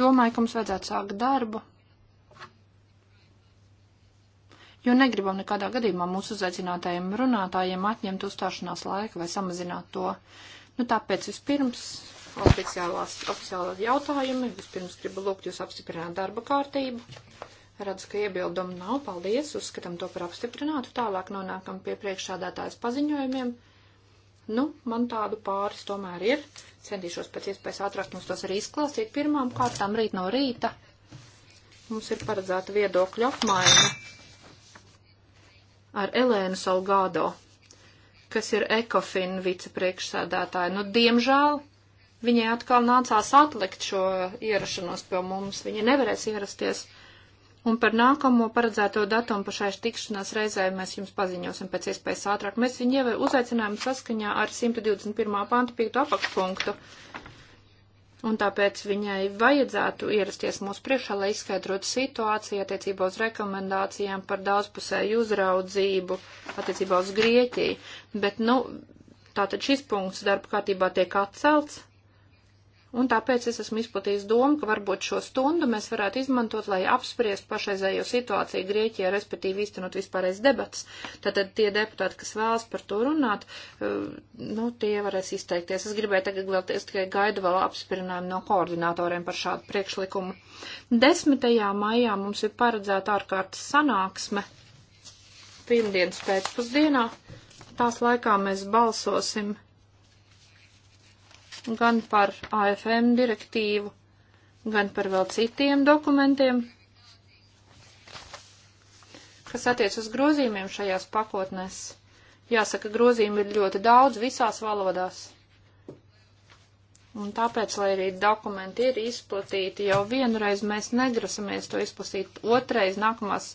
Domāju, ka mums vajadzētu sākt darbu, jo negribam nekādā gadījumā mūsu uzaicinātajiem runātājiem atņemt uzstāšanās laiku vai samazināt to. Nu, tāpēc vispirms oficiālās, oficiālās jautājumi. Vispirms gribu lūgt jūs apstiprināt darba kārtību. Redzu, ka iebildumu nav. Paldies. Uzskatām to par apstiprinātu. Tālāk nonākam pie priekšādātājas paziņojumiem. Nu, man tādu pāris tomēr ir. Centīšos pēc iespējas ātrāk mums tos arī izklāstīt. Pirmām kārtām rīt no rīta mums ir paredzēta viedokļu apmaiņa ar Elēnu Salgādo, kas ir Ekofin vicepriekšsēdētāja. Nu, diemžēl viņai atkal nācās atlikt šo ierašanos pie mums. Viņa nevarēs ierasties Un par nākamo paredzēto datumu pa šai tikšanās reizē mēs jums paziņosim pēc iespējas ātrāk. Mēs viņu jau uzaicinājām saskaņā ar 121. pantu 5. apakšpunktu. Un tāpēc viņai vajadzētu ierasties mūsu priekšā, lai izskaidrotu situāciju attiecībā uz rekomendācijām par daudzpusēju uzraudzību attiecībā uz Grieķiju. Bet, nu, tātad šis punkts darba kārtībā tiek atcelts. Un tāpēc es esmu izplatījis domu, ka varbūt šo stundu mēs varētu izmantot, lai apspriest pašreizējo situāciju Grieķijā, respektīvi īstenot vispārreiz debats. Tātad tie deputāti, kas vēlas par to runāt, eh, nu, tie varēs izteikties. Es gribēju tagad vēl tikai gaidu vēl apsprinājumu no koordinatoriem par šādu priekšlikumu. 10. maijā mums ir paredzēta ārkārtas sanāksme pirmdienas pēcpusdienā. Tās laikā mēs balsosim gan par AFM direktīvu, gan par vēl citiem dokumentiem, kas attiec uz grozījumiem šajās pakotnēs. Jāsaka, grozījumi ir ļoti daudz visās valodās. Un tāpēc, lai arī dokumenti ir izplatīti, jau vienreiz mēs negrasamies to izplatīt otrais nākamās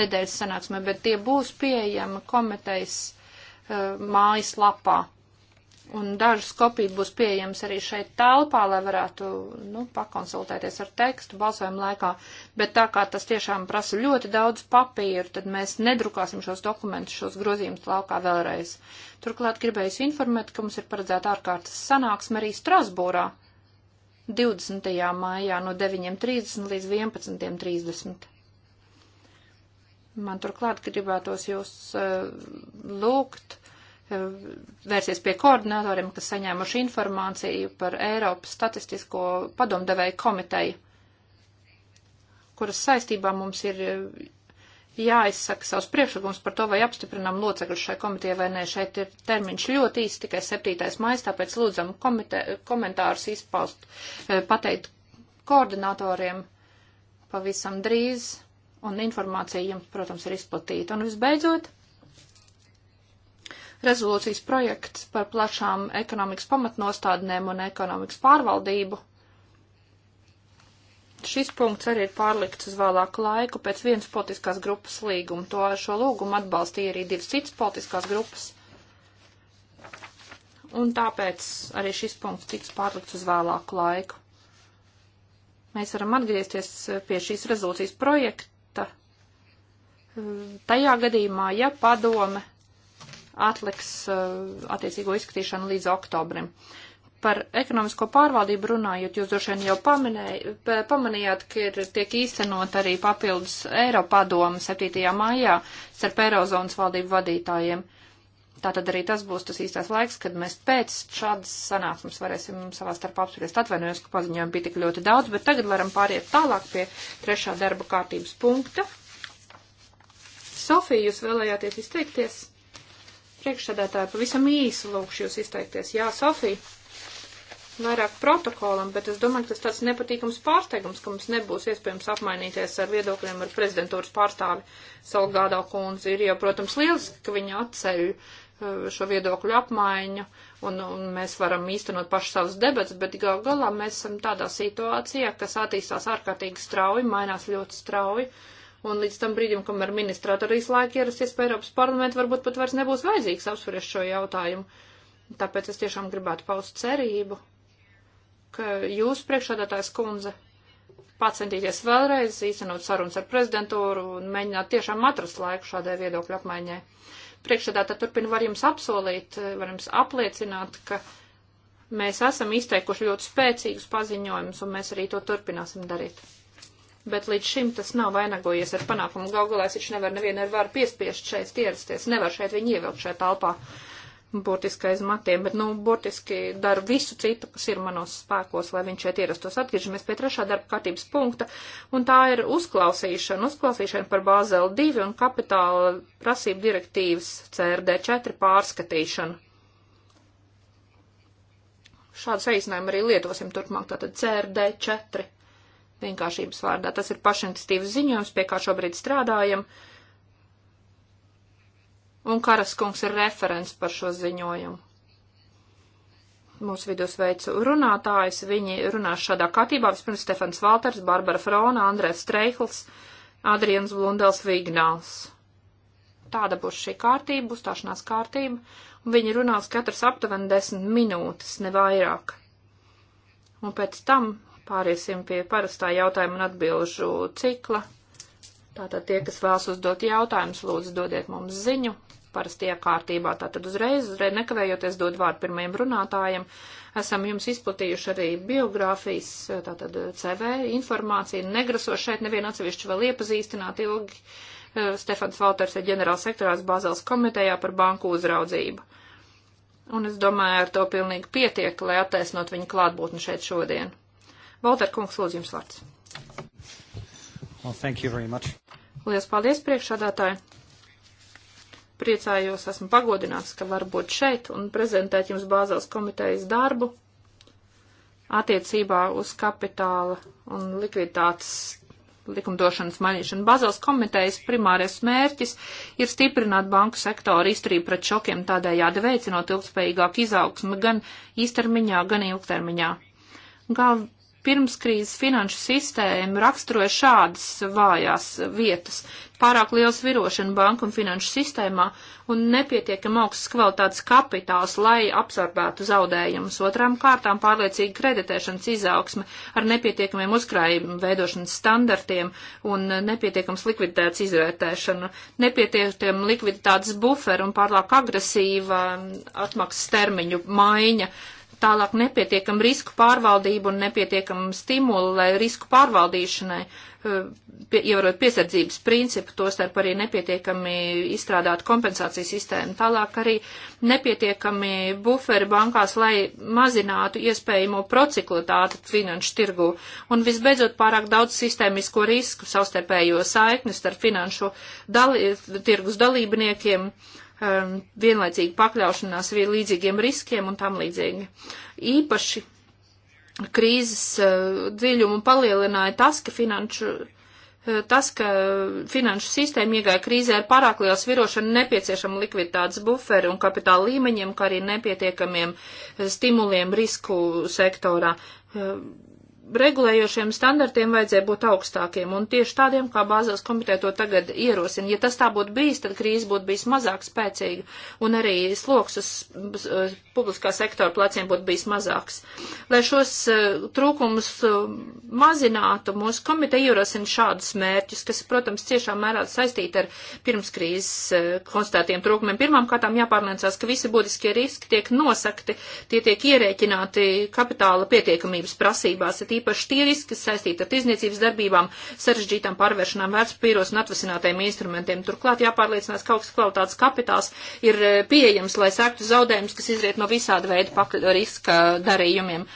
nedēļas sanāksmē, bet tie būs pieejami komitejas uh, eh, mājas lapā. Un dažas kopijas būs pieejamas arī šeit telpā, lai varētu nu, pakonsultēties ar tekstu balsojumu laikā. Bet tā kā tas tiešām prasa ļoti daudz papīru, tad mēs nedrukāsim šos dokumentus, šos grozījumus laukā vēlreiz. Turklāt gribēju informēt, ka mums ir paredzēta ārkārtas sanāksme arī Strasbūrā 20. maijā no 9.30 līdz 11.30. Man turklāt gribētos jūs uh, lūgt Eh, vērsties pie koordinatoriem, kas saņēmuši informāciju par Eiropas statistisko padomdevēju komiteju, kuras saistībā mums ir eh, jāizsaka savs priekšlikums par to, vai apstiprinām locekļus šai komitejai vai nē. Šeit ir termiņš ļoti īsts, tikai 7. maijs, tāpēc lūdzam komite, komentārus izpaust, eh, pateikt koordinatoriem pavisam drīz, un informācija jums, protams, ir izplatīta. Un visbeidzot, rezolūcijas projekts par plašām ekonomikas pamatnostādnēm un ekonomikas pārvaldību. Šis punkts arī ir pārlikts uz vēlāku laiku pēc vienas politiskās grupas līguma. To šo lūgumu atbalstīja arī divas citas politiskās grupas. Un tāpēc arī šis punkts tiks pārlikts uz vēlāku laiku. Mēs varam atgriezties pie šīs rezolūcijas projekta tajā gadījumā, ja padome atliks eh, attiecīgo izskatīšanu līdz oktobrim. Par ekonomisko pārvaldību runājot, jūs droši vien jau pamanēj, pamanījāt, ka ir, tiek īstenot arī papildus Eiropadoma 7. maijā starp Eirozonas valdību vadītājiem. Tātad arī tas būs tas īstais laiks, kad mēs pēc šādas sanāksmes varēsim savā starpā apspriest. Atvainojos, ka paziņojumi bija tik ļoti daudz, bet tagad varam pāriet tālāk pie trešā darba kārtības punkta. Sofija, jūs vēlējāties izteikties? priekšsēdētāji, pavisam īsi lūkšu jūs izteikties. Jā, Sofija, vairāk protokolam, bet es domāju, ka tas tāds nepatīkams pārsteigums, ka mums nebūs iespējams apmainīties ar viedokļiem ar prezidentūras pārstāvi Salgādā kundzi. Ir jau, protams, lieliski, ka viņa atceļ uh, šo viedokļu apmaiņu, un, un mēs varam īstenot pašu savus debats, bet gal galā mēs esam tādā situācijā, kas attīstās ārkārtīgi strauji, mainās ļoti strauji, un līdz tam brīdim, kamēr ministratorijas laika ierasties pie Eiropas parlamenta, varbūt pat vairs nebūs vajadzīgs apspriest šo jautājumu. Tāpēc es tiešām gribētu paust cerību, ka jūs, priekšādātājs kundze, pacentīties vēlreiz, īstenot sarunas ar prezidentūru un mēģināt tiešām atrast laiku šādai viedokļu apmaiņai. Priekšādātā turpina var jums apsolīt, var jums apliecināt, ka mēs esam izteikuši ļoti spēcīgus paziņojumus un mēs arī to turpināsim darīt bet līdz šim tas nav vainagojies ar panākumu. Galgalā es taču nevaru nevienu ar varu piespiest šeit ierasties, nevaru šeit viņu ievilkt šajā talpā burtiski aiz matiem, bet, nu, burtiski daru visu citu, kas ir manos spēkos, lai viņš šeit ierastos. Atgriežamies pie trešā darba kārtības punkta, un tā ir uzklausīšana, uzklausīšana par Bāzeli 2 un kapitāla prasību direktīvas CRD 4 pārskatīšanu. Šādu saīsinājumu arī lietosim turpmāk, tātad CRD 4 vienkāršības vārdā. Tas ir pašinstīvs ziņojums, pie kā šobrīd strādājam. Un Karaskungs ir referents par šo ziņojumu. Mūsu vidū sveicu runātājus. Viņi runās šādā kārtībā. Vispirms Stefans Valters, Barbara Frona, Andrēs Streihls, Adrians Blundels Vignāls. Tāda būs šī kārtība, uzstāšanās kārtība. Un viņi runās katrs aptuveni desmit minūtes, ne vairāk. Un pēc tam Pāriesim pie parastā jautājumu un atbilžu cikla. Tātad tie, kas vēlas uzdot jautājumus, lūdzu dodiet mums ziņu parastajā kārtībā. Tātad uzreiz, uzreiz nekavējoties dod vārdu pirmajam runātājam. Esam jums izplatījuši arī biogrāfijas, tātad CV informāciju. Negraso šeit nevienu atsevišķu vēl iepazīstināt ilgi. Eh, Stefans Valters ir ģenerālsektorās Bāzels komitejā par banku uzraudzību. Un es domāju, ar to pilnīgi pietiek, lai attaisnot viņu klātbūtni šeit šodien. Volter kungs, lūdzu jums vārds. Well, thank you very much. Lielas paldies priekšādātāji. Priecājos, esmu pagodināts, ka var būt šeit un prezentēt jums bāzās komitejas darbu attiecībā uz kapitāla un likviditātes likumdošanas mainīšanu. Bazels komitejas primārais mērķis ir stiprināt banku sektoru izturību pret šokiem, tādējādi veicinot ilgspējīgāku izaugsmu gan īstermiņā, gan ilgtermiņā. Gal pirmskrīzes finanšu sistēmu raksturoja šādas vājās vietas - pārāk liels virošana banku un finanšu sistēmā un nepietiekam augsts kvalitātes kapitāls, lai absorbētu zaudējumus. Otrām kārtām pārliecīga kreditēšanas izaugsme ar nepietiekamiem uzkrājumu veidošanas standartiem un nepietiekams likviditātes izvērtēšana, nepietiekam likviditātes buferu un pārāk agresīva atmaksas termiņu maiņa tālāk nepietiekam risku pārvaldību un nepietiekam stimulu, lai risku pārvaldīšanai, eh, pie, ievarot piesardzības principu, tostarp arī nepietiekami izstrādāt kompensācijas sistēmu, tālāk arī nepietiekami buferi bankās, lai mazinātu iespējamo prociklitāti finanšu tirgu un visbeidzot pārāk daudz sistēmisko risku savstarpējo saiknes ar finanšu dali, tirgus dalībniekiem. Uh, um, vienlaicīgi pakļaušanās vienlīdzīgiem riskiem un tam līdzīgi. Īpaši krīzes uh, dziļumu palielināja tas, ka finanšu uh, tas, ka finanšu sistēma iegāja krīzē ar pārāk lielu svirošanu, nepieciešama likviditātes buferi un kapitāla līmeņiem, kā arī nepietiekamiem uh, stimuliem risku sektorā. Uh, regulējošiem standartiem vajadzēja būt augstākiem, un tieši tādiem, kā bāzās komiteja to tagad ierosina. Ja tas tā būtu bijis, tad krīze būtu bijis mazāk spēcīga, un arī sloks uz uh, publiskā sektora pleciem būtu bijis mazāks. Lai šos uh, trūkumus uh, mazinātu, mūsu komiteja ierosina šādus mērķus, kas, protams, ciešā mērā saistīti ar pirmskrīzes eh, konstatētiem trūkumiem. Pirmām kārtām jāpārliecās, ka visi būtiskie riski tiek nosakti, tie tiek ierēķināti kapitāla pietiekamības prasībās, tīpaši tie riski, kas saistīti ar tirzniecības darbībām, sarežģītām pārvēršanām vērtspapīros un atvasinātajiem instrumentiem. Turklāt jāpārliecinās, ka augsts kvalitātes kapitāls ir eh, pieejams, lai sektu zaudējumus, kas izriet no visāda veida riska darījumiem.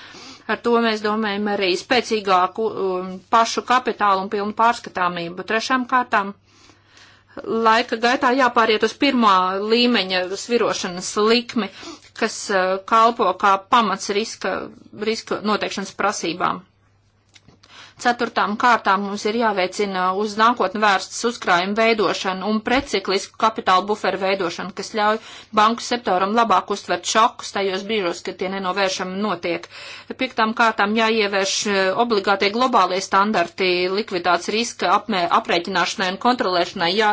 Ar to mēs domājam arī spēcīgāku um, pašu kapitālu un pilnu pārskatāmību. Trešām kārtām laika gaitā jāpāriet uz pirmā līmeņa svirošanas likmi, kas eh, kalpo kā pamats riska, riska noteikšanas prasībām. Ceturtām kārtām mums ir jāveicina uz nākotni vērsts uzkrājumu veidošana un preciklisku kapitāla buferu veidošana, kas ļauj banku sektoram labāk uztvert šokus tajos brīžos, kad tie nenovēršami notiek. Piektām kārtām jāievērš e, obligātie globālie standarti likvidācijas riska apmē, aprēķināšanai un kontrolēšanai, jā,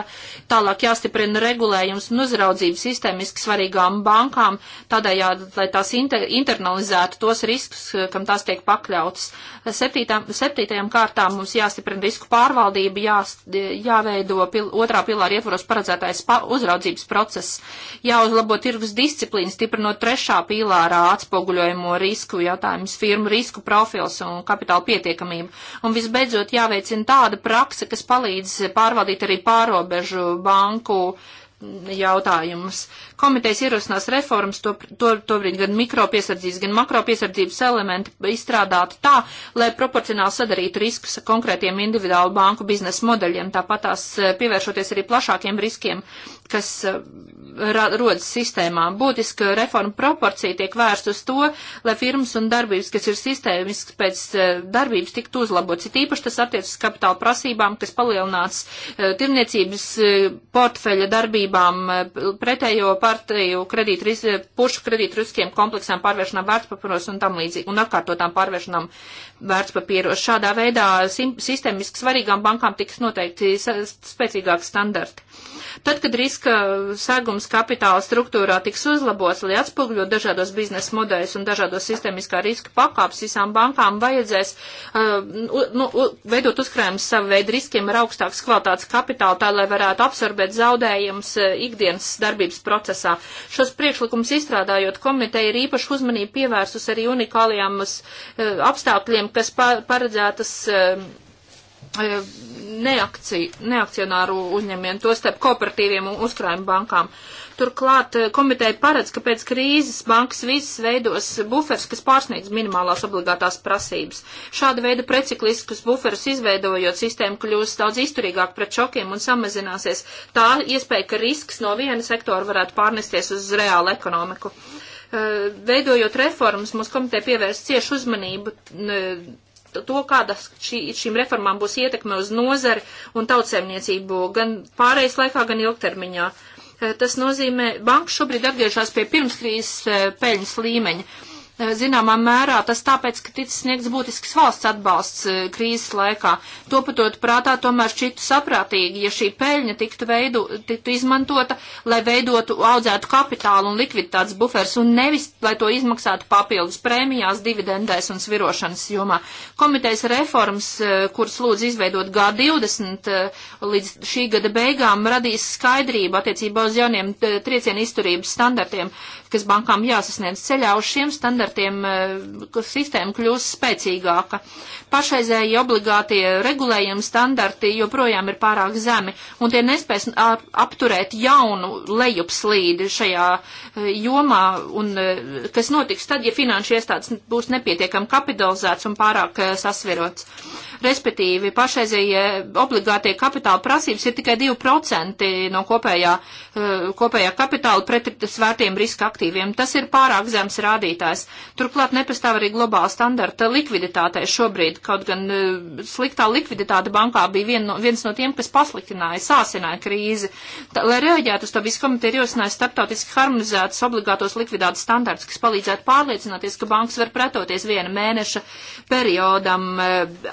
tālāk jāstiprina regulējums un uzraudzības sistēmiski svarīgām bankām, tādējādi, lai tās inter internalizētu tos riskus, e, kam tās tiek pakļautas. Septītām, septītā Otrām kārtām mums jāstiprina risku pārvaldība, jā, jāveido pil, otrā pilāra ietvaros paredzētais pa, uzraudzības process, jāuzlabo tirgus disciplīna, stiprinot trešā pilārā atspoguļojamo risku jautājumus, firmu risku profils un kapitāla pietiekamību. Un visbeidzot jāveicina tāda prakse, kas palīdz pārvaldīt arī pārobežu banku uh, jautājumus. Komitejas ierosinās reformas, to, to, to brīd gan mikropiesardzības, gan makropiesardzības elementi izstrādāti tā, lai proporcionāli sadarītu riskus konkrētiem individuālu banku biznesa modeļiem, tāpat tās eh, pievēršoties arī plašākiem riskiem, kas eh, ra, rodas sistēmā. Būtiska reforma proporcija tiek vērst uz to, lai firmas un darbības, kas ir sistēmisks pēc eh, darbības, tiktu uzlabots. It īpaši tas attiecas kapitāla prasībām, kas palielināts tirniecības portfeļa darbību saistībām eh, pretējo partiju kredīt, pušu kredītriskiem kompleksām pārvēršanām vērtspapīros un tam līdzīgi, un atkārtotām pārvēršanām vērtspapīros. Šādā veidā sistemiski svarīgām bankām tiks noteikti spēcīgāki standarti. Tad, kad riska segums kapitāla struktūrā tiks uzlabots, lai atspūgļot dažādos biznesa modeļus un dažādos sistemiskā riska pakāpes, visām bankām vajadzēs uh, nu, veidot uzkrājumus savu veidu riskiem ar augstākas kvalitātes kapitālu, tā lai varētu absorbēt zaudējumus Eh, ikdienas darbības procesā. Šos priekšlikumus izstrādājot komiteja ir īpaši uzmanību pievērsus arī unikālajām eh, apstākļiem, kas paredzētas eh, neakci, neakcionāru uzņēmiem, to starp kooperatīviem un uzkrājuma bankām. Uh, Turklāt eh, komiteja paredz, ka pēc krīzes bankas visas veidos bufers, kas pārsniedz minimālās obligātās prasības. Šāda veida precikliskus buferus izveidojot sistēmu kļūs daudz izturīgāk pret šokiem un samazināsies tā iespēja, ka risks no viena sektora varētu pārnesties uz reālu ekonomiku. Eh, veidojot reformas, mūsu komiteja pievērs ciešu uzmanību eh, to, kāda šī, šīm reformām būs ietekme uz nozari un tautsēmniecību gan pārējais laikā, gan ilgtermiņā. Uh, Eh, tas nozīmē, banka šobrīd atgriežas pie pirmskrīzes eh, peļņas līmeņa. Eh, zināmā mērā tas tāpēc, ka ticis sniegts būtisks valsts atbalsts eh, krīzes laikā. To patot prātā tomēr šķitu saprātīgi, ja šī peļņa tiktu, veidu, tiktu izmantota, lai veidotu audzētu kapitālu un likviditātes bufers un nevis, lai to izmaksātu papildus prēmijās, dividendēs un svirošanas jomā. Komitejas reformas, eh, kuras lūdz izveidot G20 līdz šī gada beigām, radīs skaidrību attiecībā uz jauniem triecienu izturības standartiem kas bankām jāsasniedz ceļā uz šiem standartiem, eh, sistēma kļūs spēcīgāka. Pašreizēji obligātie regulējumi standarti joprojām ir pārāk zemi, un tie nespēs apturēt jaunu lejupslīdi šajā eh, jomā, un eh, kas notiks tad, ja finanšu iestādes būs nepietiekami kapitalizēts un pārāk sasvirots. Respektīvi, pašreizējie obligātie kapitāla prasības ir tikai 2% no kopējā, kopējā kapitāla pret svētiem riska aktīviem. Tas ir pārāk zems rādītājs. Turklāt nepastāv arī globāla standarta likviditātei šobrīd, kaut gan e, sliktā likviditāte bankā bija vien no, viens no tiem, kas pasliktināja, sāsināja krīzi. Tā, lai reaģētu uz to visu komiteju, ir ierosinājis starptautiski harmonizētas obligātos likvidātas standarts, kas palīdzētu pārliecināties, ka bankas var pretoties viena mēneša periodam e,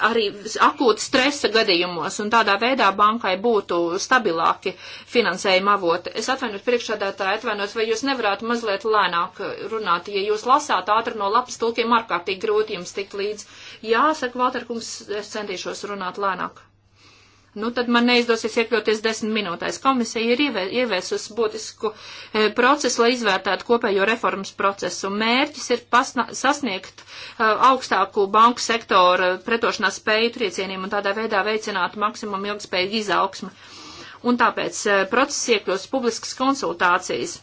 arī akūta stresa gadījumos, un tādā veidā bankai būtu stabilāki finansējuma avoti. Es atvainojos priekšādātāji, atvainojos, vai jūs nevarētu mazliet mazliet lēnāk runāt. Ja jūs lasāt ātri no lapas tulkiem, ārkārtīgi grūti jums tikt līdz. Jā, saka Valterkungs, es centīšos runāt lēnāk. Nu, tad man neizdosies iekļauties desmit minūtēs. Komisija ir ieviesus būtisku e, procesu, lai izvērtētu kopējo reformas procesu. Mērķis ir pasna, sasniegt e, augstāku banku sektoru pretošanās spēju triecieniem un tādā veidā veicināt maksimumu ilgspējīgu izaugsmu. Un tāpēc e, process iekļūst publiskas konsultācijas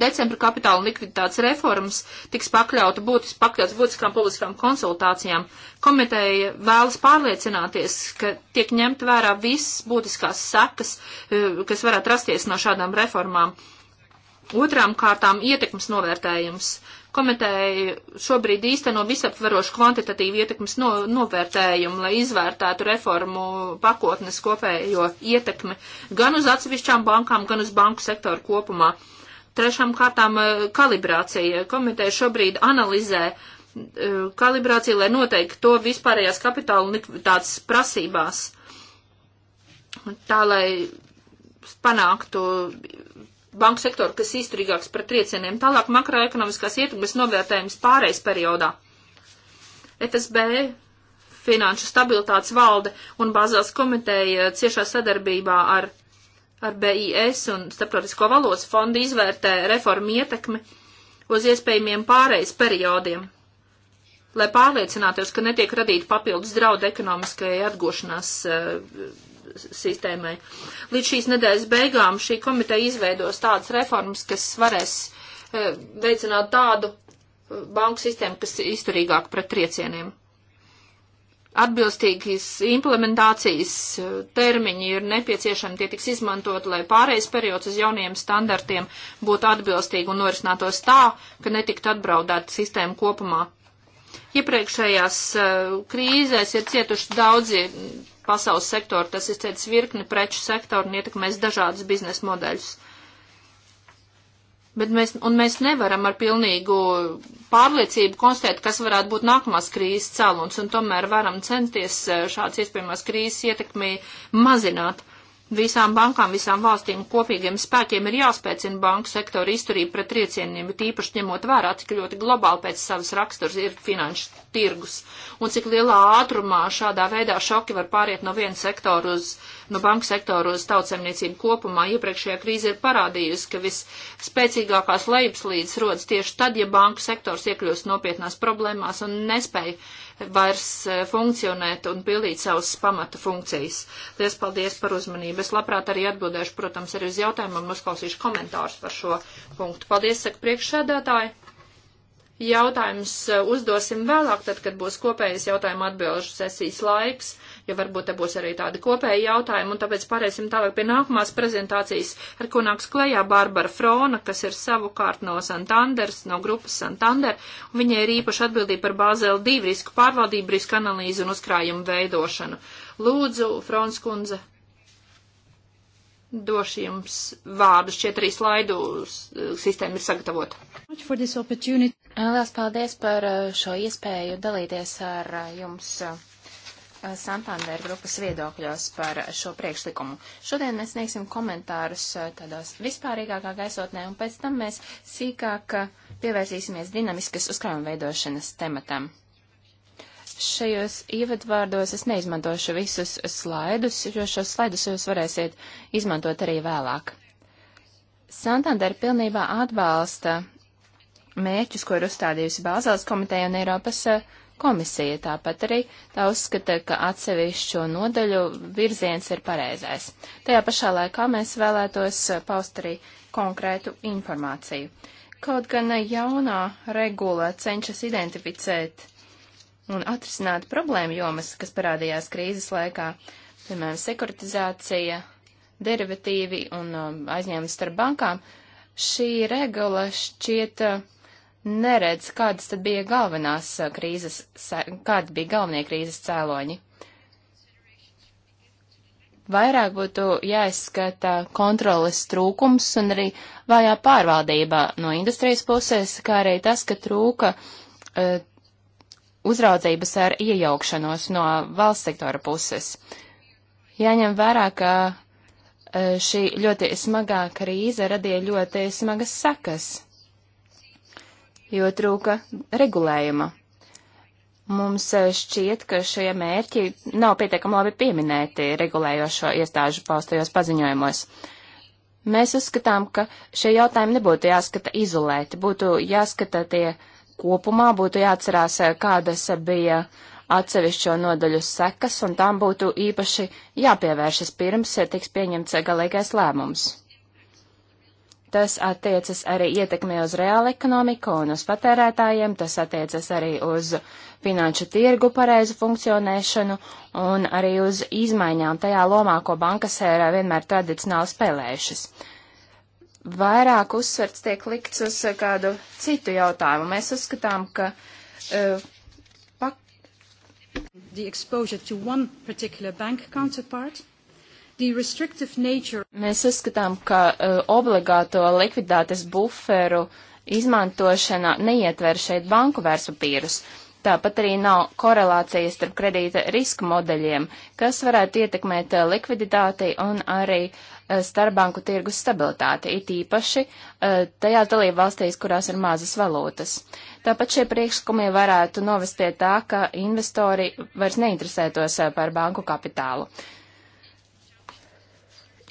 Decembra kapitāla un likviditātes reformas tiks pakļauta būtis, pakļauts būtiskām publiskām konsultācijām. Komiteja vēlas pārliecināties, ka tiek ņemt vērā visas būtiskās sekas, e, kas varētu rasties no šādām reformām. Otrām kārtām ietekmes novērtējums. Komiteja šobrīd īsteno visaptverošu kvantitatīvu ietekmes no, novērtējumu, lai izvērtētu reformu pakotnes kopējo ietekmi gan uz atsevišķām bankām, gan uz banku sektoru kopumā. Trešām kārtām eh, kalibrācija. Komiteja šobrīd analizē eh, kalibrāciju, lai noteikti to vispārējās kapitāla likviditātes prasībās. Tā, lai panāktu banku sektoru, kas izturīgāks pret triecieniem. Tālāk makroekonomiskās ietekmes novērtējums pārejas periodā. FSB, Finanšu stabilitātes valde un Bāzās komiteja ciešā sadarbībā ar ar BIS un Starptautisko valodas fondu izvērtē reformu ietekmi uz iespējamiem pārejas periodiem, lai pārliecinātos, ka netiek radīta papildus draudu ekonomiskajai atgošanās uh, sistēmai. Līdz šīs nedēļas beigām šī komiteja izveidos tādas reformas, kas varēs uh, veicināt tādu eh, banku sistēmu, kas izturīgāk pret triecieniem atbilstīgas implementācijas eh, termiņi ir nepieciešami, tie tiks izmantot, lai pārējais periods uz jauniem standartiem būtu atbilstīgi un norisinātos tā, ka netiktu atbraudēta sistēma kopumā. Iepriekšējās eh, krīzēs ir cietuši daudzi pasaules sektori, tas ir cietis virkni preču sektoru un ietekmēs dažādas biznesa modeļus. Bet mēs, un mēs nevaram ar pilnīgu pārliecību konstatēt, kas varētu būt nākamās krīzes cēlons, un tomēr varam centies eh, šāds iespējamās krīzes ietekmi mazināt. Visām bankām, visām valstīm kopīgiem spēkiem ir jāspēcina banku sektora izturība pret triecieniem, bet īpaši ņemot vērā, cik ļoti globāli pēc savas raksturs ir finanšu tirgus un cik lielā ātrumā šādā veidā šoki var pāriet no viena sektora uz, no banku sektora uz tautsemniecību kopumā. Iepriekšējā krīze ir parādījusi, ka visspēcīgākās lejupslīdes rodas tieši tad, ja banku sektors iekļūst nopietnās problēmās un nespēja vairs e, funkcionēt un pildīt savas pamata funkcijas. Lies paldies par uzmanību. Es labprāt arī atbildēšu, protams, arī uz jautājumiem un uzklausīšu komentārus par šo punktu. Paldies, saka priekšsēdētāji. Jautājums e, uzdosim vēlāk, tad, kad būs kopējas jautājuma atbilžu sesijas laiks jo varbūt te būs arī tādi kopēji jautājumi, un tāpēc pārēsim tālāk pie nākamās prezentācijas, ar ko nāks klajā Bārbara Frona, kas ir savukārt no Santanders, no grupas Santander, un viņai ir īpaši atbildība par Bāzeli 2 risku pārvaldību, risku analīzi un uzkrājumu veidošanu. Lūdzu, Frons kundze, došu jums vārdu, šie trīs slaidu sistēma ir sagatavota. Lielas paldies par uh, šo iespēju dalīties ar uh, jums uh, Santander grupas viedokļos par šo priekšlikumu. Šodien mēs sniegsim komentārus eh, tādās vispārīgākā gaisotnē, un pēc tam mēs sīkāk eh, pievērsīsimies dinamiskas uzkrājuma veidošanas tematam. Šajos ievadvārdos es neizmantošu visus slaidus, jo šos slaidus jūs varēsiet izmantot arī vēlāk. Santander pilnībā atbalsta mērķus, ko ir uzstādījusi Bāzēlas komiteja un Eiropas uh, Komisija tāpat arī tā uzskata, ka atsevišķo nodaļu virziens ir pareizais. Tajā pašā laikā mēs vēlētos paust arī konkrētu informāciju. Kaut gan jaunā regula cenšas identificēt un atrisināt problēmu jomas, kas parādījās krīzes laikā, piemēram, sekuritizācija, derivatīvi un um, aizņēmums starp bankām, šī regula šķiet uh, neredz, kādas tad bija galvenās uh, krīzes, kādi bija galvenie krīzes cēloņi. Vairāk būtu jāizskata kontroles trūkums un arī vājā pārvaldība no industrijas puses, kā arī tas, ka trūka uh, uzraudzības ar iejaukšanos no valsts sektora puses. Jāņem vērā, ka uh, šī ļoti smagā krīze radīja ļoti smagas sakas jo trūka regulējuma. Mums eh, šķiet, ka šie mērķi nav pietiekami labi pieminēti regulējošo iestāžu paustajos paziņojumos. Mēs uzskatām, ka šie jautājumi nebūtu jāskata izolēti, būtu jāskata tie kopumā, būtu jāatcerās, eh, kādas bija atsevišķo nodaļu sekas, un tām būtu īpaši jāpievēršas pirms eh, tiks pieņemts galīgais lēmums. Tas attiecas arī ietekmē uz reālu ekonomiku un uz patērētājiem, tas attiecas arī uz finanšu tirgu pareizu funkcionēšanu un arī uz izmaiņām tajā lomā, ko bankas ir vienmēr tradicionāli spēlējušas. Vairāk uzsverts tiek likts uz kādu citu jautājumu. Mēs uzskatām, ka uh, pak... the exposure to one particular bank counterpart Nature... Mēs uzskatām, ka uh, obligāto likviditātes buferu izmantošana neietver šeit banku vērtspapīrus. Tāpat arī nav korelācijas starp kredīta riska modeļiem, kas varētu ietekmēt eh, likviditāti un arī eh, starpbanku tirgus stabilitāti, it īpaši tajās dalību valstīs, kurās ir mazas valūtas. Tāpat šie priekšlikumi varētu novest pie tā, ka investori vairs neinteresētos par banku kapitālu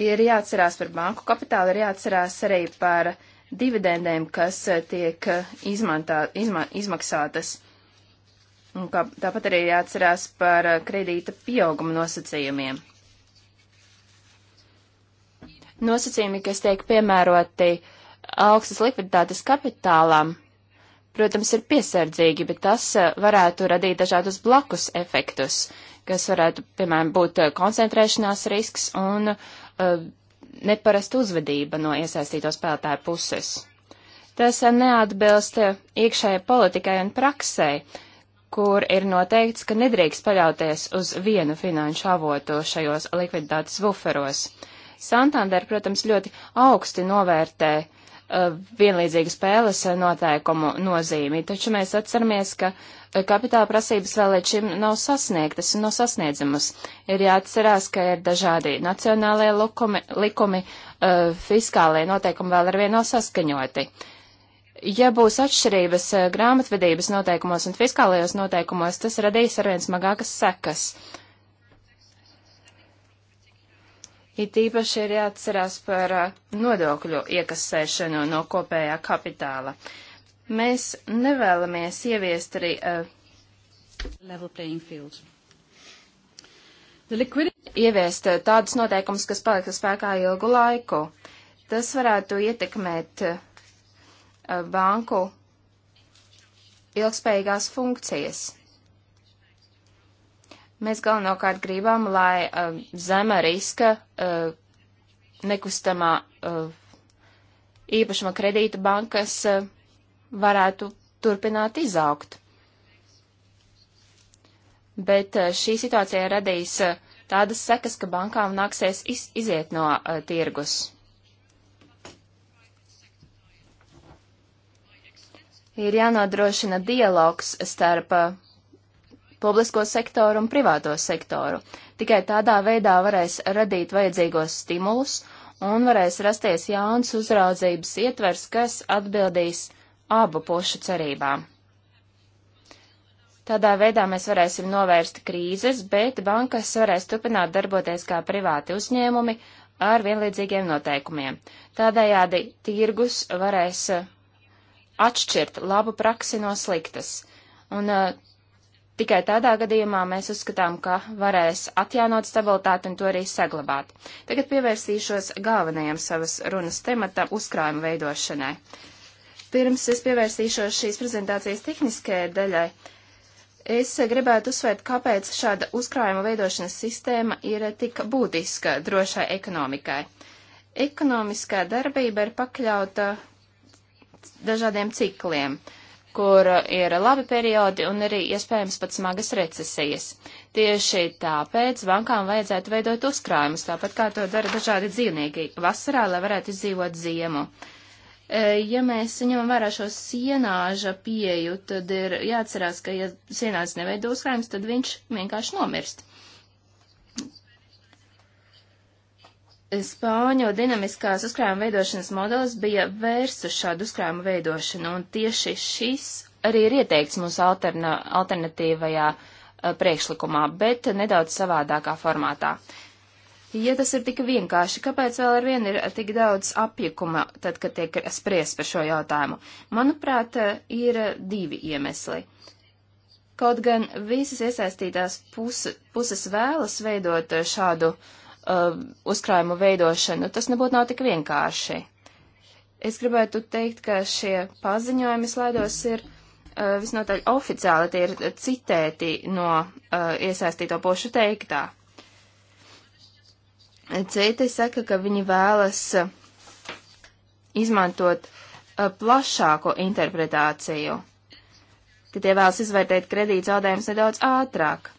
ir jāatcerās par banku kapitālu, ir jāatcerās arī par dividendēm, kas eh, tiek eh, izmantā, izma, izmaksātas. Un kā, tāpat arī ir jāatcerās par eh, kredīta pieauguma nosacījumiem. Nosacījumi, kas tiek piemēroti augstas likviditātes kapitālām, protams, ir piesardzīgi, bet tas varētu radīt dažādus blakus efektus, kas varētu, piemēram, būt koncentrēšanās risks un uh, uh, neparasta uzvedība no iesaistīto spēlētāju puses. Tas e, neatbilst iekšējai politikai un praksē, kur ir noteikts, ka nedrīkst paļauties uz vienu finanšu avotu šajos likviditātes buferos. Santander, protams, ļoti augsti novērtē uh, Uh, vienlīdzīgu spēles uh, noteikumu nozīmi, taču mēs atceramies, ka uh, kapitāla prasības vēl līdz šim nav sasniegtas un nav sasniedzamas. Ir jāatcerās, ka ir dažādi nacionālie lukumi, likumi, fiskālie noteikumi vēl ar vienu nav saskaņoti. Ja būs atšķirības grāmatvedības noteikumos un fiskālajos noteikumos, tas radīs arvien smagākas sekas. Uh, It īpaši ir jāatcerās par uh, nodokļu iekasēšanu no kopējā kapitāla. Mēs nevēlamies ieviest arī uh, ieviest uh, tādus noteikumus, kas paliks spēkā ilgu laiku. Tas varētu ietekmēt uh, banku ilgspējīgās funkcijas. Mēs galvenokārt gribam, lai uh, eh, zema riska uh, nekustamā uh, īpašuma kredīta bankas uh, varētu turpināt izaugt. Bet uh, šī situācija radīs uh, tādas sekas, ka bankām nāksies iz, iziet no uh, tirgus. Ir jānodrošina dialogs starp uh, publisko sektoru un privāto sektoru. Tikai tādā veidā varēs radīt vajadzīgos stimulus un varēs rasties jauns uzraudzības ietvers, kas atbildīs abu pušu cerībām. Tādā veidā mēs varēsim novērst krīzes, bet bankas varēs turpināt darboties kā privāti uzņēmumi ar vienlīdzīgiem noteikumiem. Tādējādi tirgus varēs atšķirt labu praksi no sliktas. Un uh, Tikai tādā gadījumā mēs uzskatām, ka varēs atjaunot stabilitāti un to arī saglabāt. Tagad pievērsīšos galvenajam savas runas temata uzkrājuma veidošanai. Pirms es pievērsīšos šīs prezentācijas tehniskajai daļai, es gribētu uzsvērt, kāpēc šāda uzkrājuma veidošanas sistēma ir tik būtiska drošai ekonomikai. Ekonomiskā darbība ir pakļauta dažādiem cikliem. Uh, kur ir labi periodi un arī iespējams pat smagas recesijas. Tieši tāpēc bankām vajadzētu veidot uzkrājumus, tāpat kā to dara dažādi dzīvnieki vasarā, lai varētu izdzīvot ziemu. E, ja mēs ņemam vērā šo sienāža pieju, tad ir jāatcerās, ka ja sienāžs neveido uzkrājumus, tad viņš vienkārši nomirst. Spāņu dinamiskās uzkrājuma veidošanas modelis bija vērsts uz šādu uzkrājumu veidošanu, un tieši šis arī ir ieteikts mūsu alterna, alternatīvajā a, priekšlikumā, bet nedaudz savādākā formātā. Ja tas ir tik vienkārši, kāpēc vēl ar vienu ir tik daudz apjukuma, tad, kad tiek spriest par šo jautājumu? Manuprāt, ir divi iemesli. Kaut gan visas iesaistītās puse, puses vēlas veidot šādu uh, uh, uzkrājumu veidošanu, tas nebūtu nav tik vienkārši. Es gribētu teikt, ka šie paziņojumi slaidos ir uh, visnotaļ oficiāli, tie ir citēti no uh, iesaistīto pošu teiktā. Citi saka, ka viņi vēlas uh, izmantot uh, plašāku interpretāciju, ka tie vēlas izvērtēt kredīt zaudējumus nedaudz ātrāk.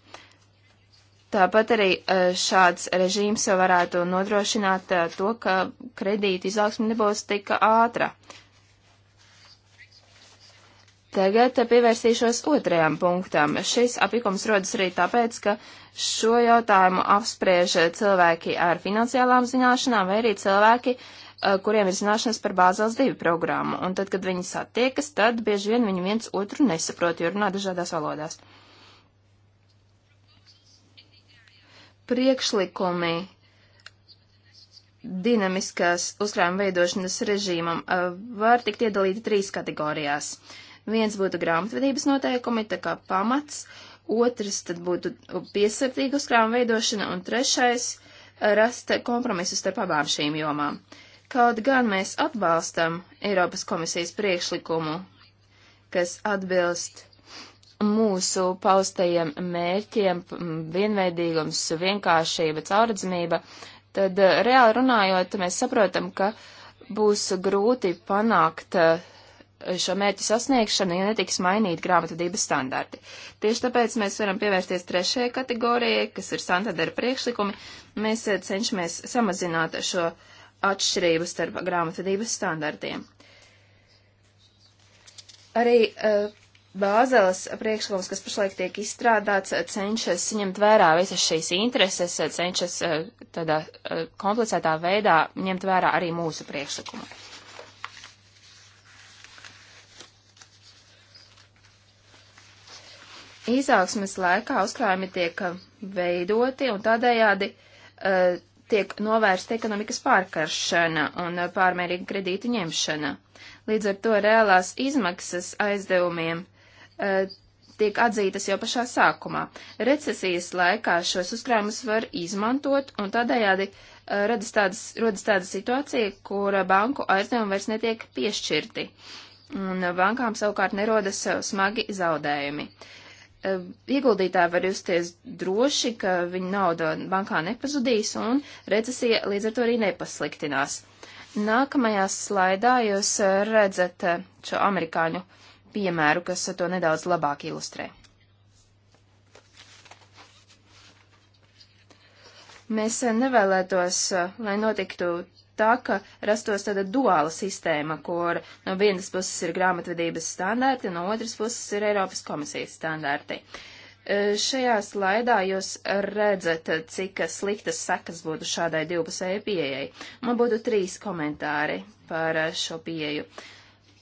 Tāpat arī e, šāds režīms varētu nodrošināt e, to, ka kredīta izaugsme nebūs tik ātra. Tagad pievērsīšos otrajam punktam. Šis apjukums rodas arī tāpēc, ka šo jautājumu apspriež cilvēki ar finansiālām zināšanām vai arī cilvēki, e, kuriem ir zināšanas par Bāzels 2 programmu. Un tad, kad viņi satiekas, tad bieži vien viņi viens otru nesaprot, jo runā dažādās valodās. Uh, priekšlikumi dinamiskās uzkrājuma veidošanas režīmam var tikt iedalīti trīs kategorijās. Viens būtu grāmatvedības noteikumi, tā kā pamats, otrs tad būtu piesardzīga uzkrājuma veidošana, un trešais - rast kompromisu starp abām šīm jomām. Kaut gan mēs atbalstam Eiropas komisijas priekšlikumu, kas atbilst mūsu paustajiem mērķiem - vienveidīgums, vienkāršība, caurdzamība, tad eh, reāli runājot, mēs saprotam, ka būs grūti panākt eh, šo mērķu sasniegšanu, ja netiks mainīti grāmatvedības standarti. Tieši tāpēc mēs varam pievērsties trešajai kategorijai, kas ir Santandera priekšlikumi. Mēs eh, cenšamies samazināt šo atšķirību starp grāmatvedības standartiem. Arī uh, Bāzeles priekšlikums, kas pašlaik tiek izstrādāts, cenšas ņemt vērā visas šīs intereses, cenšas eh, tādā eh, komplicētā veidā ņemt vērā arī mūsu priekšlikumu. Izaugsmes laikā uzkrājumi tiek veidoti un tādējādi uh, tiek novērsta ekonomikas pārkaršana un pārmērīga kredītu ņemšana. Līdz ar to reālās izmaksas aizdevumiem Eh, tiek atzītas jau pašā sākumā. Recesijas laikā šos uzkrājumus var izmantot, un tādējādi eh, rodas, tādas, rodas tāda situācija, kur banku aizdevumi vairs netiek piešķirti, un bankām savukārt nerodas eh, smagi zaudējumi. Ieguldītāji var justies droši, ka viņa nauda bankā nepazudīs, un recesija līdz ar to arī nepasliktinās. Nākamajā slaidā jūs redzat šo amerikāņu uh, piemēru, kas to nedaudz labāk ilustrē. Mēs nevēlētos, lai notiktu tā, ka rastos tāda duāla sistēma, kur no vienas puses ir grāmatvedības standarti, no otras puses ir Eiropas komisijas standarti. E, šajā slaidā jūs redzat, cik sliktas sekas būtu šādai divpusēji pieejai. Man būtu trīs komentāri par šo pieeju. Uh,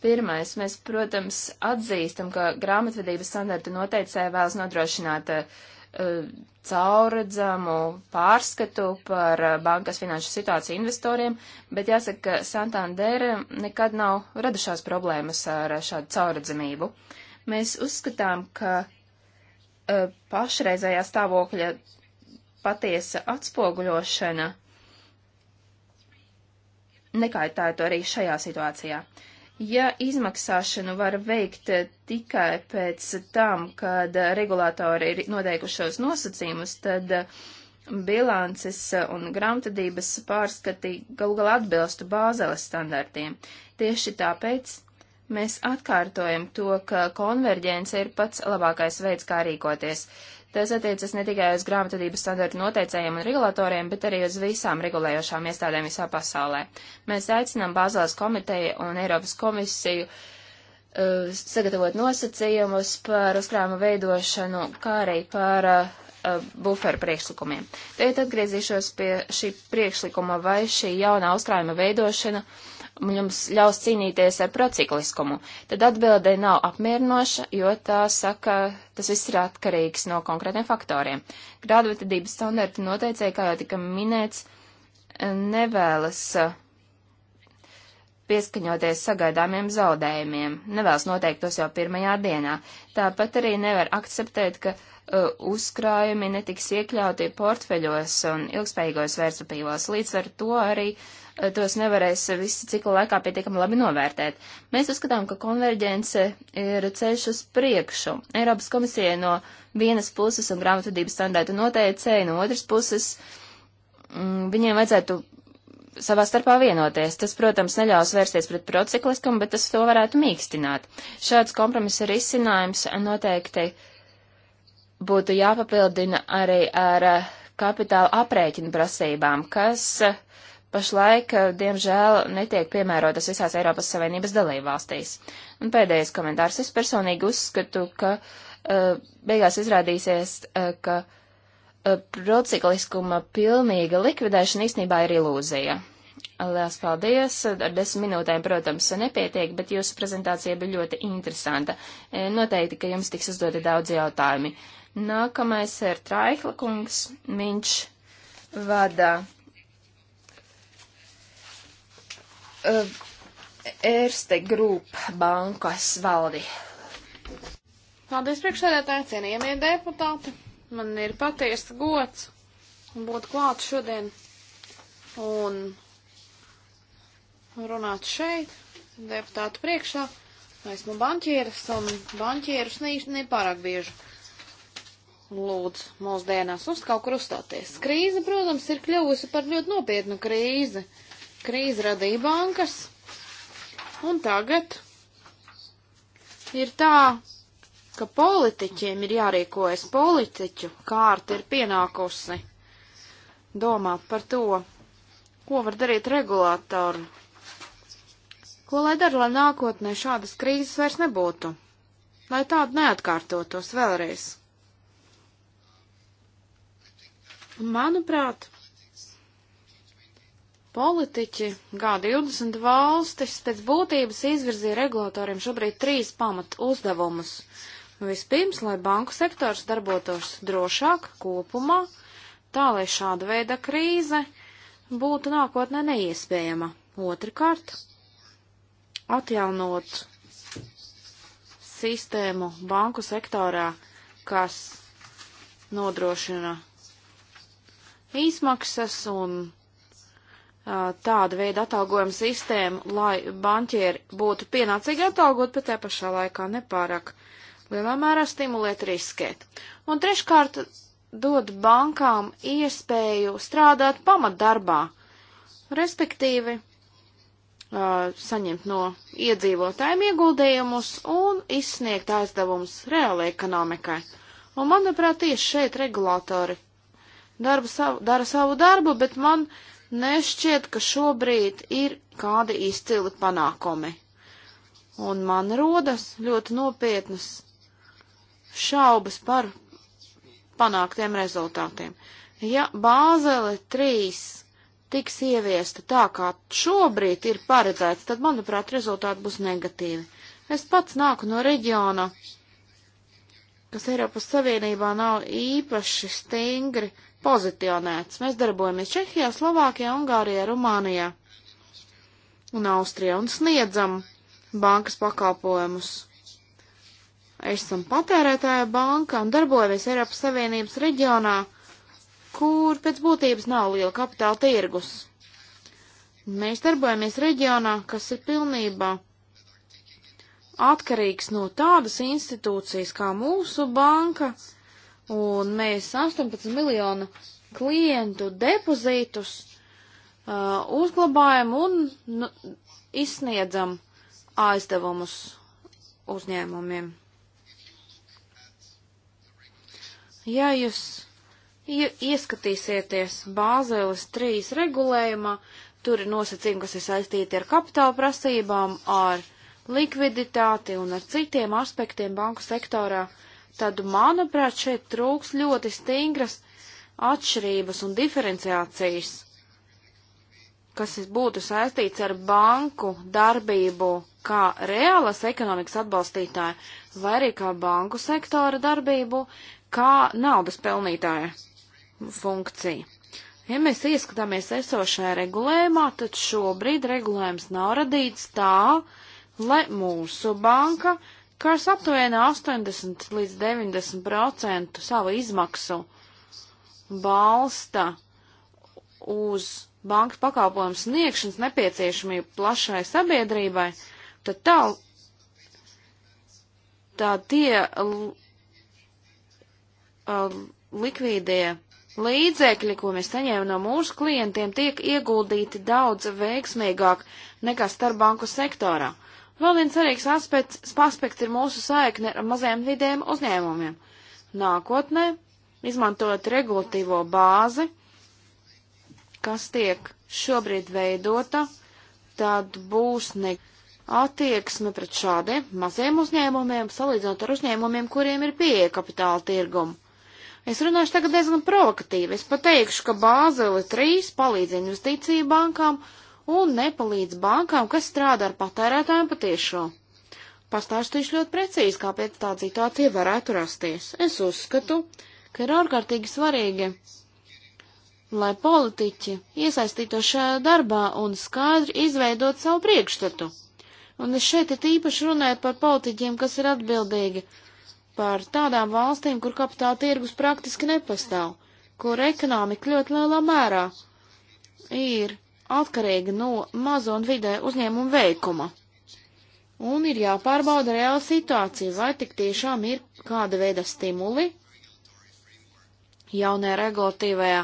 Pirmais, mēs, protams, atzīstam, ka grāmatvedības standarta noteicēja vēlas nodrošināt uh, eh, cauredzamu pārskatu par eh, bankas finanšu situāciju investoriem, bet jāsaka, ka Santander nekad nav radušās problēmas ar šādu cauredzamību. Mēs uzskatām, ka uh, pašreizējā stāvokļa patiesa atspoguļošana nekaitāja to arī šajā situācijā. Uh, Ja izmaksāšanu var veikt eh, tikai pēc tam, kad eh, regulātori ir noteikušos nosacījumus, tad eh, bilances un grāmatvedības pārskati galu galā atbilstu bāzeles standartiem. Tieši tāpēc mēs atkārtojam to, ka konverģence ir pats labākais veids, kā rīkoties. Tas attiecas ne tikai uz grāmatvedības standartu noteicējiem un regulatoriem, bet arī uz visām regulējošām iestādēm visā pasaulē. Mēs aicinām Bāzeles komiteju un Eiropas komisiju uh, sagatavot nosacījumus par uzkrājumu veidošanu, kā arī par uh, uh buferu priekšlikumiem. Tagad atgriezīšos pie šī priekšlikuma, vai šī jaunā uzkrājuma veidošana uh, jums ļaus cīnīties ar procikliskumu, tad atbildē nav apmierinoša, jo tā saka, tas viss ir atkarīgs no konkrētiem faktoriem. Grādvatadības standarta noteicēja, kā jau tika minēts, nevēlas pieskaņoties sagaidāmiem zaudējumiem, nevēlas noteikt tos jau pirmajā dienā. Tāpat arī nevar akceptēt, ka uh, uzkrājumi netiks iekļauti portfeļos un ilgspējīgos vērtspapīros. Līdz ar to arī uh, tos nevarēs visu ciklu laikā pietiekami labi novērtēt. Mēs uzskatām, ka konverģence ir ceļš uz priekšu. Eiropas komisija no vienas puses un grāmatvedības standārtu noteicēja, no otras puses mm, viņiem vajadzētu savā starpā vienoties. Tas, protams, neļaus vērsties pret procikliskumu, bet tas to varētu mīkstināt. Šāds kompromisa risinājums noteikti būtu jāpapildina arī ar eh, kapitāla aprēķinu prasībām, kas uh, pašlaik, eh, diemžēl, netiek piemērotas visās Eiropas Savienības dalībvalstīs. Un pēdējais komentārs. Es personīgi uzskatu, ka uh, beigās izrādīsies, uh, ka uh, procikliskuma pilnīga likvidēšana īstenībā ir ilūzija. Lielas paldies! Ar desmit minūtēm, protams, nepietiek, bet jūsu prezentācija bija ļoti interesanta. Noteikti, ka jums tiks uzdoti daudz jautājumi. Nākamais ir Traihla kungs. Viņš vada Uh, Erste Group bankas valdi. Paldies priekšsēdētāji, cienījamie deputāti. Man ir patiesa gods būt klāt šodien un runāt šeit, deputātu priekšā. Esmu banķieris un banķieris ne, nepārāk bieži lūdzu mūsdienās uz kaut kur uzstāties. Krīze, protams, ir kļuvusi par ļoti nopietnu krīzi. Uh, Krīze radīja bankas, un tagad ir tā, ka politiķiem ir jārīkojas, politiķu kārta ir pienākusi domāt par to, ko var darīt regulātori, ko lai dara, lai nākotnē šādas krīzes vairs nebūtu, lai tāda neatkārtotos vēlreiz. Manuprāt, Politiķi G20 valstis pēc būtības izvirzīja regulatoriem šobrīd trīs pamat uzdevumus. Vispirms, lai banku sektors darbotos drošāk kopumā, tā lai šāda veida krīze būtu nākotnē neiespējama. Otrakārt, atjaunot sistēmu banku sektorā, kas nodrošina izmaksas un tāda veida atalgojuma sistēmu, lai banķieri būtu pienācīgi atalgot, bet te pašā laikā nepārāk lielā mērā stimulēt riskēt. Un treškārt, dod bankām iespēju strādāt pamatdarbā, respektīvi uh, saņemt no iedzīvotājiem ieguldījumus un izsniegt aizdevumus reālai ekonomikai. Un, manuprāt, tieši šeit regulātori darba savu, dara savu darbu, bet man uh, Nešķiet, ka šobrīd ir kādi izcili panākumi. Un man rodas ļoti nopietnas šaubas par panāktiem rezultātiem. Ja Bāzele 3 tiks ieviesta tā, kā šobrīd ir paredzēts, tad, manuprāt, rezultāti būs negatīvi. Es pats nāku no reģiona, kas Eiropas Savienībā nav īpaši stingri pozicionēts. Mēs darbojamies Čehijā, Slovākijā, Ungārijā, Rumānijā un Austrijā un sniedzam bankas pakalpojumus. Esam patērētāja banka un darbojamies Eiropas Savienības reģionā, kur pēc būtības nav liela kapitāla tirgus. Mēs darbojamies reģionā, kas ir pilnībā atkarīgs no tādas institūcijas kā mūsu banka, un mēs 18 miljonu klientu depozītus uh, uzglabājam un nu, izsniedzam aizdevumus uzņēmumiem. Ja jūs ieskatīsieties Bāzeles 3 regulējumā, tur ir nosacījumi, kas ir saistīti ar kapitāla prasībām, ar likviditāti un ar citiem aspektiem banku sektorā. Uh, tad, manuprāt, šeit trūks ļoti stingras atšķirības un diferenciācijas, kas būtu saistīts ar banku darbību kā reālas ekonomikas atbalstītāja, vai arī kā banku sektora darbību, kā naudas pelnītāja funkcija. Ja mēs ieskatāmies esošajā regulējumā, tad šobrīd regulējums nav radīts tā, lai mūsu banka uh, kas aptuveni 80 līdz 90 procentu savu izmaksu balsta uz bankas pakalpojumu sniegšanas nepieciešamību plašai sabiedrībai, tad tā, tā tie likvīdie līdzekļi, ko mēs saņēmām no mūsu klientiem, tiek ieguldīti daudz veiksmīgāk nekā starpbanku sektorā. Vēl viens svarīgs aspekts, aspekts ir mūsu saikne ar mazajiem vidējiem uzņēmumiem. Nākotnē, izmantojot regulatīvo bāzi, kas tiek šobrīd veidota, tad būs ne attieksme pret šādiem maziem uzņēmumiem, salīdzinot ar uzņēmumiem, kuriem ir pieeja kapitāla tirgumu. Es runāšu tagad diezgan provokatīvi. Es pateikšu, ka Bāzele 3 palīdz investīciju bankām un nepalīdz bankām, kas strādā ar patērētājiem patiešo. Pastāstīšu ļoti precīzi, kāpēc tāda situācija varētu rasties. Es uzskatu, ka ir ārkārtīgi svarīgi, lai politiķi iesaistītos šajā darbā un skaidri izveidot savu priekšstatu. Un es šeit ir īpaši runāju par politiķiem, kas ir atbildīgi par tādām valstīm, kur kapitāla tirgus praktiski nepastāv, kur ekonomika ļoti lielā mērā ir atkarīga no mazo un vidē uzņēmumu veikuma. Un ir jāpārbauda reāla situācija, vai tik tiešām ir kāda veida stimuli jaunajā regulatīvajā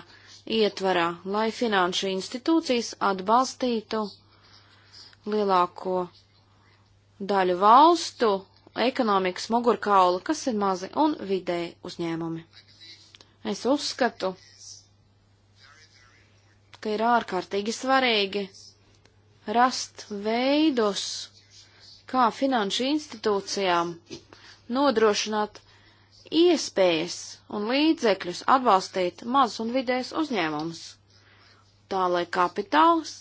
ietvarā, lai finanšu institūcijas atbalstītu lielāko daļu valstu ekonomikas mugurkaula, kas ir mazi un vidēji uzņēmumi. Es uzskatu, ka ir ārkārtīgi svarīgi rast veidus, kā finanšu institūcijām nodrošināt iespējas un līdzekļus atbalstīt mazus un vidējus uzņēmumus, tā lai kapitāls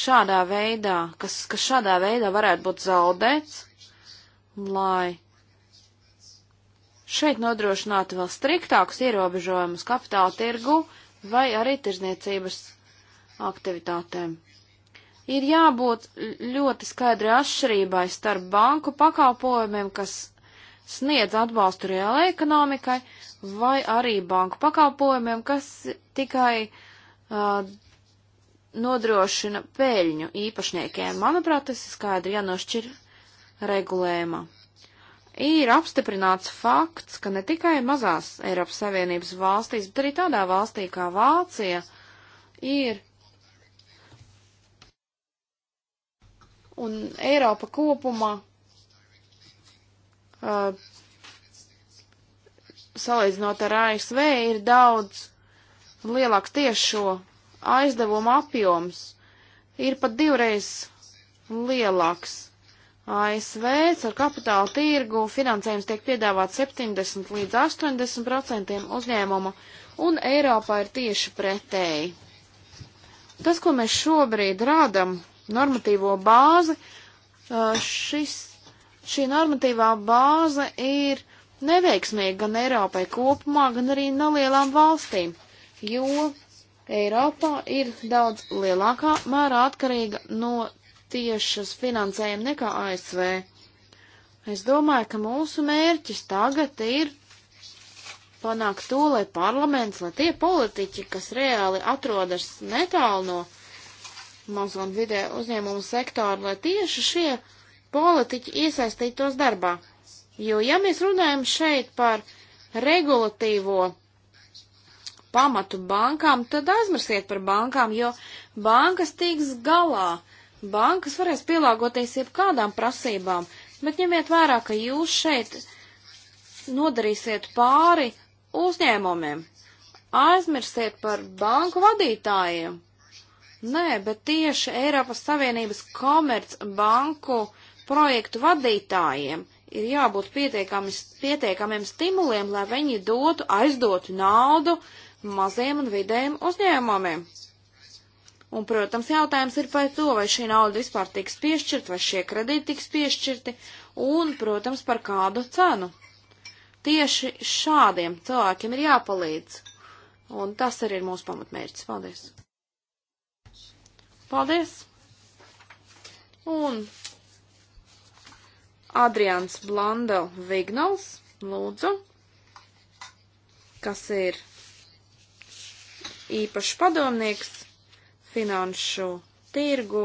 šādā veidā, kas, kas šādā veidā varētu būt zaudēts, lai šeit nodrošinātu vēl striktākus ierobežojumus kapitāla tirgu, vai arī tirzniecības aktivitātēm. Ir jābūt ļoti skaidri atšķirībai starp banku pakalpojumiem, kas sniedz atbalstu reālai ekonomikai, vai arī banku pakalpojumiem, kas tikai uh, nodrošina peļņu īpašniekiem. Manuprāt, tas ir skaidri jānošķir regulējumā ir apstiprināts fakts, ka ne tikai mazās Eiropas Savienības valstīs, bet arī tādā valstī kā Vācija ir. Un Eiropa kopumā uh, salīdzinot ar ASV ir daudz lielāks tiešo aizdevumu apjoms, ir pat divreiz lielāks ASV ar kapitāla tirgu finansējums tiek piedāvāts 70 līdz 80 procentiem uzņēmuma, un Eiropā ir tieši pretēji. Tas, ko mēs šobrīd rādam, normatīvo bāzi, šis, šī normatīvā bāze ir neveiksmīga gan Eiropai kopumā, gan arī nelielām valstīm, jo Eiropā ir daudz lielākā mērā atkarīga no tiešas finansējumu nekā ASV. Es domāju, ka mūsu mērķis tagad ir panākt to, lai parlaments, lai tie politiķi, kas reāli atrodas netālu no mazo un vidē uzņēmumu sektoru, lai tieši šie politiķi iesaistītos darbā. Jo, ja mēs runājam šeit par regulatīvo pamatu bankām, tad aizmirsiet par bankām, jo bankas tiks galā Bankas varēs pielāgoties jebkādām prasībām, bet ņemiet vērā, ka jūs šeit nodarīsiet pāri uzņēmumiem. Aizmirsiet par banku vadītājiem. Nē, bet tieši Eiropas Savienības komercbanku projektu vadītājiem ir jābūt pietiekamiem stimuliem, lai viņi dotu, aizdotu naudu maziem un vidējiem uzņēmumiem. Un, protams, jautājums ir par to, vai šī nauda vispār tiks piešķirt, vai šie kredīti tiks piešķirti, un, protams, par kādu cenu. Tieši šādiem cilvēkiem ir jāpalīdz, un tas arī ir mūsu pamatmērķis. Paldies! Paldies! Un Adrians Blandel Vignals, lūdzu, kas ir īpašs padomnieks finanšu tirgu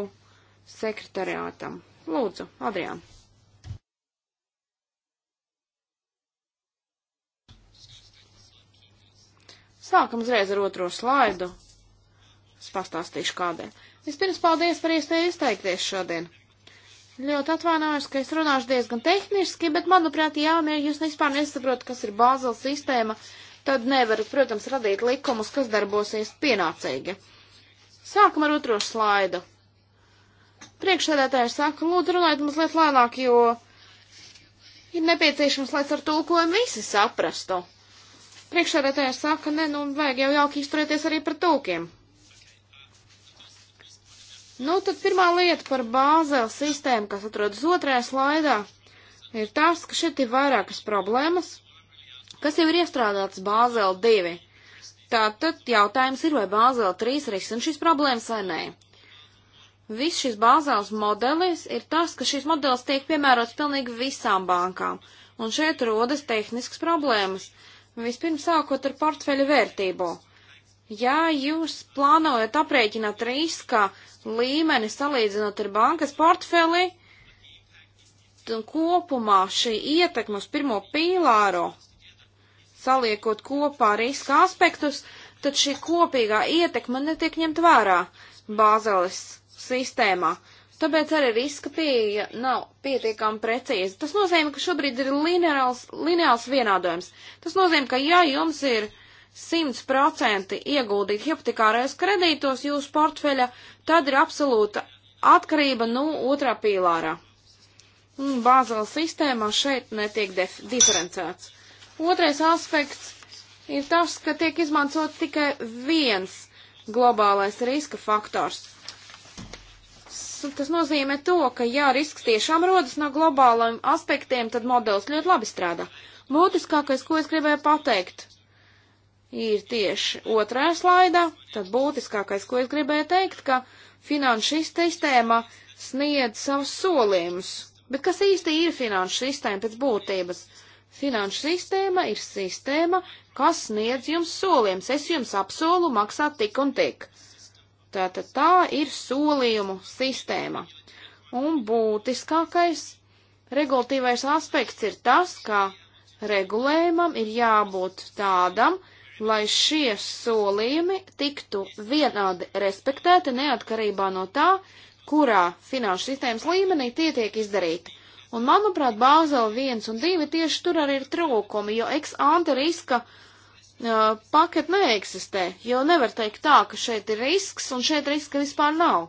sekretariātam. Lūdzu, Adrian. Sākam uzreiz ar otro slaidu. Es pastāstīšu kādēļ. Vispirms paldies par iespēju izteikties šodien. Ļoti atvainojos, ka es runāšu diezgan tehniski, bet, manuprāt, jā, ja jūs vispār nesaprotat, kas ir bāzela sistēma, tad nevaru, protams, radīt likumus, kas darbosies pienācīgi. Sākam ar otro slaidu. Priekšsēdētāji saka, lūdzu runājiet mazliet lēnāk, jo ir nepieciešams, lai ar tulkojumu visi saprastu. Priekšsēdētāji saka, ne, nu vajag jau jauki izturēties arī par tulkiem. Nu, tad pirmā lieta par bāzēlu sistēmu, kas atrodas otrajā slaidā, ir tas, ka šeit ir vairākas problēmas, kas jau ir iestrādātas bāzēlu divi. Tātad jautājums ir, vai Bāzela 3 risina šīs problēmas vai nē. Viss šis Bāzels modelis ir tas, ka šis modelis tiek piemērots pilnīgi visām bankām, un šeit rodas tehniskas problēmas. Vispirms sākot ar portfeļu vērtību. Ja jūs plānojat aprēķināt riska līmeni salīdzinot ar bankas portfeli, kopumā šī ietekme uz pirmo pīlāru saliekot kopā riska aspektus, tad šī kopīgā ietekme netiek ņemt vērā Bāzeles sistēmā. Tāpēc arī riska pieeja nav pietiekami precīza. Tas nozīmē, ka šobrīd ir lineāls, lineāls vienādojums. Tas nozīmē, ka ja jums ir 100% ieguldīt hipotekārais kredītos jūsu portfeļa, tad ir absolūta atkarība no otrā pīlārā. Bāzela sistēmā šeit netiek diferencēts. Otrais aspekts ir tas, ka tiek izmantot tikai viens globālais riska faktors. Tas nozīmē to, ka ja risks tiešām rodas no globālajiem aspektiem, tad modelis ļoti labi strādā. Būtiskākais, ko es gribēju pateikt, ir tieši otrajā slaidā, tad būtiskākais, ko es gribēju teikt, ka finanšu sistēma sniedz savus solījumus. Bet kas īsti ir finanšu sistēma pēc būtības? Finanšu sistēma ir sistēma, kas sniedz jums solījums. Es jums apsolu maksāt tik un tik. Tātad tā ir solījumu sistēma. Un būtiskākais regulatīvais aspekts ir tas, ka regulējumam ir jābūt tādam, lai šie solījumi tiktu vienādi respektēti neatkarībā no tā, kurā finanšu sistēmas līmenī tie tiek izdarīti. Un, manuprāt, Bāzela 1 un 2 tieši tur arī ir trūkumi, jo eks ante riska uh, paket neeksistē, jo nevar teikt tā, ka šeit ir risks un šeit riska vispār nav.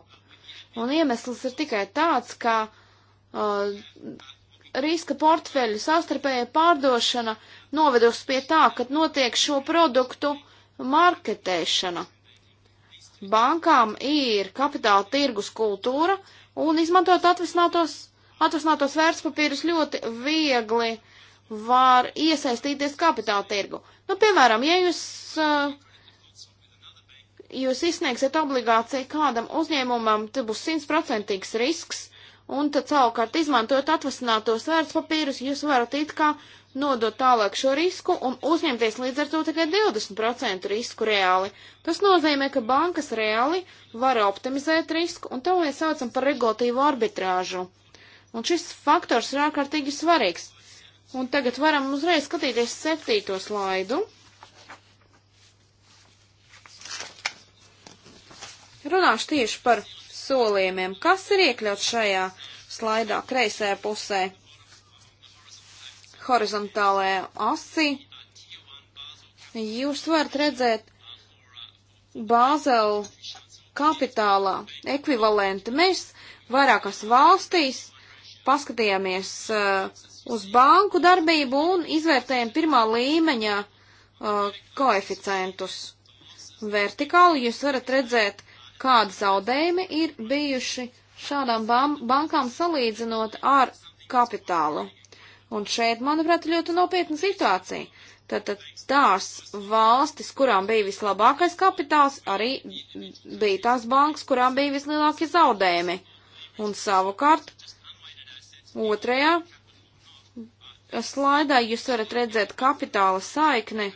Un iemesls ir tikai tāds, ka uh, riska portfeļu sastarpēja pārdošana novedusi pie tā, ka notiek šo produktu marketēšana. Bankām ir kapitāla tirgus kultūra un izmantot atvisinātos atrasinātos vērtspapīrus ļoti viegli var iesaistīties kapitāla tirgu. Nu, piemēram, ja jūs, uh, jūs izsniegsiet obligāciju kādam uzņēmumam, tad būs simtprocentīgs risks, un tad savukārt izmantojot atvasinātos vērtspapīrus, jūs varat it kā nodot tālāk šo risku un uzņemties līdz ar to tikai 20% risku reāli. Tas nozīmē, ka bankas reāli var optimizēt risku, un to mēs saucam par regulatīvu arbitrāžu. Un šis faktors ir ārkārtīgi svarīgs. Un tagad varam uzreiz skatīties septīto slaidu. Runāšu tieši par solījumiem, kas ir iekļauts šajā slaidā kreisajā pusē. Horizontālajā asī jūs varat redzēt Bāzelu kapitālā ekvivalenti. Mēs vairākās valstīs paskatījāmies uh, uz banku darbību un izvērtējam pirmā līmeņa uh, koeficientus. Vertikāli jūs varat redzēt, kādi zaudējumi ir bijuši šādām ban bankām salīdzinot ar kapitālu. Un šeit, manuprāt, ļoti nopietna situācija. Tātad tās valstis, kurām bija vislabākais kapitāls, arī bija tās bankas, kurām bija vislielākie zaudējumi. Un savukārt Otrajā slaidā jūs varat redzēt kapitāla saikni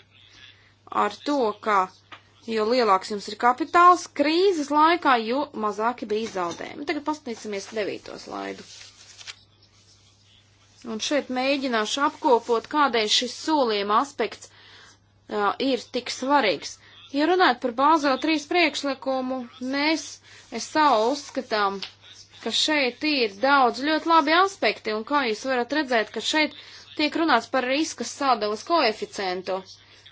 ar to, ka jo lielāks jums ir kapitāls krīzes laikā, jo mazāki bija zaudējumi. Tagad paskatīsimies devīto slaidu. Un šeit mēģināšu apkopot, kādēļ šis solījuma aspekts uh, ir tik svarīgs. Ja runājot par Bāzela 3 priekšlikumu, mēs, es savu uzskatām, ka šeit ir daudz ļoti labi aspekti, un kā jūs varat redzēt, ka šeit tiek runāts par riska sādalas koeficientu,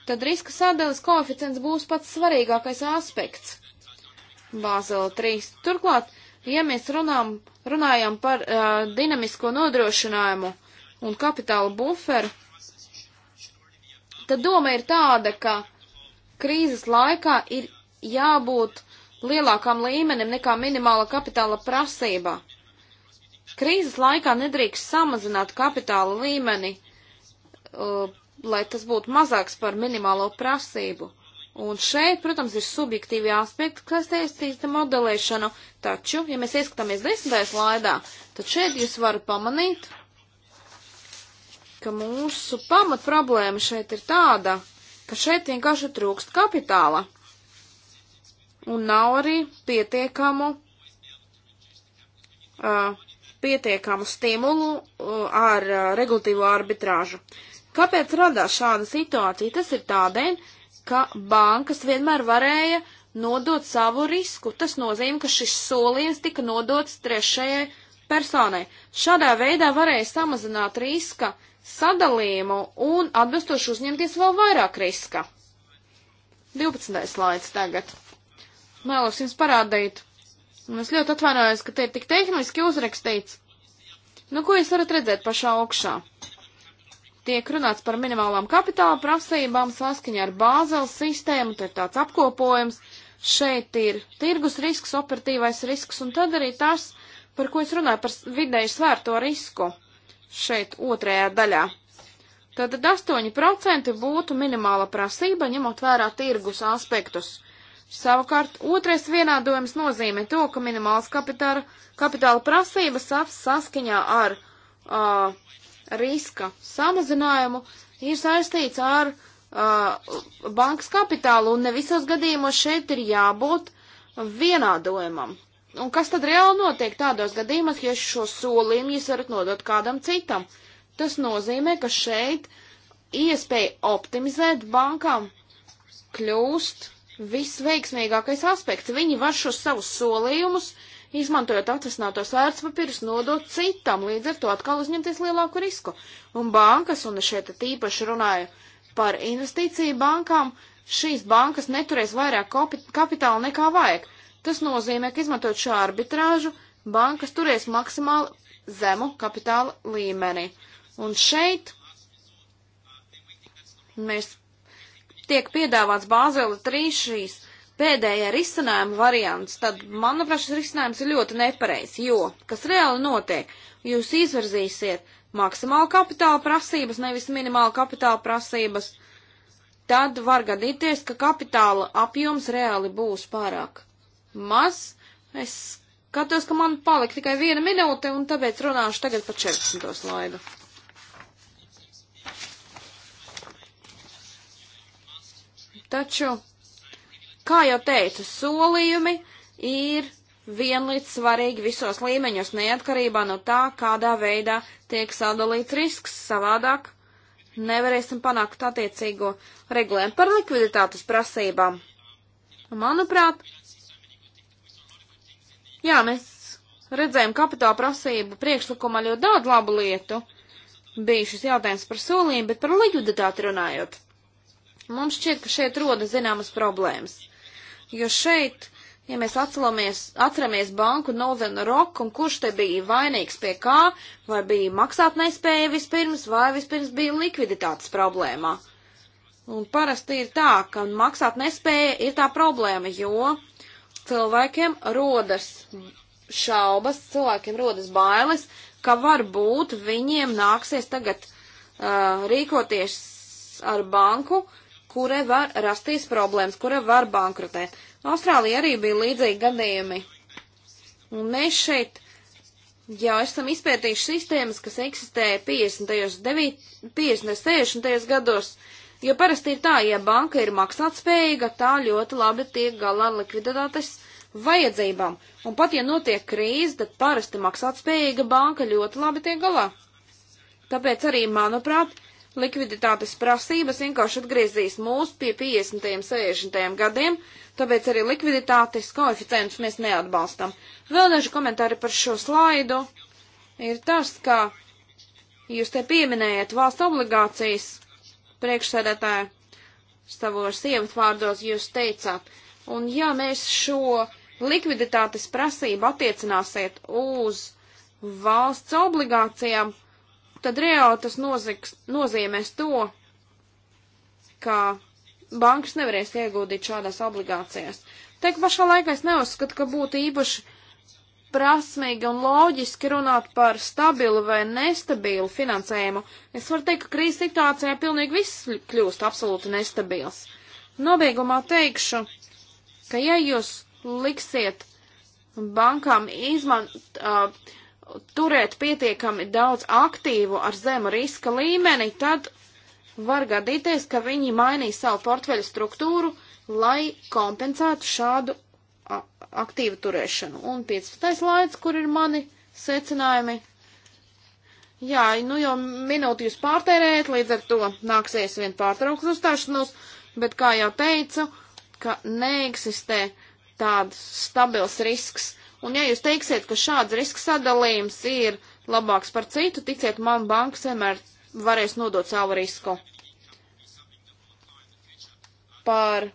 tad riska sādalas koeficients būs pats svarīgākais aspekts. Bāzela 3. Turklāt, ja mēs runām, runājam par uh, dinamisko nodrošinājumu un kapitāla buferu, tad doma ir tāda, ka krīzes laikā ir jābūt lielākam līmenim nekā minimāla kapitāla prasība. Krīzes laikā nedrīkst samazināt kapitāla līmeni, uh, lai tas būtu mazāks par minimālo prasību. Un šeit, protams, ir subjektīvi aspekti, kas saistīta modelēšanu, taču, ja mēs ieskatāmies desmitajā slaidā, tad šeit jūs varat pamanīt, ka mūsu pamat problēma šeit ir tāda, ka šeit vienkārši trūkst kapitāla un nav arī pietiekamu, uh, pietiekamu stimulu uh, ar uh, regulatīvo arbitrāžu. Kāpēc radās šāda situācija? Tas ir tādēļ, ka bankas vienmēr varēja nodot savu risku. Tas nozīmē, ka šis solījums tika nodots trešajai personai. Šādā veidā varēja samazināt riska sadalījumu un atbilstoši uzņemties vēl vairāk riska. 12. slaids tagad. Mēlos jums parādīt. Un es ļoti atvainojos, ka te ir tik tehniski uzrakstīts. Nu, ko jūs varat redzēt pašā augšā? Tiek runāts par minimālām kapitāla prasībām saskaņā ar bāzeles sistēmu, te ir tāds apkopojums. Šeit ir tirgus risks, operatīvais risks, un tad arī tas, par ko es runāju, par vidēju svērto risku šeit otrajā daļā. Tātad 8% būtu minimāla prasība, ņemot vērā tirgus aspektus. Savukārt, otrais vienādojums nozīmē to, ka minimāls kapitāla, kapitāla prasības saskaņā ar uh, riska samazinājumu ir saistīts ar uh, bankas kapitālu, un ne visos gadījumos šeit ir jābūt vienādojumam. Un kas tad reāli notiek tādos gadījumos, ja šo solījumu jūs varat nodot kādam citam? Tas nozīmē, ka šeit iespēja optimizēt bankām kļūst visveiksmīgākais aspekts. Viņi var šos savus solījumus, izmantojot atvesinātos vērtspapīrus, nodot citam, līdz ar to atkal uzņemties lielāku risku. Un bankas, un šeit tīpaši runāju par investīciju bankām, šīs bankas neturēs vairāk kapitāla nekā vajag. Tas nozīmē, ka izmantojot šo arbitrāžu, bankas turēs maksimāli zemu kapitāla līmeni. Un šeit mēs tiek piedāvāts Bāzela 3 šīs pēdējā risinājuma variants, tad, manuprāt, šis risinājums ir ļoti nepareizs, jo, kas reāli notiek, jūs izvirzīsiet maksimālu kapitāla prasības, nevis minimālu kapitāla prasības, tad var gadīties, ka kapitāla apjoms reāli būs pārāk maz. Es skatos, ka man palika tikai viena minūte, un tāpēc runāšu tagad par 14. slaidu. Taču, kā jau teicu, solījumi ir vienlīdz svarīgi visos līmeņos, neatkarībā no tā, kādā veidā tiek sadalīts risks. Savādāk nevarēsim panākt attiecīgo regulējumu par likviditātes prasībām. Manuprāt, jā, mēs redzējām kapitāla prasību priekšlikumā ļoti daudz labu lietu. Bija šis jautājums par solījumu, bet par likviditāti runājot. Mums šķiet, ka šeit rodas zināmas problēmas, jo šeit, ja mēs atceramies banku Northern Rock un kurš te bija vainīgs pie kā, vai bija maksātnespēja vispirms, vai vispirms bija likviditātes problēmā. Un parasti ir tā, ka maksātnespēja ir tā problēma, jo cilvēkiem rodas šaubas, cilvēkiem rodas bailes, ka varbūt viņiem nāksies tagad uh, rīkoties ar banku, kurai var rasties problēmas, kurai var bankrotēt. Austrālija arī bija līdzīgi gadījumi. Un mēs šeit jau esam izpētījuši sistēmas, kas eksistēja 50. 50. 60. gados, jo parasti ir tā, ja banka ir maksātspējīga, tā ļoti labi tiek galā ar likviditātes vajadzībām. Un pat ja notiek krīze, tad parasti maksātspējīga banka ļoti labi tiek galā. Tāpēc arī, manuprāt, likviditātes prasības vienkārši atgriezīs mūs pie 50. un 60. gadiem, tāpēc arī likviditātes koeficientus mēs neatbalstam. Vēl daži komentāri par šo slaidu ir tas, ka jūs te pieminējat valsts obligācijas priekšsēdētāju savos ievadvārdos jūs teicāt, un ja mēs šo likviditātes prasību attiecināsiet uz valsts obligācijām, tad reāli tas noziks, nozīmēs to, ka bankas nevarēs ieguldīt šādās obligācijās. Te pašā laikā es neuzskatu, ka būtu īpaši prasmīgi un loģiski runāt par stabilu vai nestabilu finansējumu. Es varu teikt, ka krīzes situācijā pilnīgi viss kļūst absolūti nestabils. Nobeigumā teikšu, ka ja jūs liksiet bankām izmant, uh, turēt pietiekami daudz aktīvu ar zemu riska līmeni, tad var gadīties, ka viņi mainīs savu portfeļu struktūru, lai kompensētu šādu aktīvu turēšanu. Un 15. laids, kur ir mani secinājumi. Jā, nu jau minūti jūs pārtērējat, līdz ar to nāksies vien pārtraukt uzstāšanos, bet kā jau teicu, ka neeksistē tāds stabils risks Un ja jūs teiksiet, ka šāds riska sadalījums ir labāks par citu, ticiet man, bankas vienmēr varēs nodot savu risku. Par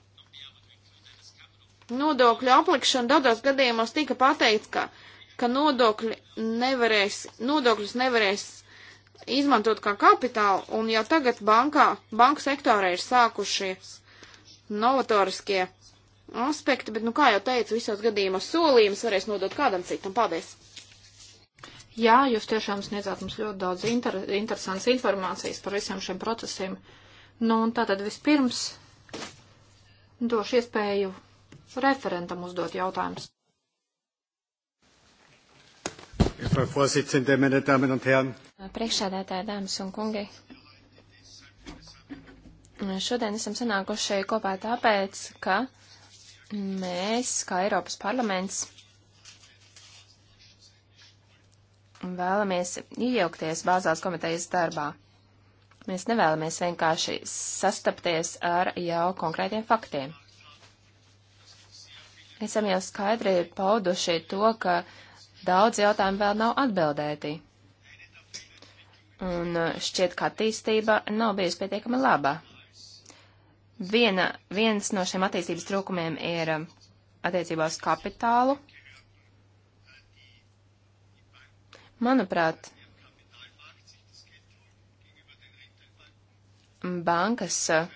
nodokļu aplikšanu daudzos gadījumos tika pateikts, ka, ka nodokļi nevarēs, nodokļus nevarēs izmantot kā kapitālu, un jau tagad bankā, banku sektorē ir sākušies novatoriskie aspekti, bet, nu, kā jau teicu, visos gadījumos solījumus varēs nodot kādam citam. Paldies! Jā, jūs tiešām sniedzāt mums ļoti daudz inter interesants informācijas par visiem šiem procesiem. Nu, un tātad vispirms došu iespēju referentam uzdot jautājumus. Priekšsēdētāji, dāmas un kungi, šodien esam sanākuši kopā tāpēc, ka mēs, kā Eiropas parlaments, vēlamies iejaukties bāzās komitejas darbā. Mēs nevēlamies vienkārši sastapties ar jau konkrētiem faktiem. Esam jau skaidri pauduši to, ka daudz jautājumu vēl nav atbildēti. Un šķiet, ka attīstība nav bijusi pietiekami laba. Viena, viens no šiem attīstības trūkumiem ir um, attiecībā uz kapitālu. Manuprāt, bankas uh,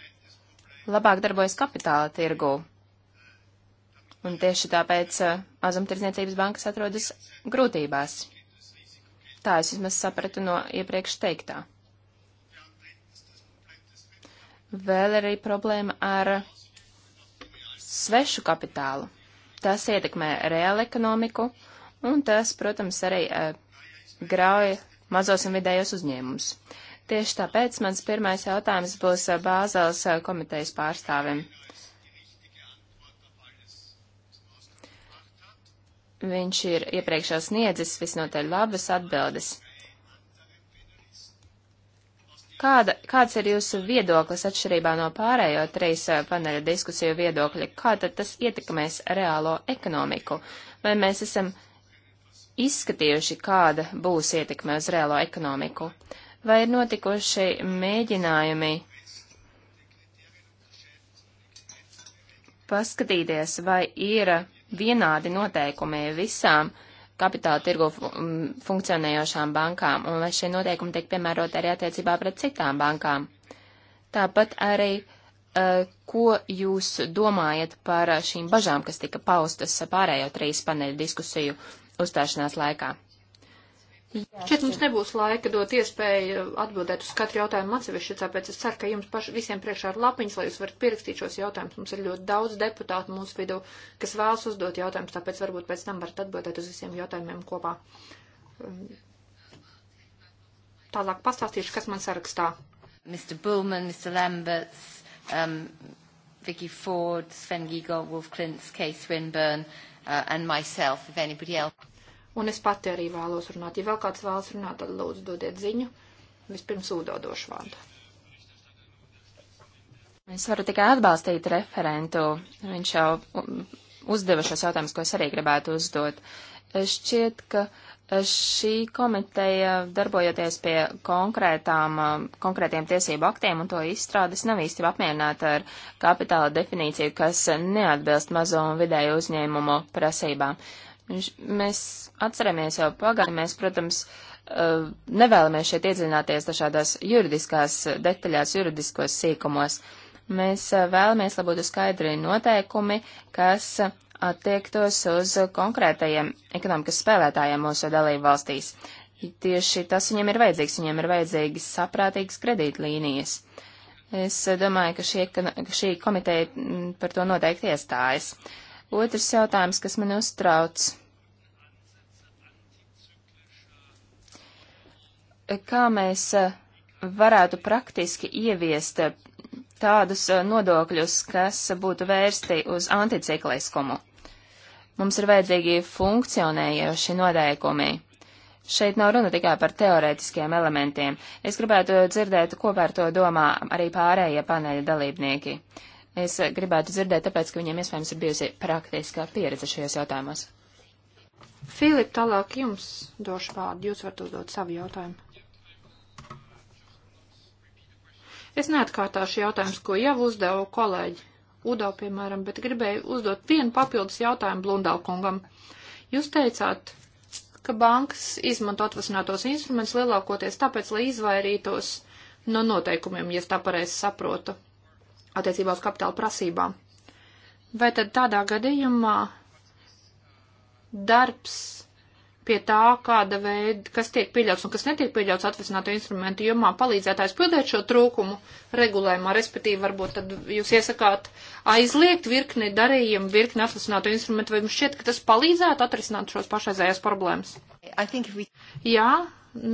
labāk darbojas kapitāla tirgū. Un tieši tāpēc uh, mazumtirdzniecības bankas atrodas grūtībās. Tā es vismaz sapratu no iepriekš teiktā. Vēl arī problēma ar svešu kapitālu. Tas ietekmē reālu ekonomiku, un tas, protams, arī uh, grauj mazos un vidējos uzņēmumus. Tieši tāpēc mans pirmais jautājums būs eh, Bāzeles eh, komitejas pārstāvim. Viņš ir iepriekš jau sniedzis visnotaļ labas atbildes. Kāda, kāds ir jūsu viedoklis atšķirībā no pārējo trīs eh, paneļa diskusiju viedokļa? Kā tad tas ietekmēs reālo ekonomiku? Vai mēs esam izskatījuši, kāda būs ietekme uz reālo ekonomiku? Vai ir notikuši mēģinājumi paskatīties, vai ir vienādi noteikumi visām uh, kapitāla tirgu mm, funkcionējošām bankām, un vai šie noteikumi tiek piemēroti arī attiecībā pret citām bankām. Tāpat arī, eh, ko jūs domājat par šīm bažām, kas tika paustas pārējo trīs paneļu diskusiju uzstāšanās laikā? Šeit mums nebūs laika dot iespēju atbildēt uz katru jautājumu atsevišķi, tāpēc es ceru, ka jums paš, visiem priekšā ir lapiņas, lai jūs varat pierakstīt šos jautājumus. Mums ir ļoti daudz deputātu mūsu vidū, kas vēlas uzdot jautājumus, tāpēc varbūt pēc tam varat atbildēt uz visiem jautājumiem kopā. Um, Tālāk pastāstīšu, kas man sarakstā. Mr. Bullman, Mr. Lamberts, um, Vicky Ford, Sven Giegold, Wolf Klintz, Kay Swinburne uh, and myself, if anybody else un es pati arī vēlos runāt. Ja vēl kāds vēlas runāt, tad lūdzu dodiet ziņu. Vispirms ūdodošu vārdu. Es varu tikai atbalstīt referentu. Viņš jau uzdeva šos jautājumus, ko es arī gribētu uzdot. Šķiet, ka šī komiteja, darbojoties pie konkrētām, konkrētiem tiesību aktiem un to izstrādes, nav īsti apmierināta ar kapitāla definīciju, kas neatbilst mazo un vidēju uzņēmumu prasībām. Uh, Mēs atceramies jau pagātni, mēs, protams, eh, nevēlamies šeit iedziļināties dažādās juridiskās detaļās, juridiskos sīkumos. Mēs eh, vēlamies, lai būtu skaidri noteikumi, kas attiektos uz konkrētajiem ekonomikas spēlētājiem mūsu dalību valstīs. Tieši tas viņam ir vajadzīgs, viņam ir vajadzīgas saprātīgas kredītlīnijas. Es eh, domāju, ka šie, šī komiteja mm, par to noteikti iestājas. Otrs jautājums, kas man uztrauc kā mēs eh, varētu praktiski ieviest eh, tādus eh, nodokļus, kas būtu vērsti uz anticikliskumu. Mums ir vajadzīgi funkcionējoši noteikumi. Šeit nav runa tikai par teorētiskiem elementiem. Es gribētu dzirdēt, ko par to domā arī pārējie paneļa dalībnieki. Es gribētu dzirdēt, tāpēc, ka viņiem iespējams ir bijusi praktiskā pieredze šajos jautājumos. Filip, tālāk jums došu vārdu. Jūs varat uzdot savu jautājumu. Es neatkārtāšu jautājumus, ko jau uzdevu kolēģi Udo, piemēram, bet gribēju uzdot vienu papildus jautājumu Blundalkungam. Jūs teicāt, ka bankas izmanto atvasinātos instrumentus lielākoties tāpēc, lai izvairītos no noteikumiem, ja tā pareizi saprotu, attiecībā uz kapitāla prasībām. Vai tad tādā gadījumā darbs pie tā, kāda veida, kas tiek pieļauts un kas netiek pieļauts atvesināto instrumentu jomā, palīdzētājs pildēt šo trūkumu regulējumā, respektīvi varbūt tad jūs iesakāt aizliegt virkni darījumu, virkni atvesināto instrumentu, vai jums šķiet, ka tas palīdzētu atrisināt šos pašreizējās problēmas? We... Jā,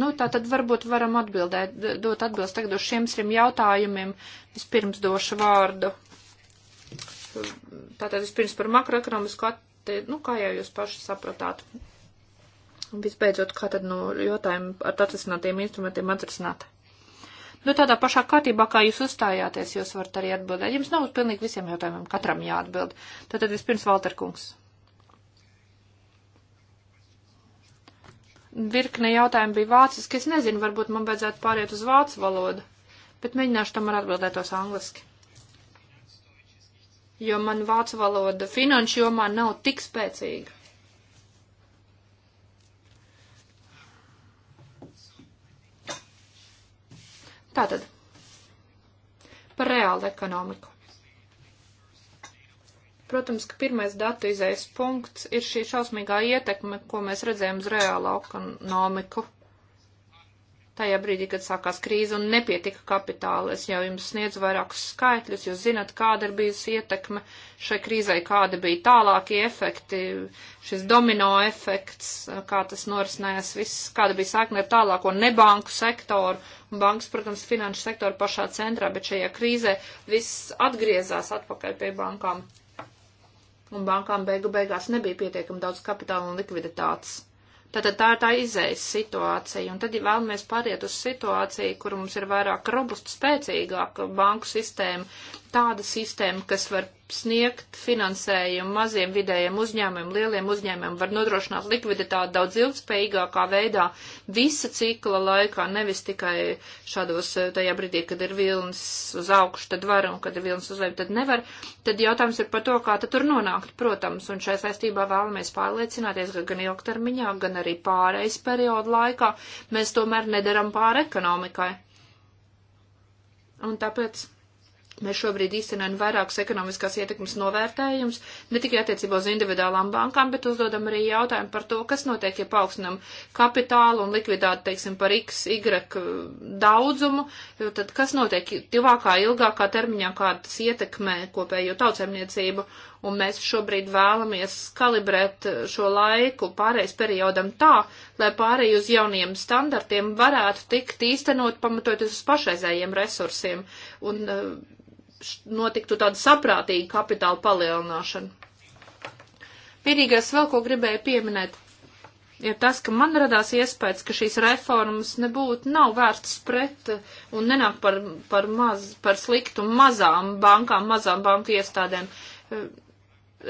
nu tā tad varbūt varam atbildēt, dot atbilst tagad uz šiem trim jautājumiem. Vispirms došu vārdu. Tātad vispirms par makroekonomisku, nu kā jau jūs paši sapratāt, Visbeidzot, kā tad no jautājumu ar atrasinātiem instrumentiem atrasināt? Nu, tādā pašā kārtībā, kā jūs uzstājāties, jūs varat arī atbildēt. Jums nav uz pilnīgi visiem jautājumiem katram jāatbild. Tātad vispirms Valterkungs. virkne jautājumu bija vāciski. Es nezinu, varbūt man vajadzētu pāriet uz vācu valodu, bet mēģināšu tomēr atbildēt tos angliski. Jo man vācu valoda finanšu jomā nav tik spēcīga. Tātad par reālu ekonomiku. Protams, ka pirmais datu izējas punkts ir šī šausmīgā ietekme, ko mēs redzējām uz reālu ekonomiku tajā brīdī, kad sākās krīze un nepietika kapitāla. Es jau jums sniedzu vairākus skaitļus, jūs zinat, kāda ir bijusi ietekme šai krīzai, kāda bija tālākie efekti, šis domino efekts, kā tas norisinājās viss, kāda bija sākne ar tālāko nebanku sektoru. Bankas, protams, finanšu sektoru pašā centrā, bet šajā krīzē viss atgriezās atpakaļ pie bankām. Un bankām beigu beigās nebija pietiekami daudz kapitāla un likviditātes. Tātad tā ir tā izējas situācija, un tad, ja vēlamies pāriet uz situāciju, kur mums ir vairāk robusta, spēcīgāka banku sistēma, tāda sistēma, kas var sniegt finansējumu maziem vidējiem uzņēmumiem, lieliem uzņēmumiem, var nodrošināt likviditāti daudz ilgspējīgākā veidā visa cikla laikā, nevis tikai šādos eh, tajā brīdī, kad ir vilnis uz augšu, tad var, un kad ir vilnis uz leju, tad nevar. Tad jautājums ir par to, kā tad tur nonākt, protams, un šai saistībā vēlamies pārliecināties, ka gan ilgtermiņā, gan arī pārējais periodu laikā mēs tomēr nedaram pāri ekonomikai. Un tāpēc Mēs šobrīd īstenojam vairākus ekonomiskās ietekmes novērtējumus, ne tikai attiecībā uz individuālām bankām, bet uzdodam arī jautājumu par to, kas notiek, ja paaugstinam kapitālu un likvidāti, teiksim, par x, y daudzumu, tad kas notiek tuvākā, ilgākā termiņā, kā tas ietekmē kopējo tautsēmniecību, un mēs šobrīd vēlamies kalibrēt šo laiku pārējais periodam tā, lai pārēj uz jauniem standartiem varētu tikt īstenot pamatoties uz pašreizējiem resursiem. Un, notiktu tāda saprātīga kapitāla palielināšana. Vienīgais vēl, ko gribēju pieminēt, ir tas, ka man radās iespējas, ka šīs reformas nebūtu, nav vērts pret eh, un nenāk par, par, maz, par sliktu mazām bankām, mazām banku iestādēm. Eh,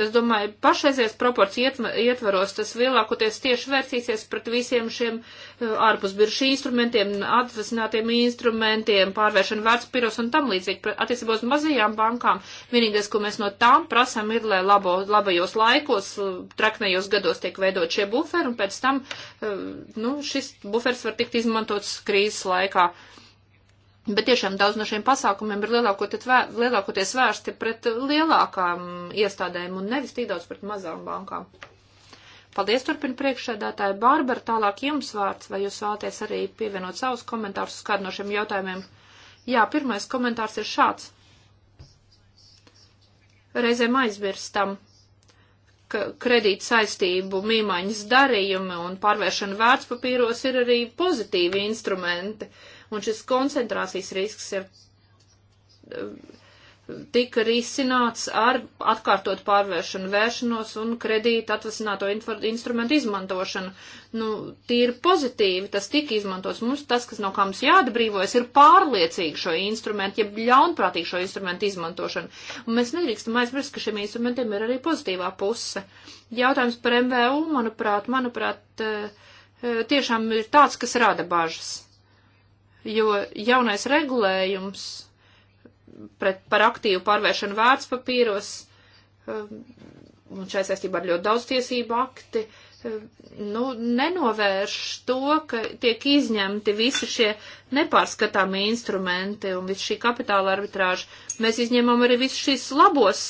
es domāju, pašreizies proporcijas ietvaros tas lielākoties tieši vērsīsies pret visiem šiem uh, ārpusbiršu instrumentiem, atvasinātiem instrumentiem, pārvēršana vērtspiros un tam līdzīgi. Attiecībā uz mazajām bankām vienīgais, ko mēs no tām prasam, ir, lai labo, labajos laikos, uh, traknējos gados tiek veidot šie buferi un pēc tam, uh, nu, šis bufers var tikt izmantots krīzes laikā. Uh, Bet tiešām daudz no šiem pasākumiem ir lielākoties, vēr, lielākoties vērsti pret lielākām iestādēm un nevis tik daudz pret mazām bankām. Paldies, turpina priekšsēdētāja Bārbara. Tālāk jums vārds, vai jūs vēlaties arī pievienot savus komentārus uz kādu no šiem jautājumiem? Jā, pirmais komentārs ir šāds. Reizēm aizmirstam, ka kredīt saistību mīmaiņas darījumi un pārvēršana vērtspapīros ir arī pozitīvi instrumenti. Uh, Un šis koncentrācijas risks ir eh, tika risināts ar atkārtot pārvēršanu, vēršanos un kredīta atvasināto instrumentu izmantošanu. Nu, tīri pozitīvi tas tika izmantots. Mums tas, kas no kā mums jāatbrīvojas, ir pārliecīgi šo instrumentu, ja ļaunprātīgi šo instrumentu izmantošanu. Un mēs nedrīkstam aizmirst, ka šiem instrumentiem ir arī pozitīvā puse. Jautājums par MVU, manuprāt, manuprāt, eh, eh, tiešām ir tāds, kas rada bažas jo jaunais regulējums pret, par aktīvu pārvēršanu vērtspapīros, um, un šai saistībā ir ļoti daudz tiesību akti, um, nu, nenovērš to, ka tiek izņemti visi šie nepārskatāmie instrumenti un viss šī kapitāla arbitrāža. Mēs izņemam arī visus šīs labos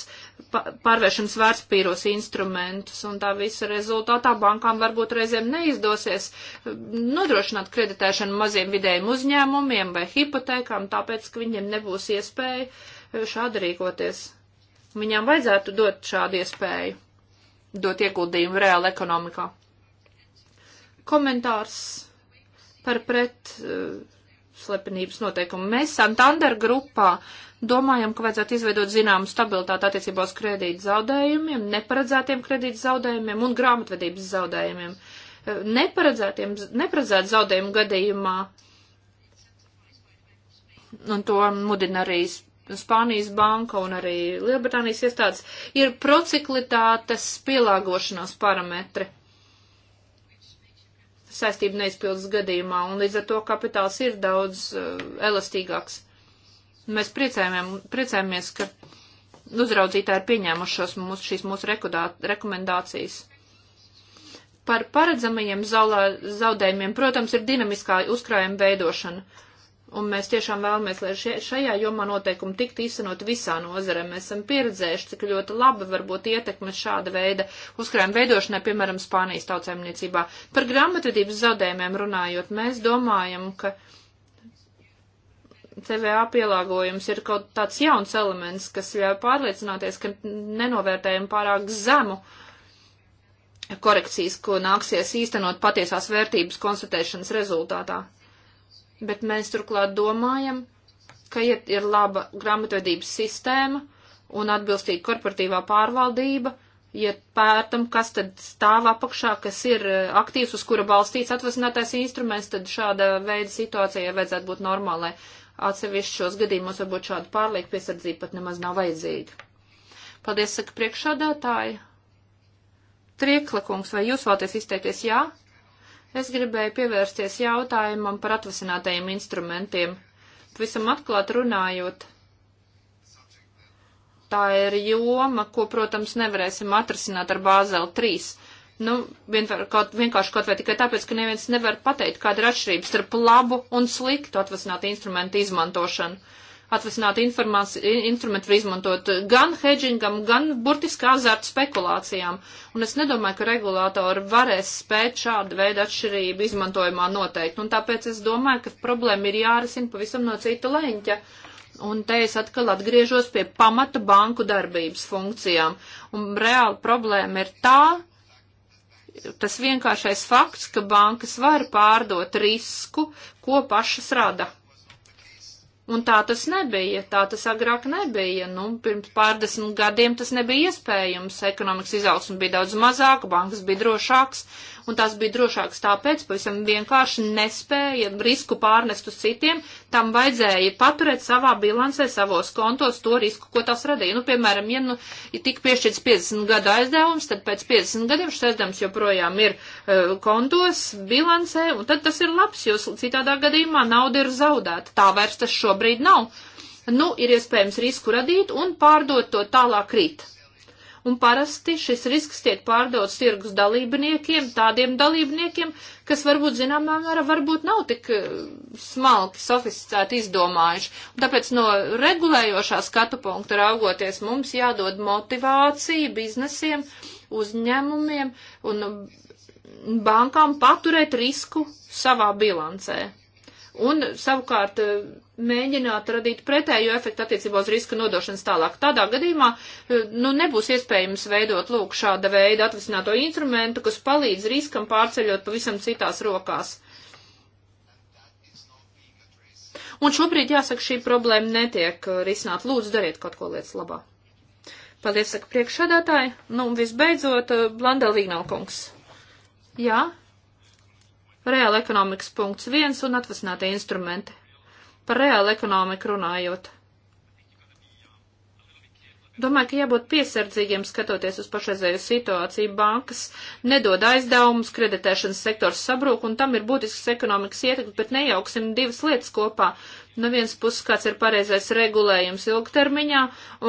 pārvēršanas vērtspīros instrumentus, un tā visa rezultātā bankām varbūt reizēm neizdosies eh, nodrošināt kreditēšanu maziem vidējiem uzņēmumiem vai hipotēkām, tāpēc, ka viņiem nebūs iespēja eh, šādi rīkoties. Viņām vajadzētu dot šādu iespēju, dot ieguldījumu reāli ekonomikā. Komentārs par pret uh, slepenības noteikumu. Mēs Santander grupā uh, Domājam, ka vajadzētu izveidot zināmu stabilitāti attiecībā uz kredīt zaudējumiem, neparedzētiem kredīt zaudējumiem un grāmatvedības zaudējumiem. Eh, neparedzētiem, neparedzēt zaudējumu gadījumā, un to mudina arī Spānijas banka un arī Lielbritānijas iestādes, ir prociklitātes pielāgošanās parametri saistību neizpildes gadījumā, un līdz ar to kapitāls ir daudz uh, elastīgāks. Mēs priecājamies, ka uzraudzītāji ir pieņēmušos mūs, šīs mūsu rekomendācijas. Par paredzamajiem zaulā, zaudējumiem, protams, ir dinamiskā uzkrājuma veidošana. Un mēs tiešām vēlamies, lai še, šajā jomā noteikumi tiktu īstenot visā nozarē. Mēs esam pieredzējuši, cik ļoti labi var būt ietekme šāda veida uzkrājuma veidošanai, piemēram, Spānijas tautsēmniecībā. Par grāmatvedības zaudējumiem runājot, mēs domājam, ka CVA pielāgojums ir kaut tāds jauns elements, kas ļauj pārliecināties, ka nenovērtējam pārāk zemu korekcijas, ko nāksies īstenot patiesās vērtības konstatēšanas rezultātā. Bet mēs turklāt domājam, ka ja ir laba grāmatvedības sistēma un atbilstīga korporatīvā pārvaldība, ja pētam, kas tad stāv apakšā, kas ir eh, aktīvs, uz kura balstīts atvasinātais instruments, tad šāda veida situācijai vajadzētu būt normālai. Atsevišķos gadījumos varbūt šāda pārlieka piesardzība pat nemaz nav vajadzīga. Paldies, saka priekšādātāji. Triekla kungs, vai jūs vēlaties izteikties jā? Es gribēju pievērsties jautājumam par atvasinātajiem instrumentiem. Visam atklāt runājot, tā ir joma, ko, protams, nevarēsim atrasināt ar Bāzeli 3, nu, vienvar, kaut, vienkārši kaut vai tikai tāpēc, ka neviens nevar pateikt, kāda ir atšķirība starp labu un sliktu atvasinātu instrumentu izmantošanu. Atvasinātu instrumentu var izmantot gan hedžingam, gan burtiski azartu spekulācijām, un es nedomāju, ka regulātori varēs spēt šādu veidu atšķirību izmantojumā noteikt, un tāpēc es domāju, ka problēma ir jārisina pavisam no cita leņķa. Un te es atkal atgriežos pie pamata banku darbības funkcijām. Un reāla problēma ir tā, tas vienkāršais fakts, ka bankas var pārdot risku, ko pašas rada. Un tā tas nebija, tā tas agrāk nebija. Nu, pirms pārdesmit gadiem tas nebija iespējams. Ekonomikas izaugsme bija daudz mazāka, bankas bija drošāks, un tās bija drošākas tāpēc, pavisam vienkārši nespēja risku pārnest uz citiem, tam vajadzēja paturēt savā bilancē, savos kontos to risku, ko tas radīja. Nu, piemēram, ja nu, ja tik piešķirts 50 gadu aizdevums, tad pēc 50 gadiem šis aizdevums joprojām ir uh, kontos, bilancē, un tad tas ir labs, jo citādā gadījumā nauda ir zaudēta. Tā vairs tas šobrīd nav. Nu, ir iespējams risku radīt un pārdot to tālāk rīt un parasti šis risks tiek pārdots tirgus dalībniekiem, tādiem dalībniekiem, kas varbūt zināmā mērā varbūt nav tik eh, smalki, sofisticēti izdomājuši. Un tāpēc no regulējošā skatu punkta raugoties mums jādod motivācija biznesiem, uzņēmumiem un bankām paturēt risku savā bilancē un savukārt eh, mēģināt radīt pretējo efektu attiecībā uz riska nodošanas tālāk. Tādā gadījumā eh, nu, nebūs iespējams veidot lūk šāda veida atvisināto instrumentu, kas palīdz riskam pārceļot pavisam citās rokās. Un šobrīd, jāsaka, šī problēma netiek eh, risināt. Lūdzu, dariet kaut ko lietas labā. Paldies, saka priekšsādātāji. Nu, un visbeidzot, Blandel Vignalkungs. Jā? reāla ekonomikas punkts viens un atvasinātie instrumenti. Par reālu ekonomiku runājot. Domāju, ka jābūt piesardzīgiem skatoties uz pašreizēju situāciju. Bankas nedod aizdevumus, kreditēšanas sektors sabrūk, un tam ir būtisks ekonomikas ietekme, bet nejauksim divas lietas kopā. No vienas puses, kāds ir pareizais regulējums ilgtermiņā,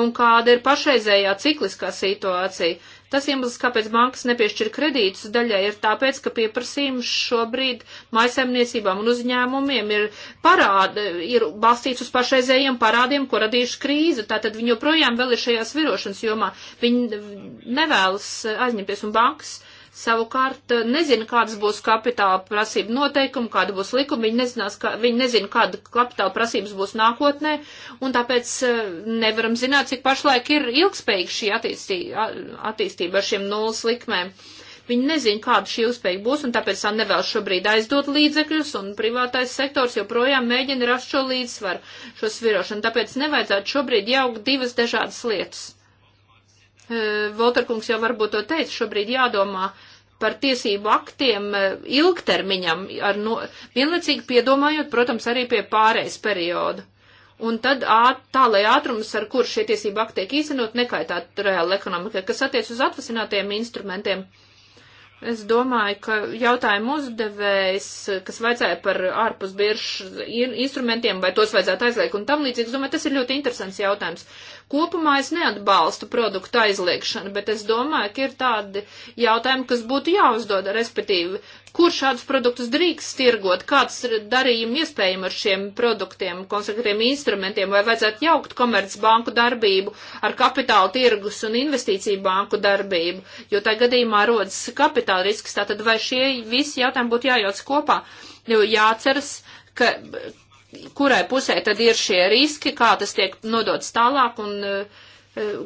un kāda ir pašreizējā cikliskā situācija. Tas iemesls, kāpēc bankas nepiešķir kredītus daļai, ir tāpēc, ka pieprasījums šobrīd maisaimniecībām un uzņēmumiem ir parāda, ir balstīts uz pašreizējiem parādiem, ko radījuši krīze. Tātad viņi joprojām vēl ir šajā svirošanas jomā. Viņi nevēlas aizņemties un bankas Savukārt eh, nezina, kādas būs kapitāla prasība noteikumi, kāda būs likuma, viņi, nezinās, ka, viņi nezina, kāda kapitāla prasības būs nākotnē, un tāpēc eh, nevaram zināt, cik pašlaik ir ilgspējīga šī attīstība, attīstība ar šiem nulles likmēm. Viņi nezina, kāda šī ilgspējība būs, un tāpēc tā nevēl šobrīd aizdot līdzekļus, un privātais sektors joprojām mēģina rast šo līdzsvaru, šo svirošanu. Tāpēc nevajadzētu šobrīd jaukt divas dažādas lietas. Eh, Volterkungs jau varbūt to teica, šobrīd jādomā par tiesību aktiem eh, ilgtermiņam, ar no, vienlaicīgi piedomājot, protams, arī pie pārējais perioda. Un tad āt, tā, lai ātrums, ar kur šie tiesību akti tiek īstenot, nekaitātu reāli ekonomikai, kas attiec uz atvasinātajiem instrumentiem. Uh, Es domāju, ka jautājumu uzdevējs, kas vajadzēja par ārpus biržas instrumentiem, vai tos vajadzētu aizliegt un tam līdzīgi, es domāju, tas ir ļoti interesants jautājums. Kopumā es neatbalstu produktu aizliekšanu, bet es domāju, ka ir tādi jautājumi, kas būtu jāuzdod, respektīvi, kur šādus produktus drīkst tirgot, kāds ir darījumi iespējami ar šiem produktiem, konsekretiem instrumentiem, vai vajadzētu jaukt komercbanku darbību ar kapitāla tirgus un investīciju banku darbību, jo tā gadījumā rodas kapitāla risks, tātad vai šie visi jautājumi būtu jājauc kopā, jo jāceras, ka kurai pusē tad ir šie riski, kā tas tiek nodots tālāk un uh,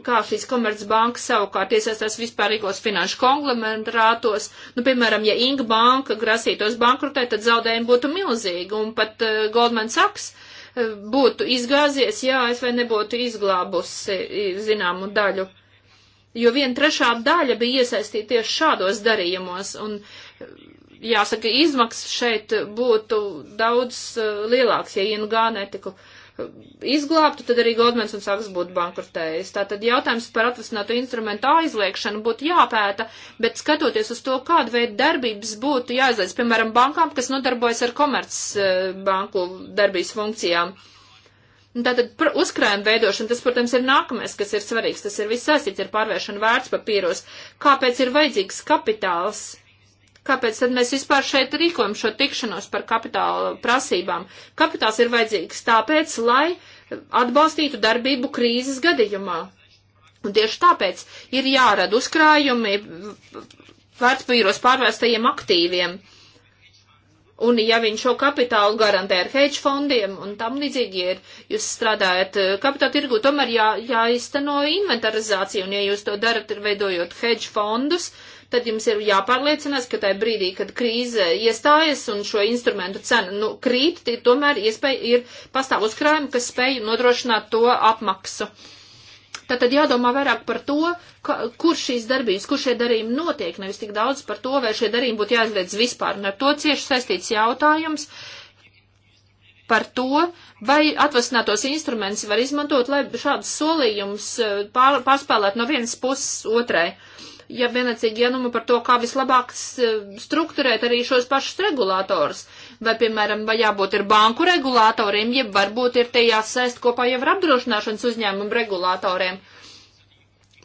kā šīs komercbankas savukārt iesaistās vispārīgos finanšu konglomerātos. Nu, piemēram, ja Inga banka grasītos bankrotēt, tad zaudējumi būtu milzīgi, un pat uh, Goldman Sachs uh, būtu izgāzies, ja ASV nebūtu izglābusi zināmu daļu. Jo viena trešā daļa bija iesaistīta tieši šādos darījumos, un eh, jāsaka, izmaksas šeit būtu daudz uh, lielāks, ja ING netiku uh, izglābtu, tad arī Goldmans un Saks būtu bankrotējis. Tātad jautājums par atvasinātu instrumentu aizliekšanu būtu jāpēta, bet skatoties uz to, kāda veida darbības būtu jāizliedz, piemēram, bankām, kas nodarbojas ar komercbanku eh, darbības funkcijām. Tātad uzkrājuma veidošana, tas, protams, ir nākamais, kas ir svarīgs. Tas ir viss saistīts ar pārvēršanu vērtspapīros. Kāpēc ir vajadzīgs kapitāls? Kāpēc tad mēs vispār šeit rīkojam šo tikšanos par kapitāla prasībām? Kapitāls ir vajadzīgs tāpēc, lai atbalstītu darbību krīzes gadījumā. Un tieši tāpēc ir jārada uzkrājumi vērtspapīros pārvērstajiem aktīviem. Un ja viņš šo kapitālu garantē ar hedge fondiem un tam līdzīgi ir, jūs strādājat eh, kapitāla tirgu, tomēr jā, jāizteno inventarizācija, un ja jūs to darat, ir veidojot hedge fondus, uh, tad jums ir jāpārliecinās, ka tajā brīdī, kad krīze iestājas un šo instrumentu cena nu, krīt, tomēr iespēja ir pastāv uzkrājumi, kas spēj nodrošināt to apmaksu. Tātad jādomā vairāk par to, ka, kur šīs darbības, kur šie darījumi notiek, nevis tik daudz par to, vai šie darījumi būtu jāizliedz vispār. Un ar to cieši saistīts jautājums par to, vai atvasinātos instrumentus var izmantot, lai šādus solījumus eh, pārspēlētu no vienas puses otrai. Uh, ja vienlaicīgi ienumi par to, kā vislabāk strukturēt arī šos pašus regulātors. Vai, piemēram, vai jābūt ir banku regulātoriem, jeb varbūt ir te jāsaist kopā jau ar apdrošināšanas uzņēmumu regulātoriem.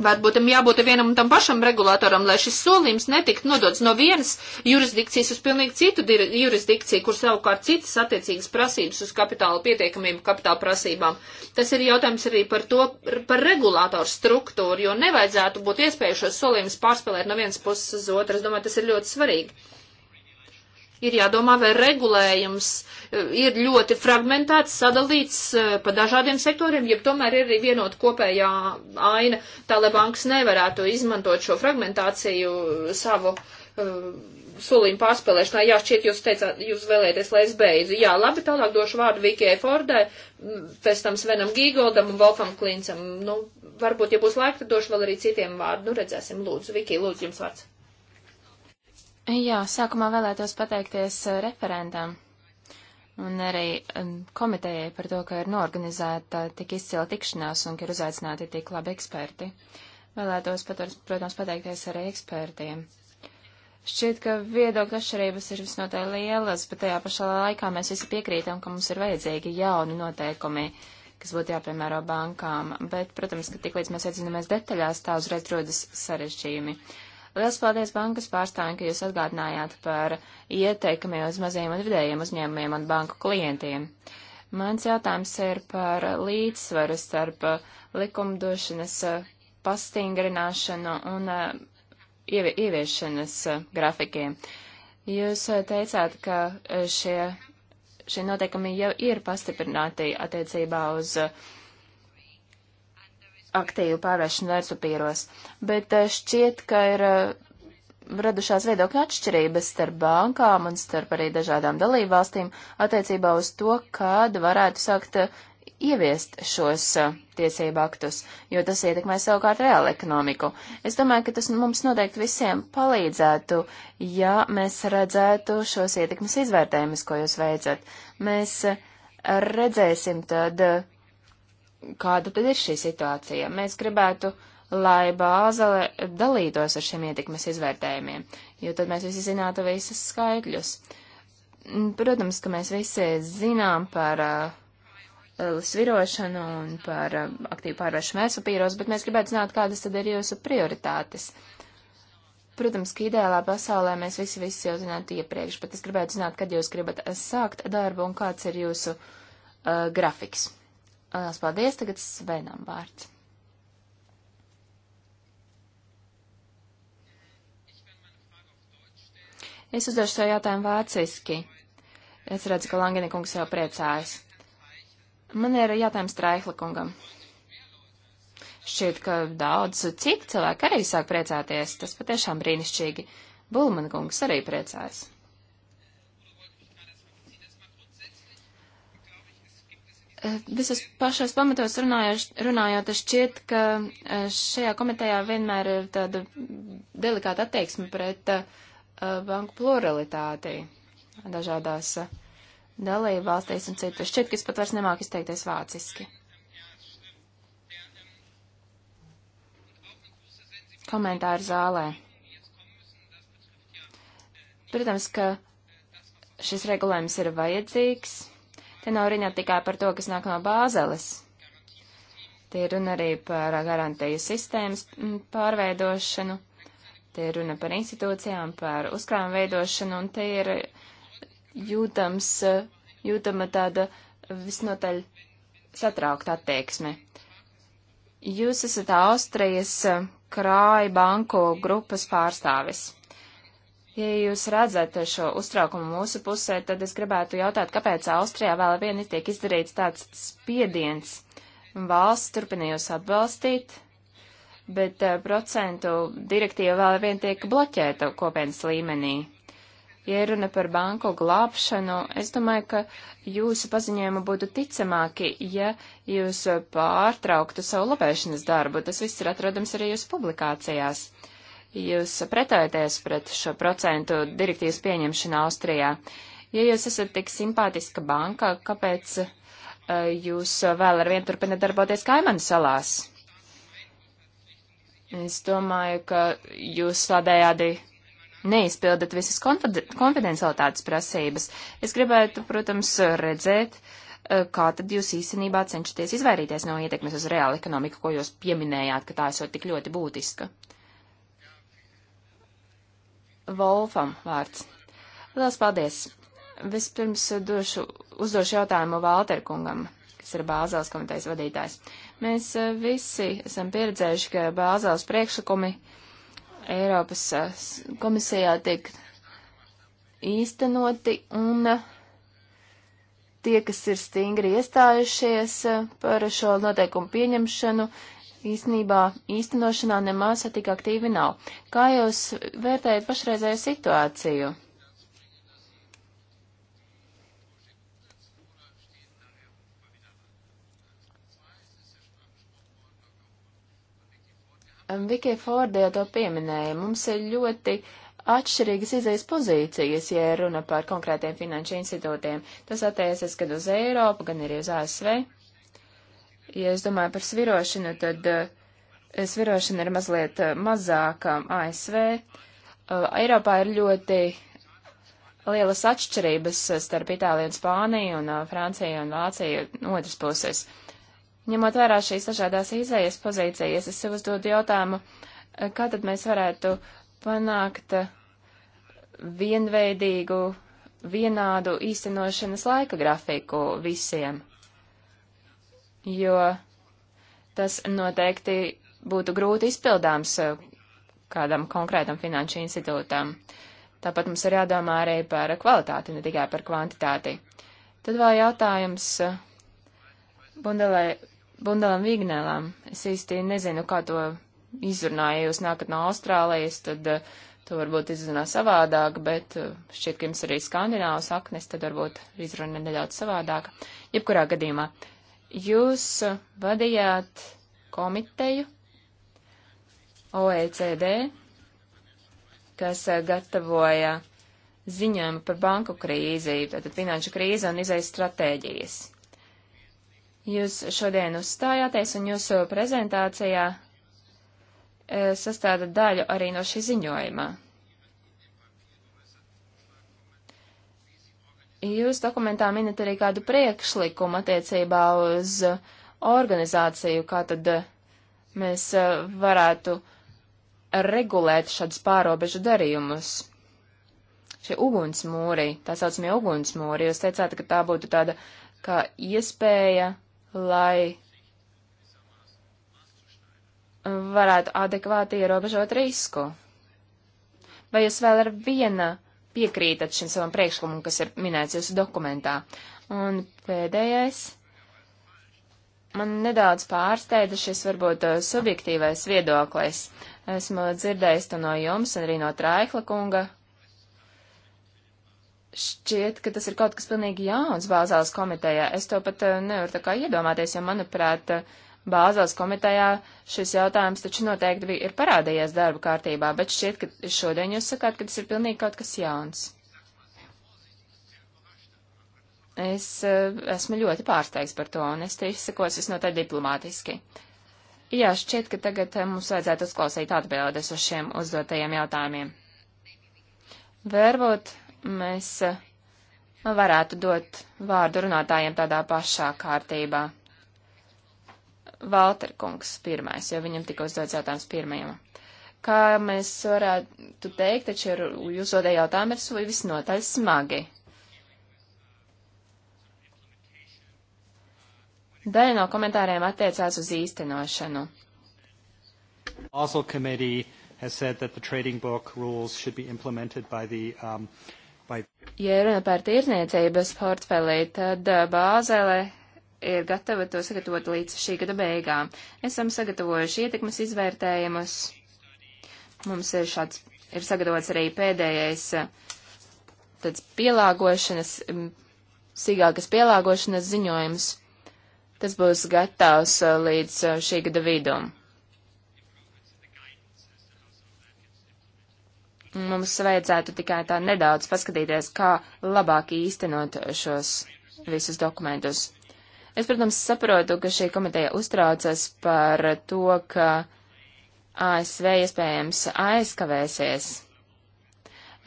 Varbūt tam jābūt vienam un tam pašam regulātoram, lai šis solījums netiktu nodots no vienas jurisdikcijas uz pilnīgi citu jurisdikciju, kur savukārt citas attiecīgas prasības uz kapitāla pietiekamību, kapitāla prasībām. Tas ir jautājums arī par to, par regulātoru struktūru, jo nevajadzētu būt iespēju šos solījumus pārspēlēt no vienas puses uz otru. Es domāju, tas ir ļoti svarīgi ir jādomā, vai regulējums e, ir ļoti fragmentēts, sadalīts e, pa dažādiem sektoriem, ja tomēr ir arī vienota kopējā aina, tā lai bankas nevarētu izmantot šo fragmentāciju savu uh, solījumu pārspēlēšanā. Jā, šķiet, jūs teicāt, jūs vēlēties, lai es beidzu. Jā, labi, tālāk došu vārdu Vikijai Fordai, pēc tam Svenam Gīgoldam un Volfam Klincam. Nu, varbūt, ja būs laika, tad došu vēl arī citiem vārdu. Nu, redzēsim, lūdzu, Vikija, lūdzu, jums vārds. Jā, sākumā vēlētos pateikties eh, referentam un arī komitejai par to, ka ir norganizēta tik izcila tikšanās un ka ir uzaicināti tik labi eksperti. Vēlētos, paturs, protams, pateikties arī ekspertiem. Šķiet, ka viedokļu atšķirības ir visnotaļ lielas, bet tajā pašā laikā mēs visi piekrītam, ka mums ir vajadzīgi jauni noteikumi, kas būtu jāpiemēro bankām. Bet, protams, ka tiklīdz mēs iedzinamies detaļās, tā uzreiz rodas sarežģījumi. Uh, Liels paldies bankas pārstāvjiem, ka jūs atgādinājāt par ieteikumiem uz maziem un vidējiem uzņēmumiem un banku klientiem. Mans jautājums ir par līdzsvaru starp uh, likumdošanas uh, pastingrināšanu un uh, ievie, ieviešanas grafikiem. Jūs teicāt, ka šie, šie noteikumi jau ir pastiprināti attiecībā uz uh, aktīvu pārvēršanu vērtspapīros, bet eh, šķiet, ka ir eh, radušās viedokļa atšķirības starp bankām un starp arī dažādām dalībvalstīm attiecībā uz to, kad varētu sākt eh, ieviest šos tiesību aktus, jo tas ietekmē savukārt reālu ekonomiku. Es domāju, ka tas mums noteikti visiem palīdzētu, ja mēs redzētu šos ietekmes izvērtējumus, ko jūs veicat. Mēs redzēsim tad kāda tad ir šī situācija. Mēs gribētu, lai Bāzele dalītos ar šiem ietekmes izvērtējumiem, jo tad mēs visi zinātu visas skaitļus. Mm, protams, ka mēs visi zinām par uh, svirošanu un par uh, aktīvu pārvēršanu mēsapīros, bet mēs gribētu zināt, kādas tad ir jūsu prioritātes. Protams, ka ideālā pasaulē mēs visi, visi jau zinātu iepriekš, bet es gribētu zināt, kad jūs gribat sākt darbu un kāds ir jūsu uh, grafiks. Lielas paldies, tagad Svenam vārds. Es uzdošu savu jautājumu vāciski. Es redzu, ka Langina kungs jau priecājas. Man ir jautājums Traihla kungam. Šķiet, ka daudz citu cilvēku arī sāk priecāties. Tas patiešām brīnišķīgi. Bulman kungs arī priecājas. Eh, visas pašās pamatos runājot, šķiet, ka eh, šajā komitejā vienmēr ir tāda delikāta attieksme pret uh, banku pluralitāti dažādās uh, dalību valstīs un citur. Šķiet, ka es pat vairs nemāku izteikties vāciski. Komentāri zālē. Protams, ka šis regulējums ir vajadzīgs Te nav runa tikai par to, kas nāk no bāzeles. Te ir runa arī par garantiju sistēmas mm, pārveidošanu, te ir runa par institūcijām, par uzkrājumu veidošanu, un te ir jūtams, jūtama tāda visnotaļ satraukta attieksme. Jūs esat Austrijas eh, krāja banku grupas pārstāvis. Ja jūs redzat šo uztraukumu mūsu pusē, tad es gribētu jautāt, kāpēc Austrijā vēl vien tiek izdarīts tāds spiediens. Valsts turpina jūs atbalstīt, bet eh, procentu direktīva vēl vien tiek bloķēta kopienas līmenī. Ja runa par banku glābšanu, es domāju, ka jūsu paziņojumi būtu ticamāki, ja jūs pārtrauktu savu lobēšanas darbu. Tas viss ir atrodams arī jūsu publikācijās. Uh, jūs pretojaties pret šo procentu direktīvas pieņemšanu Austrijā. Ja jūs esat tik simpātiska banka, kāpēc uh, jūs vēl ar vienu turpināt darboties Kaimanu salās? Es domāju, ka jūs tādējādi neizpildat visas konfidencialitātes prasības. Es gribētu, protams, redzēt, kā tad jūs īstenībā cenšaties izvairīties no ietekmes uz reālu ekonomiku, ko jūs pieminējāt, ka tā esot tik ļoti būtiska. Volfam vārds. Lielas paldies! Vispirms došu, uzdošu jautājumu Valter kungam, kas ir Bāzēlas komitejas vadītājs. Mēs eh, visi esam pieredzējuši, ka Bāzēlas priekšlikumi Eiropas eh, komisijā tiek īstenoti un eh, tie, kas ir stingri iestājušies par šo noteikumu pieņemšanu, īstenībā īstenošanā nemaz tik aktīvi nav. Kā jūs vērtējat pašreizēju situāciju? Um, Vikija Forde jau to pieminēja. Mums ir ļoti atšķirīgas izējas pozīcijas, ja runa par konkrētiem finanšu institūtiem. Tas attiecas gan uz Eiropu, gan arī uz ASV. Ja es domāju par svirošanu, tad eh, svirošana ir mazliet eh, mazāka ASV. Eh, Eiropā ir ļoti lielas atšķirības starp Itāliju un Spāniju un Franciju un Vāciju no otras puses. Ņemot vērā šīs dažādās izējas pozīcijas, es sev uzdodu jautājumu, kā tad mēs varētu panākt vienveidīgu, vienādu īstenošanas laika grafiku visiem jo tas noteikti būtu grūti izpildāms eh, kādam konkrētam finanšu institūtam. Tāpat mums ir jādomā arī par kvalitāti, ne tikai par kvantitāti. Tad vēl jautājums eh, Bundelē, Bundelam Vignēlam. Es īsti nezinu, kā to izrunāju. Ja jūs nākat no Austrālijas, tad eh, to varbūt izrunā savādāk, bet šķiet, ka jums arī skandināvas aknes, tad varbūt izruna nedaudz savādāk. Jebkurā gadījumā jūs vadījāt komiteju OECD, kas eh, gatavoja ziņojumu par banku krīzi, tātad finanšu krīzi un izējas stratēģijas. Jūs šodien uzstājāties un jūsu prezentācijā eh, sastāda daļu arī no šī ziņojuma. Jūs dokumentā minat arī kādu priekšlikumu attiecībā uz organizāciju, kā tad eh, mēs eh, varētu regulēt šādus pārobežu darījumus. Šie ugunsmūri, tā saucamie ugunsmūri, jūs teicāt, ka tā būtu tāda kā iespēja, lai varētu adekvāti ierobežot risku. Vai jūs vēl ar viena piekrītat šim savam priekšlikumam, kas ir minēts jūsu dokumentā. Un pēdējais. Man nedaudz pārsteida šis varbūt uh, subjektīvais viedoklis. Esmu dzirdējis to no jums un arī no Traikla kunga. Šķiet, ka tas ir kaut kas pilnīgi jauns bāzāls komitejā. Es to pat uh, nevaru tā kā iedomāties, jo, manuprāt, uh, Bāzels komitejā šis jautājums taču noteikti bija, ir parādījies darba kārtībā, bet šķiet, ka šodien jūs sakāt, ka tas ir pilnīgi kaut kas jauns. Es eh, esmu ļoti pārsteigts par to, un es te izsakos visnotaļ diplomātiski. Jā, šķiet, ka tagad eh, mums vajadzētu uzklausīt atbildes uz šiem uzdotajiem jautājumiem. Varbūt mēs eh, varētu dot vārdu runātājiem tādā pašā kārtībā. Valter kungs pirmais, jo viņam tika uzdots jautājums pirmajam. Kā mēs varētu teikt, taču jūs odē jautājumi ir visnotaļ smagi. Daļa no komentāriem attiecās uz īstenošanu. Also committee has said that the trading book rules should be implemented by the um, by... Ja runa par tirzniecības portfelī, tad uh, Bāzele ir gatava to sagatavot līdz šī gada beigām. Esam sagatavojuši ietekmes izvērtējumus. Mums ir šāds, ir sagatavots arī pēdējais tāds pielāgošanas, sīgākas pielāgošanas ziņojums. Tas būs gatavs uh, līdz uh, šī gada vidum. Mums vajadzētu tikai tā nedaudz paskatīties, kā labāk īstenot šos visus dokumentus. Es, protams, saprotu, ka šī komiteja uztraucas par to, ka ASV iespējams aizkavēsies.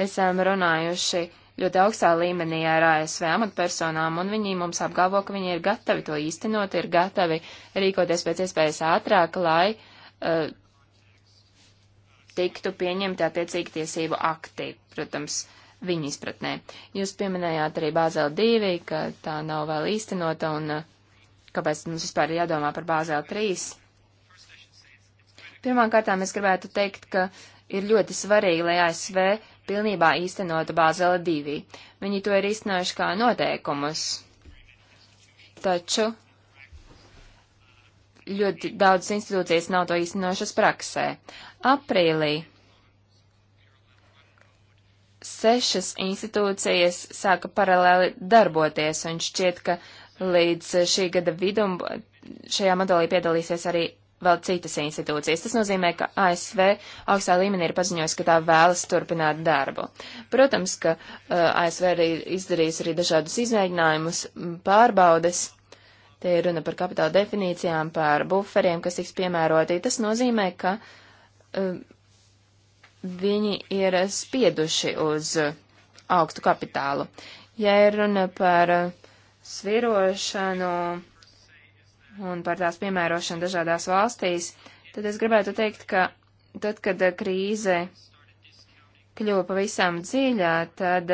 Esam runājuši ļoti augstā līmenī ar ASV amatpersonām, un viņi mums apgalvo, ka viņi ir gatavi to īstenot, ir gatavi rīkoties pēc iespējas ātrāk, lai uh, tiktu pieņemti attiecīgi tiesību akti, protams, viņu izpratnē. Jūs pieminējāt arī Bāzeli 2, ka tā nav vēl īstenota, un uh, kāpēc mums vispār ir jādomā par Bāzēlu 3. Pirmkārt, es gribētu teikt, ka ir ļoti svarīgi, lai ASV pilnībā īstenotu Bāzela 2. Viņi to ir īstenojuši kā noteikumus. Taču ļoti daudz institūcijas nav to īstenojušas praksē. Aprīlī sešas institūcijas sāka paralēli darboties, un šķiet, ka līdz šī gada vidum šajā modulī piedalīsies arī vēl citas institūcijas. Tas nozīmē, ka ASV augstā līmenī ir paziņojusi, ka tā vēlas turpināt darbu. Protams, ka uh, eh, ASV arī izdarīs arī dažādus izmēģinājumus, pārbaudes. Te ir runa par kapitāla definīcijām, par buferiem, kas tiks piemēroti. Tas nozīmē, ka uh, viņi ir spieduši uz uh, augstu kapitālu. Ja ir runa par uh, svirošanu un par tās piemērošanu dažādās valstīs, tad es gribētu teikt, ka tad, kad krīze kļuva pavisam dziļā, tad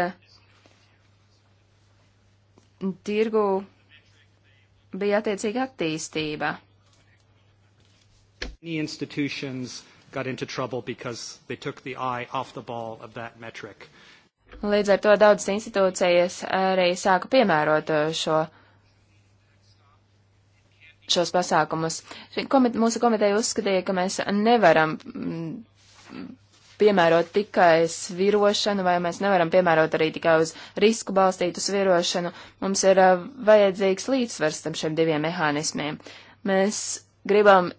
tirgu bija attiecīga attīstība. Institutions got into trouble because they took the eye off the ball of that metric. Uh, Līdz ar to daudzas institūcijas arī sāka piemērot uh, šo, šos pasākumus. Komit, mūsu komiteja uzskatīja, ka mēs nevaram mm, piemērot tikai svirošanu, vai mēs nevaram piemērot arī tikai uz risku balstītu svirošanu. Mums ir uh, vajadzīgs līdzsvars tam šiem diviem mehānismiem. Mēs gribam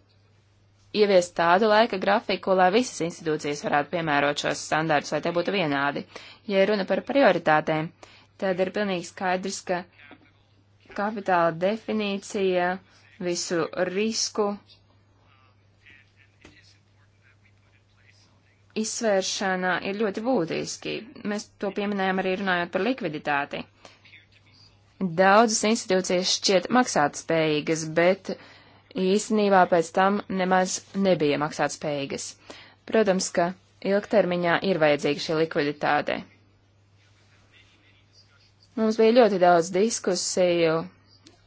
ieviest tādu laika grafiku, lai visas institūcijas varētu piemērot šos standārtus, lai tie būtu vienādi. Ja runa par prioritātēm, tad ir pilnīgi skaidrs, ka kapitāla definīcija, visu risku izsvēršana ir ļoti būtiski. Mēs to pieminējam arī runājot par likviditāti. Daudzas institūcijas šķiet maksāt spējīgas, bet uh, īstenībā pēc tam nemaz nebija maksātspējīgas. Protams, ka ilgtermiņā ir vajadzīga šī likviditāte. Mums bija ļoti daudz diskusiju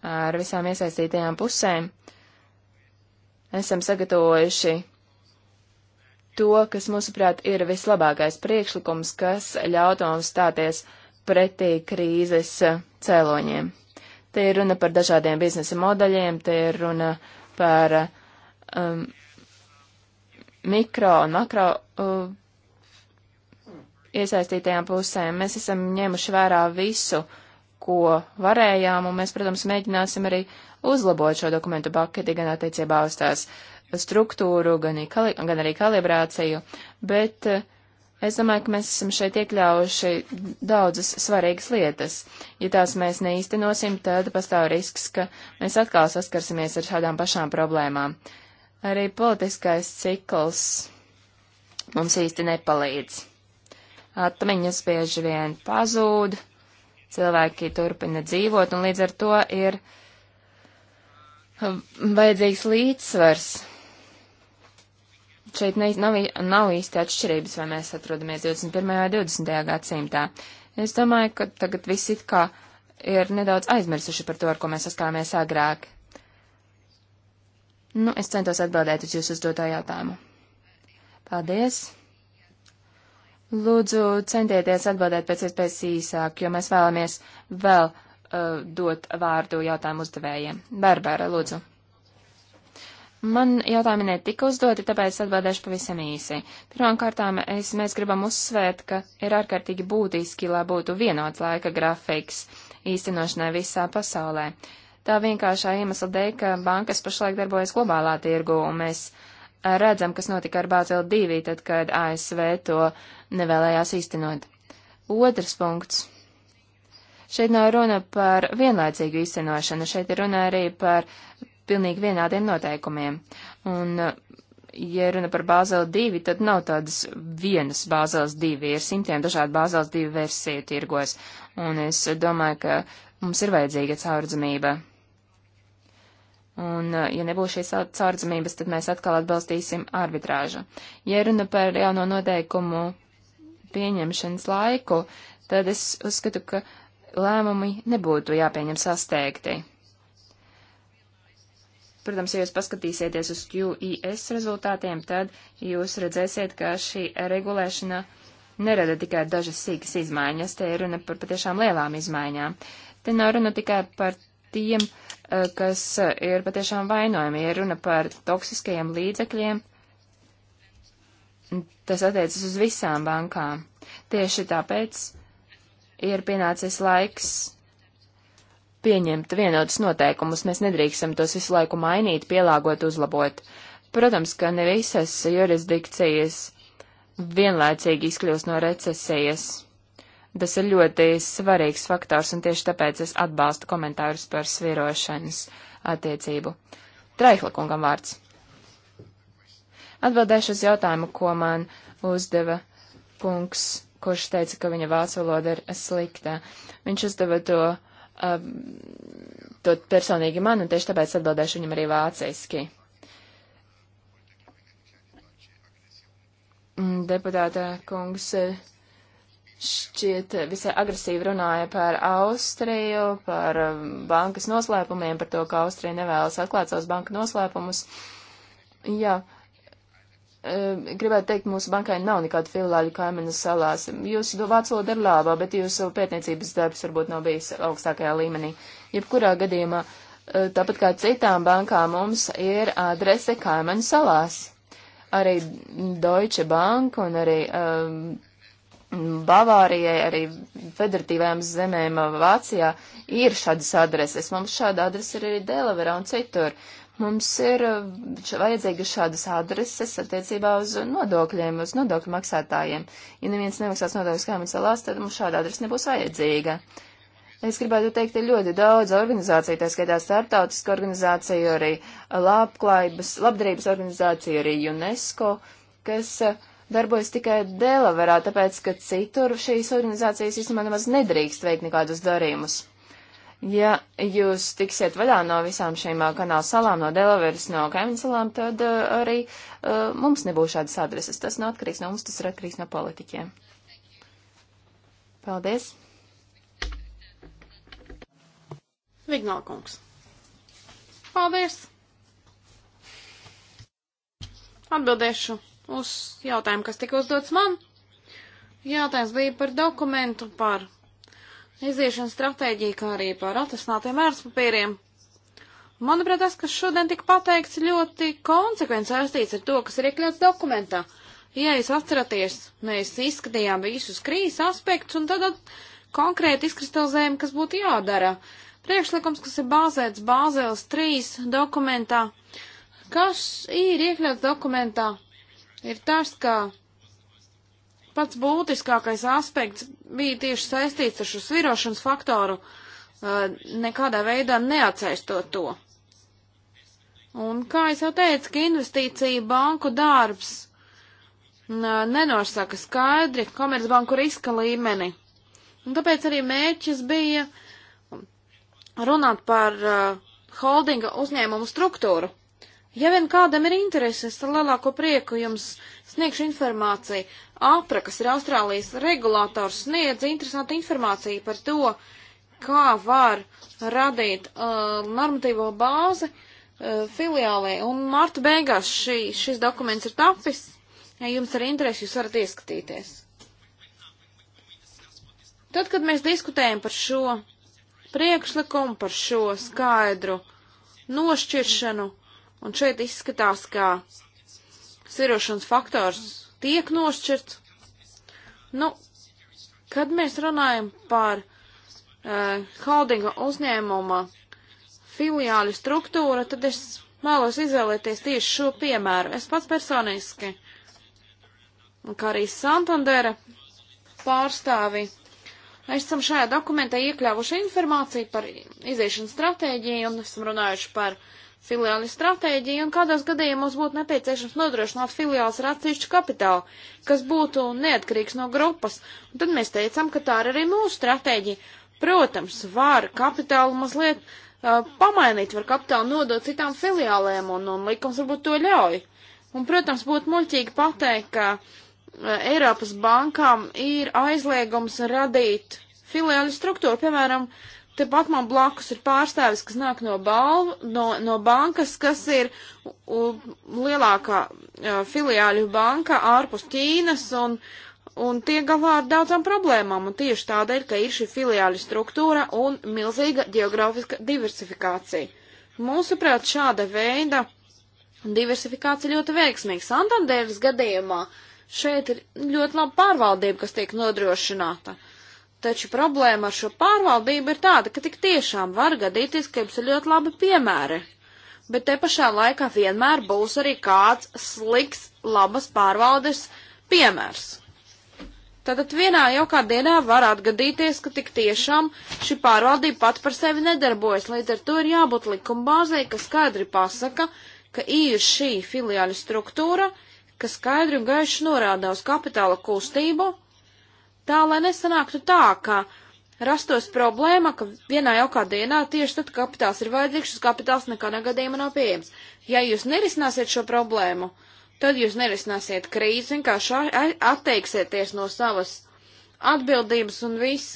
ar visām iesaistītajām pusēm. Esam sagatavojuši to, kas mūsuprāt ir vislabākais priekšlikums, kas ļautu mums stāties pretī krīzes cēloņiem. Te ir runa par dažādiem biznesa modeļiem, te ir runa par um, mikro un makro uh, iesaistītajām pusēm. Mēs esam ņēmuši vērā visu, ko varējām, un mēs, protams, mēģināsim arī uzlabot šo dokumentu paketi gan attiecībā uz tās struktūru, gan, gan arī kalibrāciju, bet uh, Es domāju, ka mēs esam šeit iekļāvuši daudzas svarīgas lietas. Ja tās mēs neīstenosim, tad pastāv risks, ka mēs atkal saskarsimies ar šādām pašām problēmām. Arī politiskais cikls mums īsti nepalīdz. Atmiņas bieži vien pazūd, cilvēki turpina dzīvot, un līdz ar to ir vajadzīgs līdzsvars šeit ne, nav, nav īsti atšķirības, vai mēs atrodamies 21. vai 20. gadsimtā. Es domāju, ka tagad visi it kā ir nedaudz aizmirsuši par to, ar ko mēs saskārāmies agrāk. Nu, es centos atbildēt uz jūsu uzdotā jautājumu. Paldies! Lūdzu, centieties atbildēt pēc iespējas īsāk, jo mēs vēlamies vēl uh, dot vārdu jautājumu uzdevējiem. Barbara, lūdzu! Man jautājumi netika uzdoti, tāpēc atbildēšu pavisam īsi. Pirmkārtām, es, mēs gribam uzsvērt, ka ir ārkārtīgi būtiski, lai būtu vienots laika grafiks īstenošanai visā pasaulē. Tā vienkāršā iemesla dēļ, ka bankas pašlaik darbojas globālā tirgu, un mēs redzam, kas notika ar Bāzeli 2, tad, kad ASV to nevēlējās īstenot. Otrs punkts. Šeit nav runa par vienlaicīgu īstenošanu, šeit ir runa arī par pilnīgi vienādiem noteikumiem. Un, ja runa par Bāzeli 2, tad nav tādas vienas Bāzeles 2, ir simtiem dažādu Bāzeles 2 versiju tirgos, un es domāju, ka mums ir vajadzīga caurdzamība. Un, ja nebūs šīs caurdzamības, tad mēs atkal atbalstīsim arbitrāžu. Ja runa par jauno noteikumu pieņemšanas laiku, tad es uzskatu, ka lēmumi nebūtu jāpieņem sasteigti. Protams, ja jūs paskatīsieties uz QIS rezultātiem, tad jūs redzēsiet, ka šī regulēšana nerada tikai dažas sīkas izmaiņas, te ir runa par patiešām lielām izmaiņām. Te nav runa tikai par tiem, eh, kas eh, ir patiešām vainojami, ir runa par toksiskajiem līdzekļiem. Tas attiecas uz visām bankām. Tieši tāpēc ir pienācis laiks pieņemt vienodus noteikumus, mēs nedrīkstam tos visu laiku mainīt, pielāgot, uzlabot. Protams, ka ne visas jurisdikcijas vienlaicīgi izkļūst no recesijas. Tas ir ļoti svarīgs faktors, un tieši tāpēc es atbalstu komentārus par svirošanas attiecību. Traihlakungam vārds. Atbildēšu uz jautājumu, ko man uzdeva kungs, kurš teica, ka viņa vācu valoda ir slikta. Viņš uzdeva to um, to personīgi man, un tieši tāpēc atbildēšu viņam arī vāciski. Mm, Deputāta kungs eh, šķiet eh, visai agresīvi runāja par Austriju, par um, bankas noslēpumiem, par to, ka Austrija nevēlas atklāt savus banka noslēpumus. Jā, uh, Ehm, gribētu teikt, mūsu bankai nav nekāda filiāļu kaimiņu salās. Jūsu vācu valoda ir laba, bet jūsu pētniecības darbs varbūt nav bijis augstākajā līmenī. Jebkurā gadījumā, eh, tāpat kā citām bankām, mums ir adrese kaimiņu salās. Arī Deutsche Bank un arī um, Bavārijai, arī federatīvajām zemēm Vācijā ir šādas adreses. Mums šāda adrese ir arī Delavarā un citur. Uh, Mums ir uh, vajadzīga šādas adreses attiecībā uz nodokļiem, uz nodokļu maksātājiem. Ja neviens nemaksās nodokļus kaimiņu salās, tad mums šāda adrese nebūs vajadzīga. Es gribētu teikt, ir ļoti daudz organizāciju, tā skaitā starptautiska organizācija, arī labklājības, labdarības organizācija, arī UNESCO, kas uh, darbojas tikai Delavarā, tāpēc, ka citur šīs organizācijas īstenībā nemaz nedrīkst veikt nekādus darījumus. Ja jūs tiksiet vaļā no visām šīm kanāla salām, no Delaveras, no kaimiņu salām, tad uh, arī uh, mums nebūs šādas adreses. Tas nav atkarīgs no mums, tas ir atkarīgs no politiķiem. Paldies! Vignalkungs. Paldies! Atbildēšu uz jautājumu, kas tika uzdots man. Jautājums bija par dokumentu, par iziešanas stratēģiju, kā arī par atrasinātiem vērtspapīriem. Manuprāt, tas, kas šodien tika pateikts, ļoti konsekventi saistīts ar to, kas ir iekļauts dokumentā. Ja jūs atceraties, mēs izskatījām visus krīzes aspektus un tad konkrēti izkristalizējām, kas būtu jādara. Priekšlikums, kas ir bāzēts Bāzēles 3 dokumentā, kas ir iekļauts dokumentā, ir tas, ka Pats būtiskākais aspekts bija tieši saistīts ar šo svirošanas faktoru, eh, nekādā veidā neatsaistot to. Un, kā jau teicu, ka investīcija banku darbs nenosaka skaidri komercbanku riska līmeni. Un tāpēc arī mērķis bija runāt par uh, holdinga uzņēmumu struktūru. Ja vien kādam ir intereses, ar lielāko prieku jums sniegšu informāciju. APRA, kas ir Austrālijas regulators, sniedz interesantu informāciju par to, kā var radīt uh, normatīvo bāzi uh, filiālē. Un marta beigās šī, šis dokuments ir tapis. Ja jums ir interesi, jūs varat ieskatīties. Tad, kad mēs diskutējam par šo priekšlikumu, par šo skaidru nošķiršanu, un šeit izskatās, ka sirošanas faktors tiek nošķirts. Nu, kad mēs runājam par uh, holdinga uzņēmuma filiāļu struktūru, tad es vēlos izvēlēties tieši šo piemēru. Es pats personiski, un kā arī Santandera pārstāvi, esam šajā dokumentā iekļāvuši informāciju par iziešanas stratēģiju un esam runājuši par filiāļu stratēģiju un kādos gadījumos būtu nepieciešams nodrošināt filiāls ar atsevišķu kapitālu, kas būtu neatkarīgs no grupas. Un tad mēs teicām, ka tā ir arī mūsu stratēģija. Protams, var kapitālu mazliet uh, pamainīt, var kapitālu nodot citām filiālēm un, un likums varbūt to ļauj. Un, protams, būtu muļķīgi pateikt, ka uh, Eiropas bankām ir aizliegums radīt filiāļu struktūru, piemēram, uh, Tepat man blakus ir pārstāvis, kas nāk no, balv, no, no bankas, kas ir u, lielākā uh, filiāļu banka ārpus Ķīnas un, un tie galvā ar daudzām problēmām. Un tieši tādēļ, ka ir šī filiāļu struktūra un milzīga geogrāfiska diversifikācija. Mūsuprāt, šāda veida diversifikācija ļoti veiksmīga. Santanderas gadījumā šeit ir ļoti laba pārvaldība, kas tiek nodrošināta. Uh, Taču problēma ar šo pārvaldību ir tāda, ka tik tiešām var gadīties, ka jums ir ļoti labi piemēri, bet te pašā laikā vienmēr būs arī kāds slikts labas pārvaldes piemērs. Tātad vienā jau kā dienā var atgadīties, ka tik tiešām šī pārvaldība pat par sevi nedarbojas, līdz ar to ir jābūt likuma bāzē, kas skaidri pasaka, ka ir šī filiāļa struktūra, kas skaidri un gaiši norāda uz kapitāla kustību Tā, lai nesanāktu tā, ka rastos problēma, ka vienā jaukā dienā tieši tad kapitāls ir vajadzīgs, šis kapitāls nekādā gadījumā nav pieejams. Ja jūs nerisināsiet šo problēmu, tad jūs nerisināsiet krīzi, vienkārši atteiksieties no savas atbildības un viss.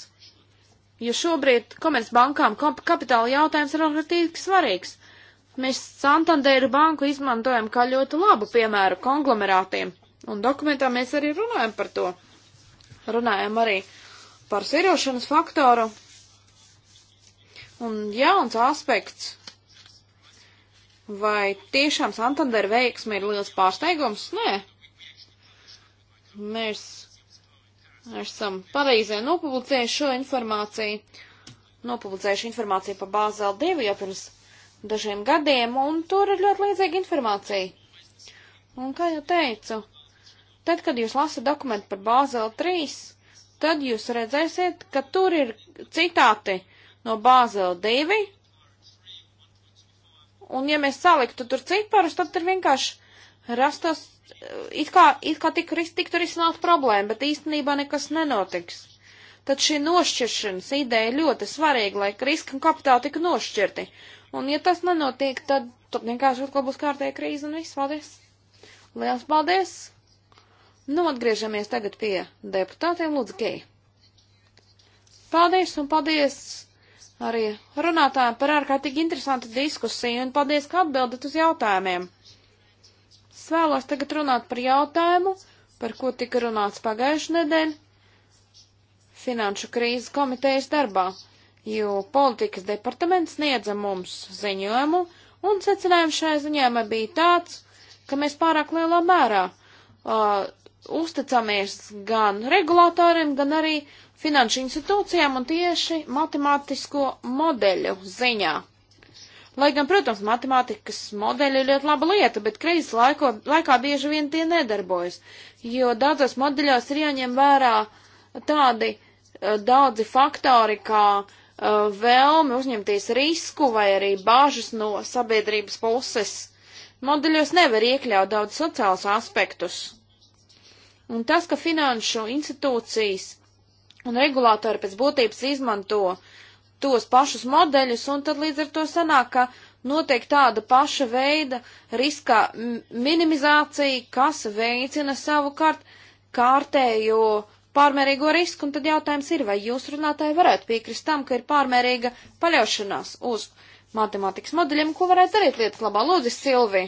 Jo šobrīd komercbankām kapitāla jautājums ir ārkārtīgi svarīgs. Mēs Santanderu banku izmantojam kā ļoti labu piemēru konglomerātiem, un dokumentā mēs arī runājam par to runājam arī par svirošanas faktoru. Un jauns aspekts, vai tiešām Santander veiksmi ir liels pārsteigums? Nē. Mēs esam Parīzē nopublicējuši šo informāciju, nopublicējuši informāciju par Bāzeli 2 jau pirms dažiem gadiem, un tur ir ļoti līdzīga informācija. Un kā jau teicu, Tad, kad jūs lasat dokumentu par Bāzeli 3, tad jūs redzēsiet, ka tur ir citāti no Bāzeli 2, un ja mēs saliktu tur ciparus, tad tur vienkārši rastos, it kā, it kā tik, tiktu risināt problēma, bet īstenībā nekas nenotiks. Tad šī nošķiršanas ideja ļoti svarīga, lai riska un kapitāla tika nošķirti. Un ja tas nenotiek, tad, tad vienkārši atkal būs kārtēja krīze un viss, paldies! Liels paldies! Nu, atgriežamies tagad pie deputātiem Lūdzu Gei. Paldies un paldies arī runātājiem par ārkārtīgi interesantu diskusiju un paldies, ka atbildat uz jautājumiem. Es vēlos tagad runāt par jautājumu, par ko tika runāts pagājušajā nedēļā Finanšu krīzes komitejas darbā, jo politikas departaments sniedza mums ziņojumu un secinājums šajā ziņojumā bija tāds, ka mēs pārāk lielā mērā uh, uzticamies gan regulātoriem, gan arī finanšu institūcijām un tieši matemātisko modeļu ziņā. Lai gan, protams, matemātikas modeļi ir ļoti laba lieta, bet krīzes laiko, laikā bieži vien tie nedarbojas, jo daudzos modeļos ir jāņem vērā tādi eh, daudzi faktori, kā uh, vēlme uzņemties risku vai arī bāžas no sabiedrības puses. Modeļos nevar iekļaut daudz sociālus aspektus, Un tas, ka finanšu institūcijas un regulātori pēc būtības izmanto tos pašus modeļus, un tad līdz ar to sanāk, ka notiek tāda paša veida riska minimizācija, kas veicina savukārt kārtējo pārmērīgo risku, un tad jautājums ir, vai jūs runātāji varētu piekrist tam, ka ir pārmērīga paļaušanās uz matemātikas modeļiem, ko varētu darīt lietas labā. Lūdzu, Silvi!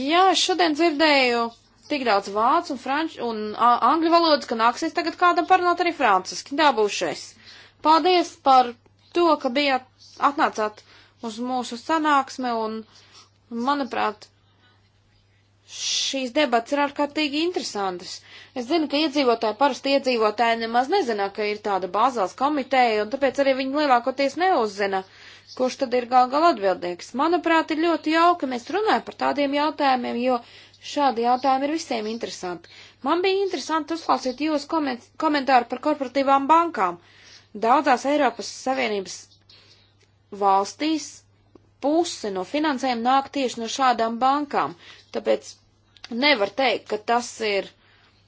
Jā, šodien dzirdēju tik daudz vācu un, franču, un a, angļu valodas, ka nāksies tagad kādam parunāt arī franciski. Tā būšu es. Paldies par to, ka bijāt atnācāt uz mūsu sanāksmi un, manuprāt, šīs debats ir ārkārtīgi interesantas. Es zinu, ka iedzīvotāji, parasti iedzīvotāji nemaz nezina, ka ir tāda bāzās komiteja, un tāpēc arī viņi lielākoties neuzzina. Uh, kurš tad ir gal gal atbildīgs. Manuprāt, ir ļoti jauki, mēs runājam par tādiem jautājumiem, jo šādi jautājumi ir visiem interesanti. Man bija interesanti uzklausīt jūsu koment komentāru par korporatīvām bankām. Daudzās Eiropas Savienības valstīs puse no finansējuma nāk tieši no šādām bankām, tāpēc nevar teikt, ka tas ir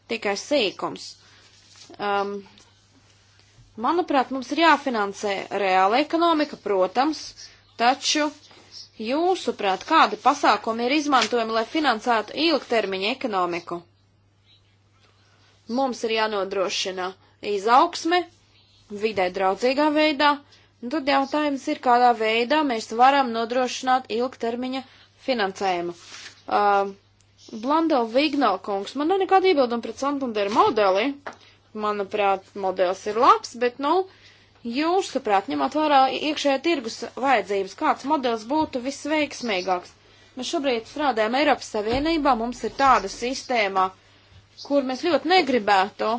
tikai sīkums. Um, Manuprāt, mums ir jāfinansē reāla ekonomika, protams, taču jūsuprāt, kādi pasākumi ir izmantojami, lai finansētu ilgtermiņa ekonomiku? Mums ir jānodrošina izaugsme vidē draudzīgā veidā, un tad jautājums ir, kādā veidā mēs varam nodrošināt ilgtermiņa finansējumu. Uh, Blandel Vigno kungs, man nav nekāda iebilduma pret Santanderu modeli. Uh, manuprāt, modelis ir labs, bet, nu, jūsuprāt, ņemot vērā iekšējā tirgus vajadzības, kāds modelis būtu visveiksmīgāks? Mēs šobrīd strādājam Eiropas Savienībā, mums ir tāda sistēma, kur mēs ļoti negribētu,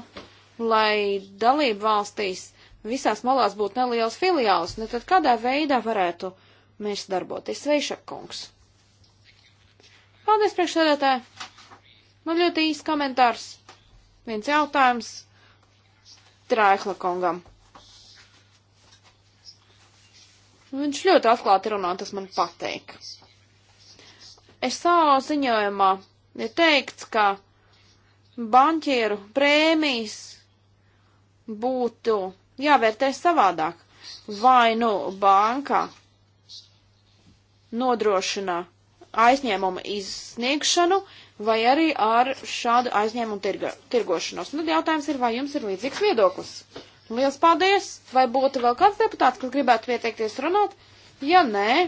lai dalību valstīs visās malās būtu neliels filiāls, ne nu, tad kādā veidā varētu mēs darboties. Sveišakungs! Paldies, priekšsēdētāji! Man ļoti īsts komentārs viens jautājums. Trāihla kungam. Viņš ļoti atklāti runā, tas man patīk. Es savā ziņojumā ir teikts, ka banķieru prēmijas būtu jāvērtē savādāk. Vai nu banka nodrošina aizņēmuma izsniegšanu, vai arī ar šādu aizņēmumu tirgo, tirgošanos. Nu, jautājums ir, vai jums ir līdzīgs viedoklis. Lielas paldies! Vai būtu vēl kāds deputāts, kas gribētu pieteikties runāt? Ja nē,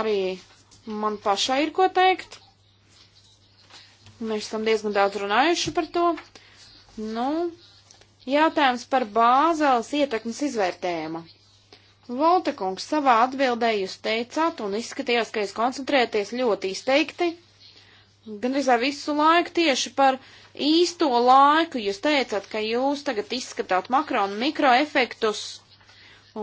arī man pašai ir ko teikt. Mēs esam diezgan daudz runājuši par to. Nu, jautājums par bāzēlas ietekmes izvērtējumu. Voltekungs savā atbildē jūs teicāt un izskatījās, ka jūs koncentrēties ļoti izteikti gan arī visu laiku tieši par īsto laiku. Jūs teicat, ka jūs tagad izskatāt makro un mikro efektus,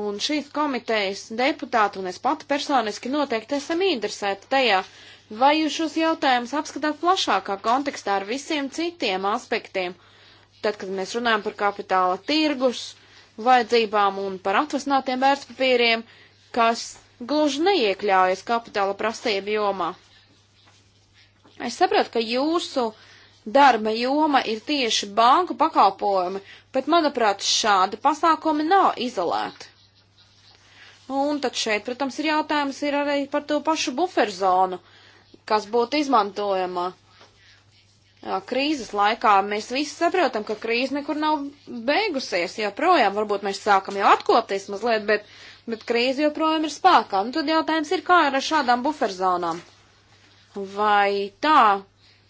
un šīs komitejas deputāti un es pati personiski noteikti esam interesēti tajā. Vai jūs šos jautājumus apskatāt plašākā kontekstā ar visiem citiem aspektiem? Tad, kad mēs runājam par kapitāla tirgus, vajadzībām un par atvasinātiem vērtspapīriem, kas gluži neiekļaujas kapitāla prasību jomā. Es saprotu, ka jūsu darba joma ir tieši banku pakalpojumi, bet, manuprāt, šādi pasākumi nav izolēti. Un tad šeit, protams, ir jautājums ir arī par to pašu buferzonu, kas būtu izmantojama. Krīzes laikā mēs visi saprotam, ka krīze nekur nav beigusies, joprojām varbūt mēs sākam jau atkopties mazliet, bet, bet krīze joprojām ir spēkā. Un nu, tad jautājums ir, kā ir ar šādām buferzonām? vai tā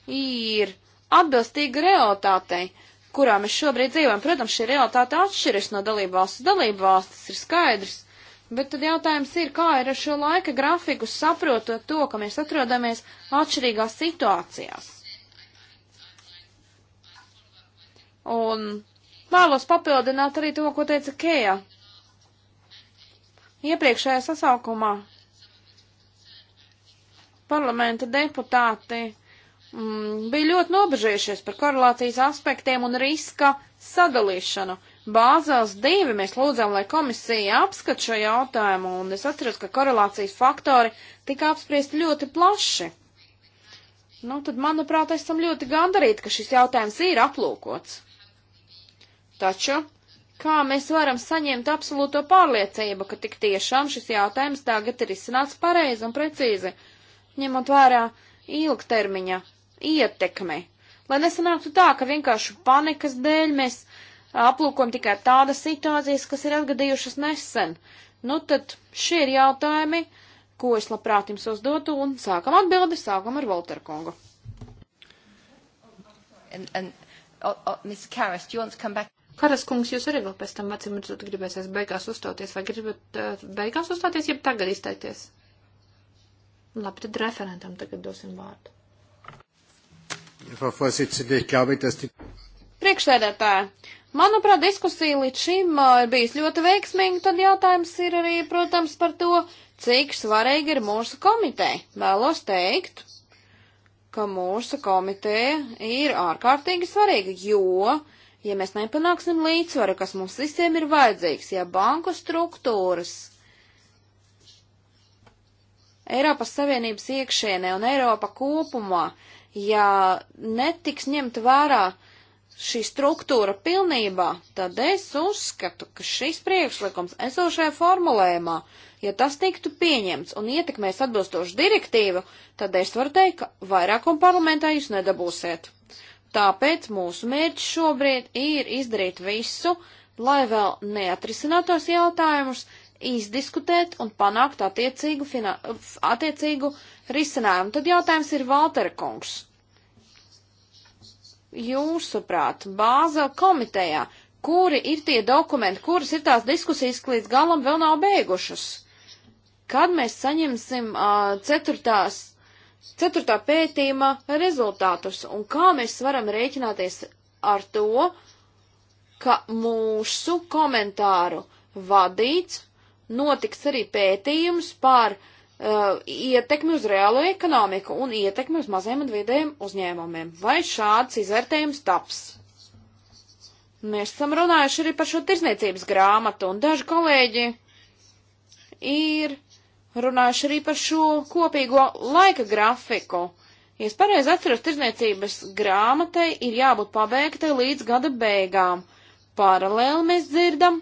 ir atbilstīga realitātei, kurā mēs šobrīd dzīvojam. Protams, šī realitāte atšķiras no dalību valsts. Dalību valstis ir skaidrs, bet tad jautājums ir, kā ir ar šo laika grafiku, saprotot to, ka mēs atrodamies atšķirīgās situācijās. Un vēlos papildināt arī to, ko teica Kēja. Iepriekšējā sasaukumā parlamenta deputāti mm, bija ļoti nobežījušies par korelācijas aspektiem un riska sadalīšanu. Bāzās divi mēs lūdzām, lai komisija apskat šo jautājumu, un es atceros, ka korelācijas faktori tika apspriesti ļoti plaši. Nu, tad, manuprāt, esam ļoti gandarīti, ka šis jautājums ir aplūkots. Taču, kā mēs varam saņemt absolūto pārliecību, ka tik tiešām šis jautājums tagad ir izsināts pareizi un precīzi? ņemot vērā ilgtermiņa ietekmi. Lai nesanāktu tā, ka vienkārši panikas dēļ mēs aplūkojam tikai tādas situācijas, kas ir atgadījušas nesen. Nu tad šie ir jautājumi, ko es labprāt jums uzdotu, un sākam atbildi, sākam ar Volteru Kongu. And, and, oh, oh, Mr. Karras, do you want to come back? Karas kungs, jūs arī vēl pēc tam acīm redzot gribēsies beigās uzstāties, vai gribat uh, beigās uzstāties, jeb tagad izteikties? Labi, tad referentam tagad dosim vārdu. Priekšsēdētāji, manuprāt, diskusija līdz šim ir bijis ļoti veiksmīga, tad jautājums ir arī, protams, par to, cik svarīgi ir mūsu komiteja. Vēlos teikt, ka mūsu komiteja ir ārkārtīgi svarīga, jo, ja mēs nepanāksim līdzsvaru, kas mums visiem ir vajadzīgs, ja banku struktūras Eiropas Savienības iekšienē un Eiropa kopumā, ja netiks ņemt vērā šī struktūra pilnībā, tad es uzskatu, ka šis priekšlikums esošajā formulējumā, ja tas tiktu pieņemts un ietekmēs atbilstošu direktīvu, tad es varu teikt, ka vairākumu parlamentā jūs nedabūsiet. Tāpēc mūsu mērķis šobrīd ir izdarīt visu, lai vēl neatrisinātos jautājumus, izdiskutēt un panākt attiecīgu, fina, attiecīgu risinājumu. Tad jautājums ir Valtera kungs. Jūsuprāt, bāza komitejā, kuri ir tie dokumenti, kuras ir tās diskusijas, ka līdz galam vēl nav beigušas? Kad mēs saņemsim uh, ceturtās, ceturtā pētījuma rezultātus un kā mēs varam rēķināties ar to, ka mūsu komentāru vadīts notiks arī pētījums par uh, ietekmi uz reālo ekonomiku un ietekmi uz maziem un vidējiem uzņēmumiem. Vai šāds izvērtējums taps? Mēs esam runājuši arī par šo tirsniecības grāmatu, un daži kolēģi ir runājuši arī par šo kopīgo laika grafiku. Ja es pareizi atceros, tirsniecības grāmatai ir jābūt pabeigtai līdz gada beigām. Paralēli mēs dzirdam,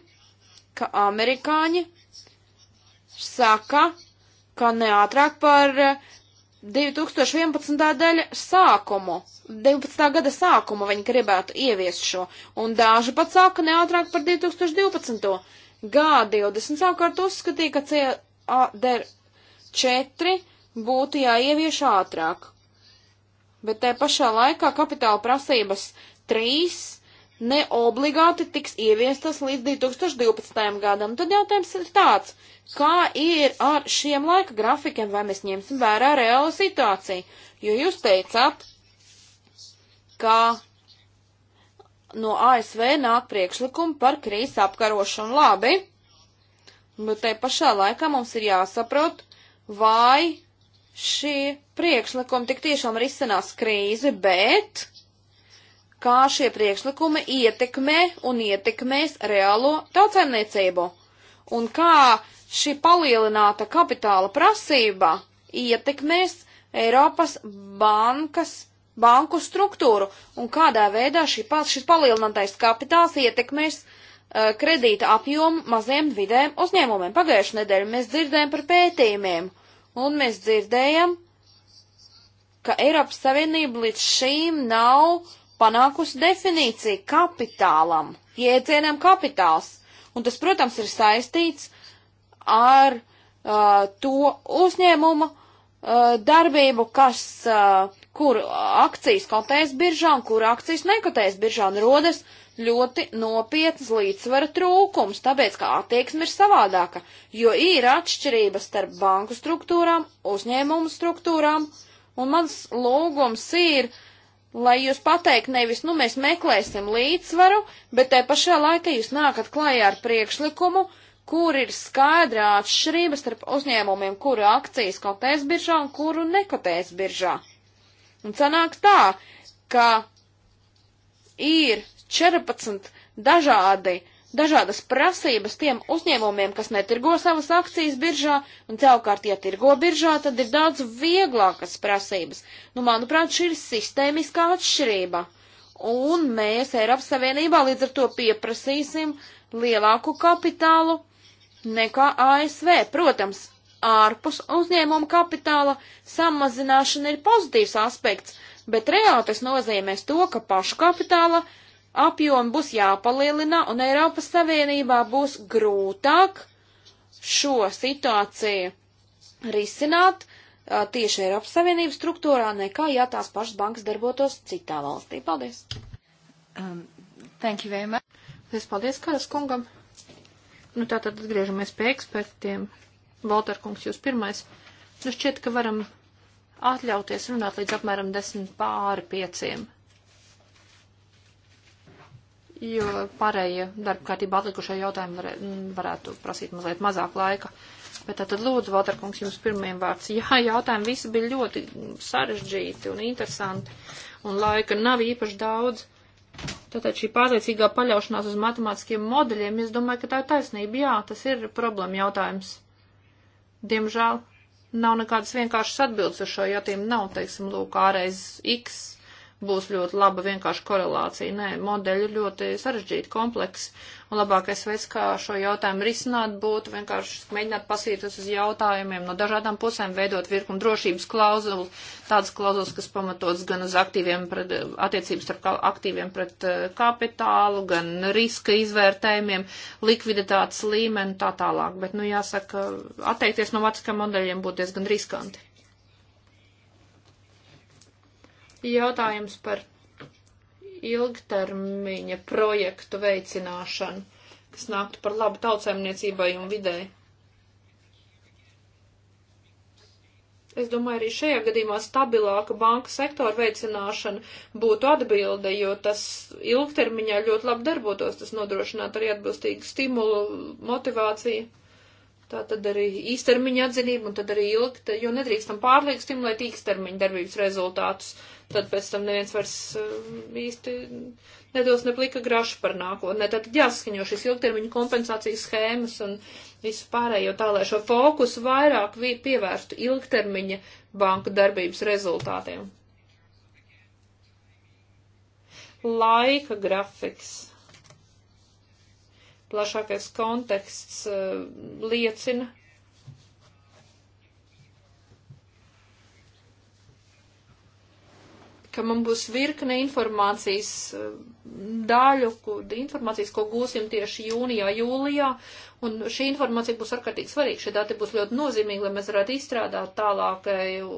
ka amerikāņi saka, ka neātrāk par 2011. Eh, daļa sākumu, 19. gada sākumu viņi gribētu ieviest šo, un daži pat saka neātrāk par 2012. G20 savukārt uzskatīja, ka CADR 4 būtu jāievieš ātrāk. Bet te pašā laikā kapitāla prasības 3 ne obligāti tiks ieviestas līdz 2012. gadam. Tad jautājums ir tāds, kā ir ar šiem laika grafikiem, vai mēs ņemsim vērā reālu situāciju? Jo jūs teicāt, ka no ASV nāk priekšlikumi par krīzes apkarošanu labi, bet te pašā laikā mums ir jāsaprot, vai šie priekšlikumi tik tiešām risinās krīzi, bet kā šie priekšlikumi ietekmē un ietekmēs reālo tautsēmniecību, un kā šī palielināta kapitāla prasība ietekmēs Eiropas bankas, banku struktūru, un kādā veidā šī, šis palielinātais kapitāls ietekmēs uh, kredīta apjomu maziem vidēm uzņēmumiem. Pagājušajā nedēļā mēs dzirdējām par pētījumiem, un mēs dzirdējām, ka Eiropas Savienība līdz šīm nav uh, panākusi definīciju kapitālam, jēdzienam kapitāls. Un tas, protams, ir saistīts ar uh, to uzņēmumu uh, darbību, kas, uh, kur akcijas kotējas biržā un kur akcijas nekotējas biržā un rodas ļoti nopietnas līdzsvara trūkums, tāpēc, ka attieksme ir savādāka, jo ir atšķirības starp banku struktūrām, uzņēmumu struktūrām, un mans lūgums ir uh, lai jūs pateikt nevis, nu, mēs meklēsim līdzsvaru, bet te pašā laikā jūs nākat klājā ar priekšlikumu, kur ir skaidrā atšķirība starp uzņēmumiem, kuru akcijas kotēs biržā un kuru nekotēs biržā. Un sanāk tā, ka ir 14 dažādi uh, dažādas prasības tiem uzņēmumiem, kas netirgo savas akcijas biržā, un savukārt, ja tirgo biržā, tad ir daudz vieglākas prasības. Nu, manuprāt, šī ir sistēmiskā atšķirība. Un mēs Eiropas Savienībā līdz ar to pieprasīsim lielāku kapitālu nekā ASV. Protams, ārpus uzņēmuma kapitāla samazināšana ir pozitīvs aspekts, bet reāli tas nozīmēs to, ka pašu kapitāla apjomi būs jāpalielina, un Eiropas Savienībā būs grūtāk šo situāciju risināt uh, tieši Eiropas Savienības struktūrā, nekā ja tās pašas bankas darbotos citā valstī. Paldies! Um, thank you very much. Es paldies Karas kungam. Nu tā tad atgriežamies pie ekspertiem. Valter kungs, jūs pirmais. Nu šķiet, ka varam atļauties runāt līdz apmēram desmit pāri pieciem jo pārējie darba kārtība atlikušie jautājumi var, varētu prasīt mazliet mazāk laika. Bet tātad lūdzu, Valterkungs, jums pirmiem vārds. Jā, jautājumi visi bija ļoti sarežģīti un interesanti, un laika nav īpaši daudz. Tātad šī pārliecīgā paļaušanās uz matemātiskiem modeļiem, es domāju, ka tā ir taisnība. Jā, tas ir problēma jautājums. Diemžēl nav nekādas vienkāršas atbildes uz šo jautājumu. Nav, teiksim, lūk, ārreiz x būs ļoti laba vienkārši korelācija. Nē, modeļi ir ļoti sarežģīti, kompleksi. Un labākais veids, kā šo jautājumu risināt, būtu vienkārši mēģināt pasīties uz jautājumiem no dažādām pusēm, veidot virkni drošības klauzulu, tādas klauzulas, kas pamatots gan uz aktīviem pret, attiecības starp aktīviem pret eh, kapitālu, gan riska izvērtējumiem, likviditātes līmeni tā tālāk. Bet, nu, jāsaka, atteikties no vecākiem modeļiem būtu diezgan riskanti. Jautājums par ilgtermiņa projektu veicināšanu, kas nāktu par labu tautsēmniecībai un videi. Es domāju, arī šajā gadījumā stabilāka banka sektora veicināšana būtu atbilde, jo tas ilgtermiņā ļoti labi darbotos, tas nodrošinātu arī atbilstīgu stimulu, motivāciju. Tā tad arī īstermiņa atzinība un tad arī ilgta, jo nedrīkstam pārlieku stimulēt īstermiņa darbības rezultātus. Tad pēc tam neviens vairs um, īsti nedos ne plika grašu par nākotnē. Tad jāsaskaņo šīs ilgtermiņa kompensācijas schēmas un visu pārējo tā, lai šo fokusu vairāk pievērstu ilgtermiņa banku darbības rezultātiem. Laika grafiks Plašākais konteksts eh, liecina, ka man būs virkne informācijas eh, daļu, informācijas, ko gūsim tieši jūnijā, jūlijā, un šī informācija būs ārkārtīgi svarīga. Šie dati būs ļoti nozīmīgi, lai mēs varētu izstrādāt tālākaju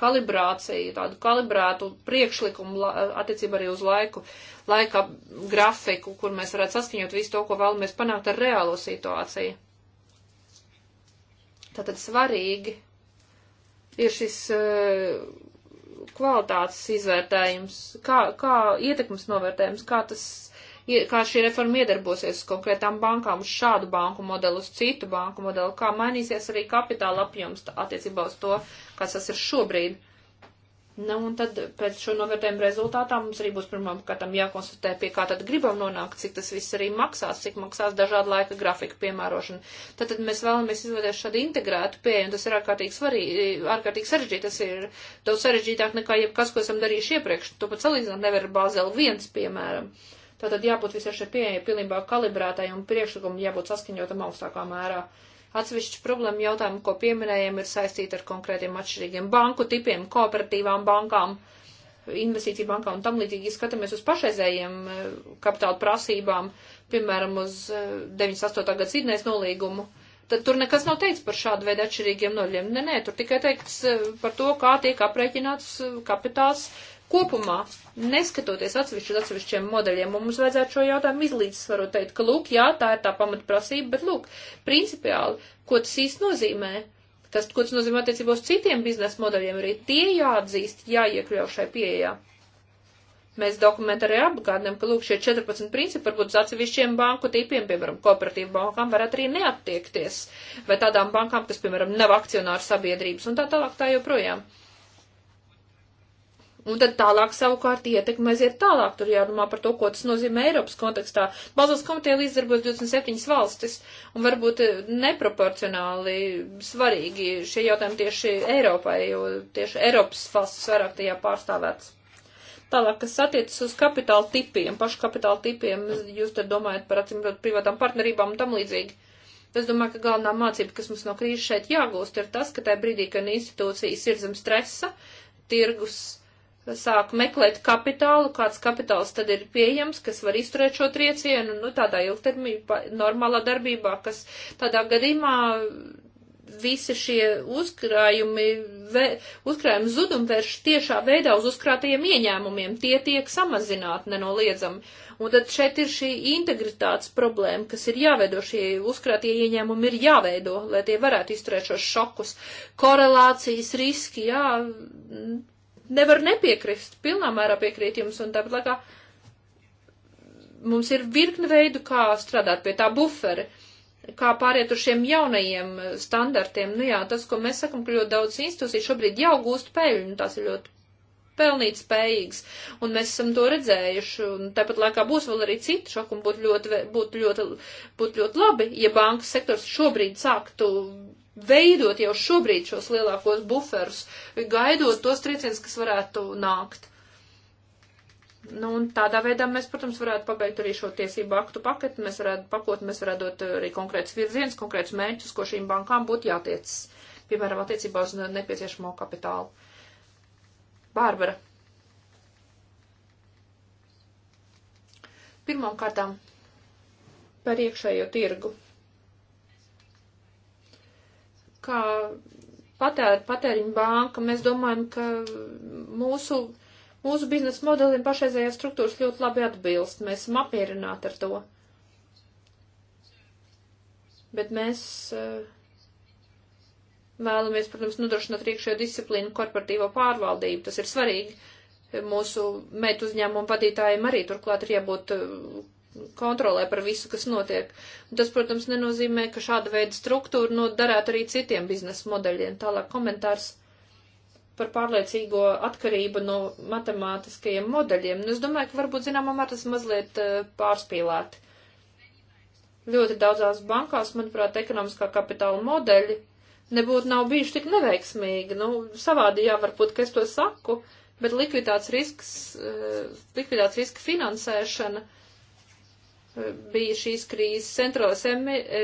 kalibrāciju, tādu kalibrētu priekšlikumu attiecībā arī uz laiku, laika grafiku, kur mēs varētu saskaņot visu to, ko vēlamies panākt ar reālo situāciju. Tātad svarīgi ir šis uh, kvalitātes izvērtējums, kā, kā ietekmes novērtējums, kā tas, kā šī reforma iedarbosies uz konkrētām bankām, uz šādu banku modelu, uz citu banku modelu, kā mainīsies arī kapitāla apjoms attiecībā uz to, kas tas ir šobrīd. Nu, un tad pēc šo novērtējumu rezultātā mums arī būs pirmām kārtām jākonstatē, pie kā tad gribam nonākt, cik tas viss arī maksās, cik maksās dažāda laika grafika piemērošana. Tad, tad mēs vēlamies izvēlēties šādu integrētu pieeju, un tas ir ārkārtīgi svarīgi, ārkārtīgi sarežģīti, tas ir daudz sarežģītāk nekā jebkas, ko esam darījuši iepriekš. To pat salīdzināt nevar Bāzel 1, piemēram. Tātad jābūt visai šai pieeja pilnībā kalibrētai un priekšlikumam jābūt saskaņotam augstākā mērā. Uh, Atsevišķi problēma jautājumi, ko pieminējam, ir saistīti ar konkrētiem atšķirīgiem banku tipiem, kooperatīvām bankām, investīciju bankām un tam līdzīgi. Skatāmies uz pašreizējiem e, kapitāla prasībām, piemēram, uz 98. E, gada Sidnēs nolīgumu. Tad tur nekas nav teikts par šādu veidu atšķirīgiem noļiem. Nē, nē, tur tikai teikts e, par to, kā tiek aprēķināts kapitāls kopumā, neskatoties atsevišķi uz atsevišķiem modeļiem, mums vajadzētu šo jautājumu izlīdzsvarot, teikt, ka, lūk, jā, tā ir tā pamatprasība, bet, lūk, principiāli, ko tas īsti nozīmē, tas, ko tas nozīmē attiecībā uz citiem biznesa modeļiem, arī tie jāatzīst, jāiekļauj šai pieejā. Mēs dokumentā arī apgādinām, ka, lūk, šie 14 principi varbūt uz atsevišķiem banku tipiem, piemēram, kooperatīvu bankām, varētu arī neattiekties, vai tādām bankām, kas, piemēram, nav akcionāru sabiedrības un tā tālāk tā joprojām. Tā Un tad tālāk savukārt ietekmēsiet tālāk. Tur jārunā par to, ko tas nozīmē Eiropas kontekstā. Balsas komiteja līdzdarbos 27 valstis un varbūt eh, neproporcionāli svarīgi šie jautājumi tieši Eiropai, jo tieši Eiropas valstis vairāk tajā pārstāvēts. Tālāk, kas attiecas uz kapitāla tipiem, pašu kapitāla tipiem, jūs te domājat par acīm privātām partnerībām un tam līdzīgi. Es domāju, ka galvenā mācība, kas mums no krīzes šeit jāgūst, ir tas, ka tajā brīdī, kad institūcijas ir zem stresa, tirgus sāk meklēt kapitālu, kāds kapitāls tad ir pieejams, kas var izturēt šo triecienu, nu, tādā ilgtermībā, normālā darbībā, kas tādā gadījumā visi šie uzkrājumi, vē, uzkrājumi zudumi vērš tiešā veidā uz uzkrātajiem ieņēmumiem. Tie tiek samazināti nenoliedzami. Un tad šeit ir šī integritātes problēma, kas ir jāveido. Šie uzkrātie ieņēmumi ir jāveido, lai tie varētu izturēt šos šokus. Korelācijas riski, jā, nevar nepiekrist, pilnā mērā piekrīt jums, un tāpat laikā mums ir virkni veidu, kā strādāt pie tā buferi, kā pāriet uz šiem jaunajiem standartiem. Nu jā, tas, ko mēs sakam, ka ļoti daudz institūciju šobrīd jau gūst peļņu, tās ir ļoti pelnīt spējīgs, un mēs esam to redzējuši, un tāpat laikā būs vēl arī citi šoki, un būtu ļoti, būtu ļoti, būtu ļoti labi, ja bankas sektors šobrīd sāktu veidot jau šobrīd šos lielākos buferus, gaidot tos triecienus, kas varētu nākt. Nu, un tādā veidā mēs, protams, varētu pabeigt arī šo tiesību aktu paketi, mēs varētu pakot, mēs varētu dot arī konkrēts virziens, konkrēts mērķus, ko šīm bankām būtu jātiec, piemēram, attiecībā uz nepieciešamo kapitālu. Bārbara. Pirmām kārtām par iekšējo tirgu kā patēr, patēriņu banka, mēs domājam, ka mūsu, mūsu biznesa modelim pašreizējās struktūras ļoti labi atbilst. Mēs esam apmierināti ar to. Bet mēs eh, vēlamies, protams, nodrošināt iekšējo disciplīnu korporatīvo pārvaldību. Tas ir svarīgi. Mūsu meitu uzņēmumu vadītājiem arī turklāt ir jābūt eh, kontrolē par visu, kas notiek. Un tas, protams, nenozīmē, ka šāda veida struktūra nodarētu arī citiem biznesa modeļiem. Tālāk komentārs par pārliecīgo atkarību no matemātiskajiem modeļiem. Nu, es domāju, ka varbūt, zināmā mērā, tas mazliet eh, pārspīlēti. Ļoti daudzās bankās, manuprāt, ekonomiskā kapitāla modeļi nebūtu nav bijuši tik neveiksmīgi. Nu, savādi jā, varbūt, ka es to saku, bet likviditātes risks, eh, likviditātes riska finansēšana uh, bija šīs krīzes centrālais e,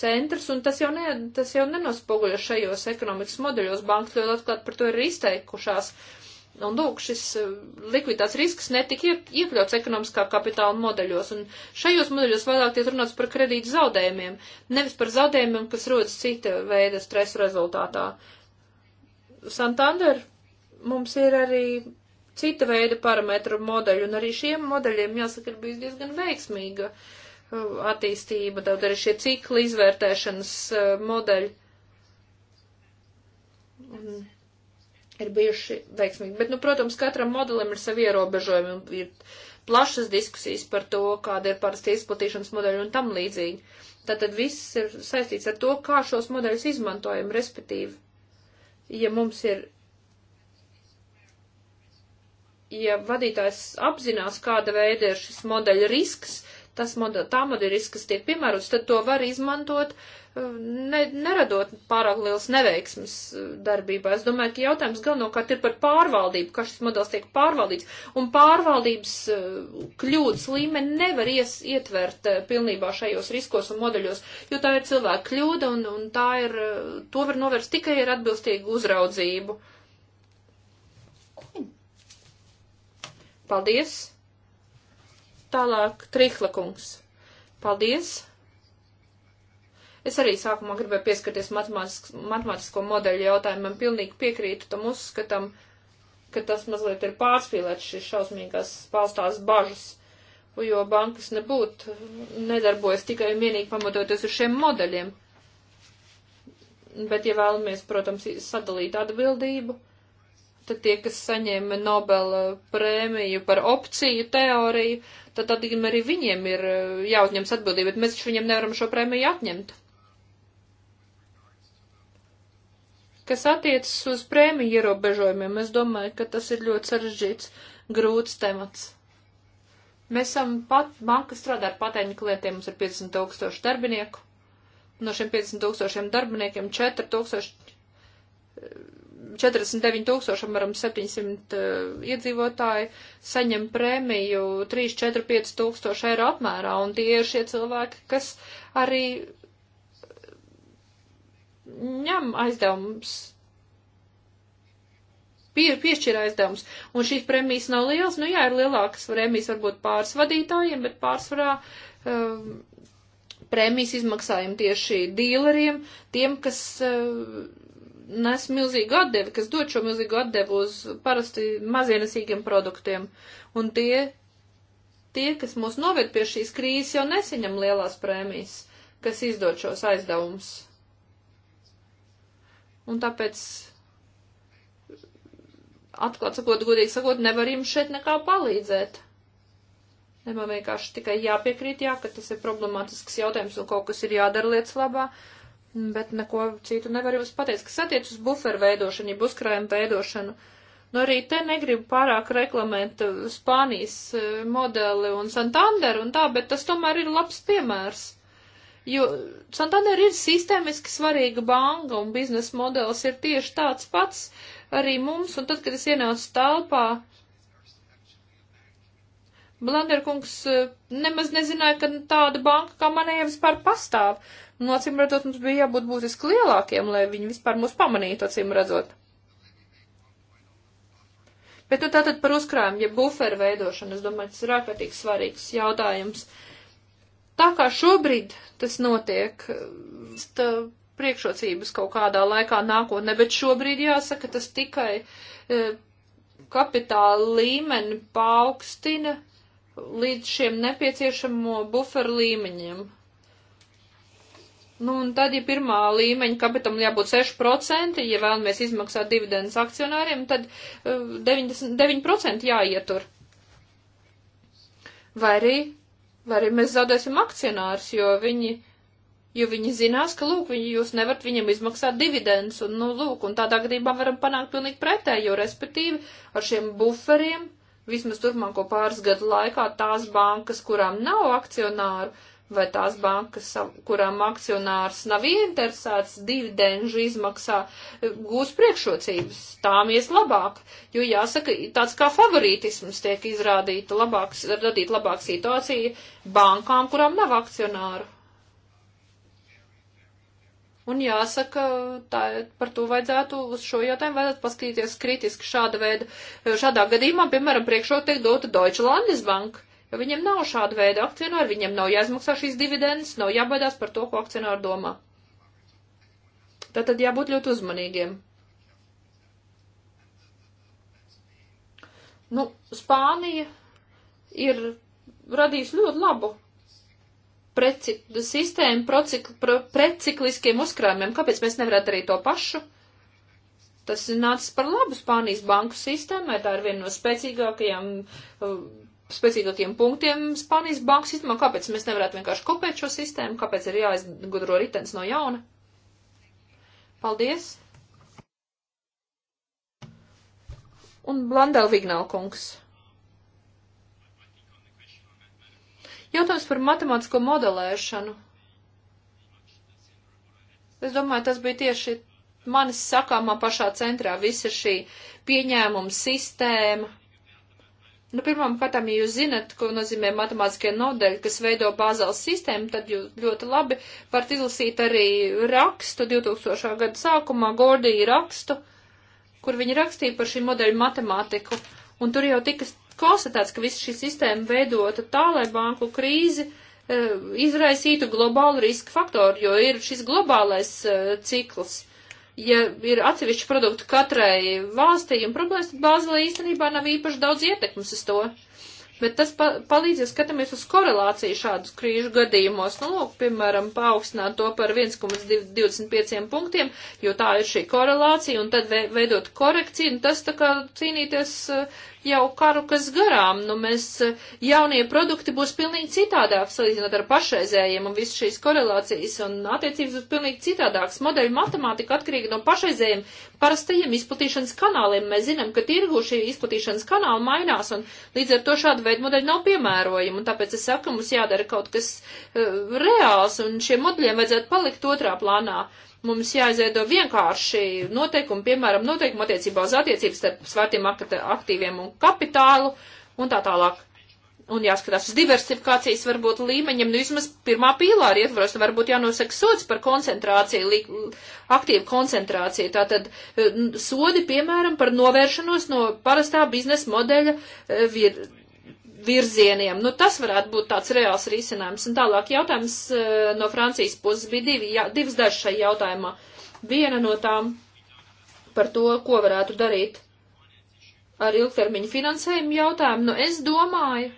centrs, un tas jau, ne, tas jau nenospoguļo šajos ekonomikas modeļos. Bankas ļoti atklāt par to ir izteikušās. Un lūk, šis e, likviditātes risks netika iekļauts ekonomiskā kapitāla modeļos, un šajos modeļos vairāk tiek runāts par kredītu zaudējumiem, nevis par zaudējumiem, kas rodas cita veida stresa rezultātā. Santander mums ir arī cita veida parametru modeļu, un arī šiem modeļiem, jāsaka, ir bijis diezgan veiksmīga uh, attīstība, tad arī šie cikli izvērtēšanas uh, modeļi. Un ir bijuši veiksmīgi. Bet, nu, protams, katram modelim ir savi ierobežojumi un ir plašas diskusijas par to, kāda ir parasti izplatīšanas modeļa un tam līdzīgi. Tātad viss ir saistīts ar to, kā šos modeļus izmantojam, respektīvi, ja mums ir ja vadītājs apzinās, kāda veida ir šis modeļa risks, tas modeļa, tā modeļa risks, kas tiek piemērots, tad to var izmantot, uh, ne, neradot pārāk liels neveiksmes uh, darbībā. Es domāju, ka jautājums galvenokārt ir par pārvaldību, kā šis modelis tiek pārvaldīts, un pārvaldības uh, kļūdas līmeni nevar ies, ietvert pilnībā šajos riskos un modeļos, jo tā ir cilvēka kļūda, un, un tā ir, to var novērst tikai ar atbilstīgu uzraudzību. Uh, Paldies! Tālāk Trihla kungs. Paldies! Es arī sākumā gribēju pieskarties matemātisko modeļu jautājumam, pilnīgi piekrītu tam uzskatam, ka tas mazliet ir pārspīlēts šīs šausmīgās paustās bažas, jo bankas nebūtu, nedarbojas tikai un vienīgi pamatoties uz šiem modeļiem. Bet, ja vēlamies, protams, sadalīt atbildību, tad tie, kas saņēma Nobela prēmiju par opciju teoriju, tad, tad arī viņiem ir e, jāuzņems atbildība, bet mēs taču viņiem nevaram šo prēmiju atņemt. Kas attiecas uz prēmiju ierobežojumiem, es domāju, ka tas ir ļoti sarežģīts, grūts temats. Mēs esam pat, banka strādā ar patēņu klientiem, mums ir 50 tūkstoši darbinieku. No šiem 50 tūkstošiem darbiniekiem 4 tūkstoši 49 tūkstoši, apmēram 700 uh, eh, iedzīvotāji saņem prēmiju 3, 4, 5 tūkstoši eiro apmērā, un tie ir šie cilvēki, kas arī ņem aizdevumus, pie, piešķir aizdevumus, un šīs prēmijas nav lielas, nu jā, ir lielākas prēmijas varbūt pāris vadītājiem, bet pārsvarā. Um, prēmijas izmaksājam tieši dīleriem, tiem, kas uh, nes milzīgu atdevi, kas dod šo milzīgu atdevu uz parasti mazienesīgiem produktiem. Un tie, tie, kas mūs noved pie šīs krīzes, jau nesaņem lielās prēmijas, kas izdod šos aizdevumus. Un tāpēc, atklāt sakot, godīgi sakot, nevar jums šeit nekā palīdzēt. Ne man vienkārši tikai jāpiekrīt, jā, ka tas ir problemātisks jautājums un kaut kas ir jādara lietas labā. Uh, bet neko citu nevar jums pateikt, kas attiec uz buferu veidošanu, ja buskrājumu veidošanu. Nu, arī te negribu pārāk reklamēt eh, Spānijas eh, modeli un Santanderu un tā, bet tas tomēr ir labs piemērs. Jo Santander ir sistēmiski svarīga banka un biznesa modelis ir tieši tāds pats arī mums, un tad, kad es ienācu telpā, Blanderkungs eh, nemaz nezināja, ka tāda banka kā manējiem vispār pastāv. Nu, acīm redzot, mums bija jābūt būtiski lielākiem, lai viņi vispār mūs pamanītu, acīm redzot. Bet nu, tātad par uzkrājumu, ja buferu veidošanu, es domāju, tas ir ārkārtīgi svarīgs jautājums. Tā kā šobrīd tas notiek, tā priekšrocības kaut kādā laikā nākotnē, bet šobrīd jāsaka, tas tikai e, kapitāla līmeni paaugstina līdz šiem nepieciešamo buferu līmeņiem. Nu, un tad, ja pirmā līmeņa kapitam jābūt 6%, ja vēlamies izmaksāt dividendus akcionāriem, tad 90, eh, 9% jāietur. Vai arī, vai arī mēs zaudēsim akcionārus, jo viņi, jo viņi zinās, ka, lūk, viņi, jūs nevarat viņam izmaksāt dividendus, un, nu, lūk, un tādā gadījumā varam panākt pilnīgi pretējo, respektīvi, ar šiem buferiem, vismaz turpmāko pāris gadu laikā, tās bankas, kurām nav akcionāru, vai tās bankas, kurām akcionārs nav ieinteresēts dividenžu izmaksā, e, gūs priekšrocības, tām ies labāk, jo jāsaka, tāds kā favorītisms tiek izrādīta labāks, radīt labāk situācija bankām, kurām nav akcionāru. Un jāsaka, tā, par to vajadzētu, uz šo jautājumu vajadzētu paskatīties kritiski šāda veida. Šādā gadījumā, piemēram, priekšroka tiek dota Deutsche Landesbank jo viņiem nav šāda veida akcionāri, viņiem nav jāizmaksā šīs dividendes, nav jābaidās par to, ko akcionāri domā. Tātad jābūt ļoti uzmanīgiem. Nu, Spānija ir radījusi ļoti labu preci, sistēmu procik, pro, precikliskiem uzkrājumiem. Kāpēc mēs nevarētu darīt to pašu? Tas nācis par labu Spānijas banku sistēmai, tā ir viena no spēcīgākajām uh, specificētiem punktiem Spānijas bankas sistēmā, kāpēc mēs nevarētu vienkārši kopēt šo sistēmu, kāpēc ir jāizgudro ritens no jauna. Paldies! Un Blandel Vignalkungs. Jautājums par matemātisko modelēšanu. Es domāju, tas bija tieši manis sakāmā pašā centrā visa šī pieņēmuma sistēma Nu, pirmām kārtām, ja jūs zinat, ko nozīmē matemātiskie nodeļi, kas veido bāzāls sistēmu, tad jūs ļoti labi varat izlasīt arī rakstu 2000. gada sākumā, Gordija rakstu, kur viņi rakstīja par šī modeļa matemātiku. Un tur jau tika konstatēts, ka visa šī sistēma veidota tā, lai banku krīzi eh, izraisītu globālu riska faktoru, jo ir šis globālais eh, cikls. Uh, ja ir atsevišķi produkti katrai valstī un problēmas, tad Bāzelē īstenībā nav īpaši daudz ietekmes uz to. Bet tas pa palīdz, ja skatāmies uz korelāciju šādus krīžu gadījumos, nu, lūk, piemēram, paaugstināt to par 1,25 punktiem, jo tā ir šī korelācija, un tad veidot korekciju, un tas tā kā cīnīties eh, jau karu, kas garām. Nu, mēs eh, jaunie produkti būs pilnīgi citādāk salīdzinot ar pašreizējiem un visas šīs korelācijas un attiecības būs pilnīgi citādāks. Modeļu matemātika atkarīga no pašreizējiem parastajiem izplatīšanas kanāliem. Mēs zinām, ka tirgu šī izplatīšanas kanāla mainās un līdz ar to šāda veida modeļi nav piemērojami. Un tāpēc es saku, mums jādara kaut kas uh, reāls un šiem modeļiem vajadzētu palikt otrā plānā. Mums jāizveido vienkārši noteikumi, piemēram, noteikumi attiecībā uz attiecības starp svētiem aktīviem un kapitālu un tā tālāk. Un jāskatās uz diversifikācijas varbūt līmeņiem, nu vismaz pirmā pīlā arī ietvaros, varbūt jānosaka sots par koncentrāciju, li, aktīvu koncentrāciju. Tātad eh, sodi, piemēram, par novēršanos no parastā biznesa modeļa eh, vir, virzieniem. Nu, tas varētu būt tāds reāls risinājums. Un tālāk jautājums eh, no Francijas puses bija divi, jā, divas dažas šai jautājumā. Viena no tām par to, ko varētu darīt ar ilgtermiņu finansējumu jautājumu. Nu, es domāju,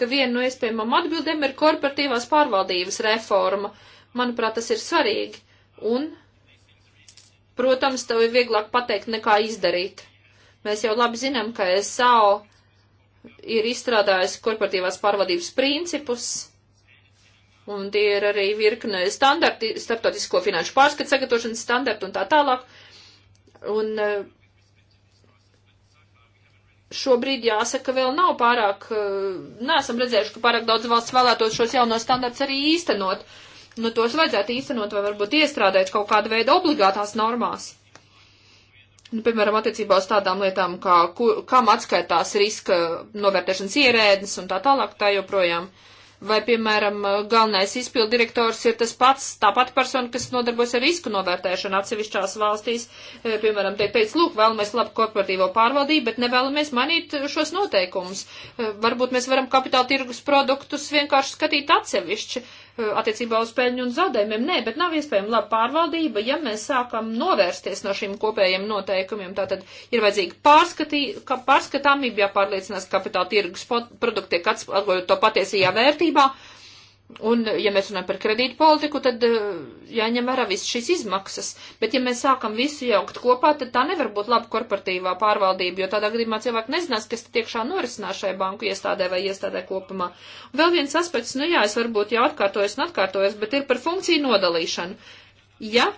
ka viena no iespējamām atbildēm ir korporatīvās pārvaldības reforma. Manuprāt, tas ir svarīgi. Un, protams, tev ir vieglāk pateikt nekā izdarīt. Mēs jau labi zinām, ka SAO ir izstrādājis korporatīvās pārvadības principus, un tie ir arī virkne standarti, starptautisko finanšu pārskatu sagatavošanas standarti un tā tālāk. Un eh, šobrīd jāsaka, vēl nav pārāk, eh, neesam redzējuši, ka pārāk daudz valsts vēlētos šos jaunos standarts arī īstenot. Nu, tos vajadzētu īstenot vai varbūt iestrādēt kaut kādu veidu obligātās normās nu, piemēram, attiecībā uz tādām lietām, kā, ku, kam atskaitās riska novērtēšanas ierēdnis un tā tālāk, tā joprojām. Vai, piemēram, galvenais izpildu direktors ir tas pats, tā pati persona, kas nodarbojas ar risku novērtēšanu atsevišķās valstīs. E, piemēram, tiek teikt, lūk, vēlamies labu korporatīvo pārvaldību, bet nevēlamies mainīt šos noteikumus. E, varbūt mēs varam kapitāla tirgus produktus vienkārši skatīt atsevišķi Uh, attiecībā uz peļņu un zaudējumiem. Nē, bet nav iespējama laba pārvaldība, ja mēs sākam novērsties no šīm kopējiem noteikumiem. Tātad ir vajadzīga pārskatī, ka pārskatāmība, jāpārliecinās, ka kapitāla tirgus produkti tiek atspoguļot to patiesajā vērtībā, Un, ja mēs runājam par kredītu politiku, tad eh, jāņem vērā visas šīs izmaksas. Bet, ja mēs sākam visu jaukt kopā, tad tā nevar būt laba korporatīvā pārvaldība, jo tādā gadījumā cilvēki nezinās, kas tiekšā norisinās šai banku iestādē vai iestādē kopumā. Vēl viens aspekts, nu jā, es varbūt jau atkārtojos un atkārtojos, bet ir par funkciju nodalīšanu. Ja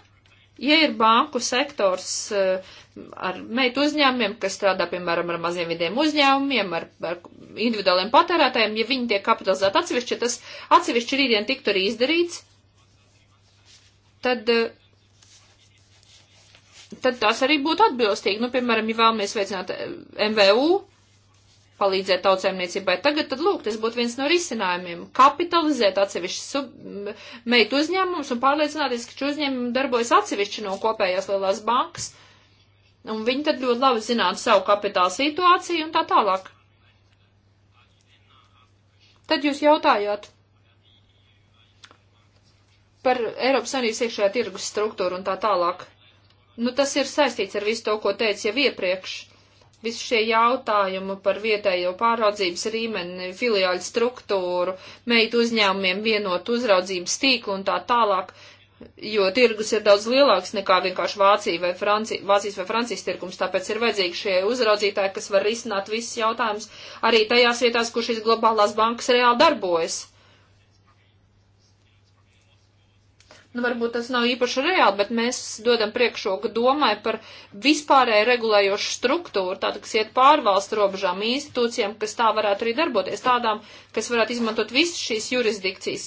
Ja ir banku sektors eh, ar meitu uzņēmumiem, kas strādā, piemēram, ar maziem vidiem uzņēmumiem, ar, ar individuāliem patērētājiem, ja viņi tiek kapitalizēti atsevišķi, tas atsevišķi rītdien tiktu arī izdarīts, tad eh, tad tās arī būtu atbilstīgi. Nu, piemēram, ja vēlamies veicināt eh, MVU, palīdzēt tautsēmniecībai. Tagad, tad, lūk, tas būtu viens no risinājumiem - kapitalizēt atsevišķu meitu uzņēmumus un pārliecināties, ka šie uzņēmumi darbojas atsevišķi no kopējās lielās bankas. Un viņi tad ļoti labi zinātu savu kapitāla situāciju un tā tālāk. Tad jūs jautājāt par Eiropas Savienības iekšējā tirgus struktūru un tā tālāk. Nu, tas ir saistīts ar visu to, ko teicu jau iepriekš Visi šie jautājumi par vietējo pāraudzības rīmeni, filiāļu struktūru, meitu uzņēmumiem vienot uzraudzības tīklu un tā tālāk, jo tirgus ir daudz lielāks nekā vienkārši Vācija vai Francija, Vācijas vai Francijas tirgums, tāpēc ir vajadzīgi šie uzraudzītāji, kas var risināt visus jautājumus arī tajās vietās, kur šīs globālās bankas reāli darbojas. nu, varbūt tas nav īpaši reāli, bet mēs dodam priekšroku domai par vispārēju regulējošu struktūru, tātad, kas iet pārvalstu robežām, institūcijām, kas tā varētu arī darboties, tādām, kas varētu izmantot visas šīs jurisdikcijas.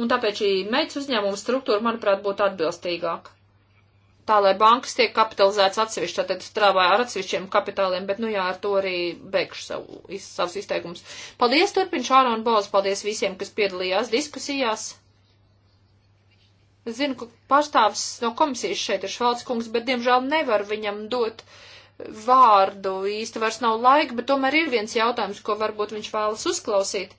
Un tāpēc šī meitas uzņēmuma struktūra, manuprāt, būtu atbilstīgāka tā, lai bankas tiek kapitalizētas atsevišķi, tātad strāvāja ar atsevišķiem kapitāliem, bet, nu jā, ar to arī beigšu savu, iz, savus izteikumus. Paldies, turpin Šāra un Bols, paldies visiem, kas piedalījās diskusijās. Es zinu, ka pārstāvs no komisijas šeit ir Švalds kungs, bet, diemžēl, nevar viņam dot vārdu, īsti vairs nav laika, bet tomēr ir viens jautājums, ko varbūt viņš vēlas uzklausīt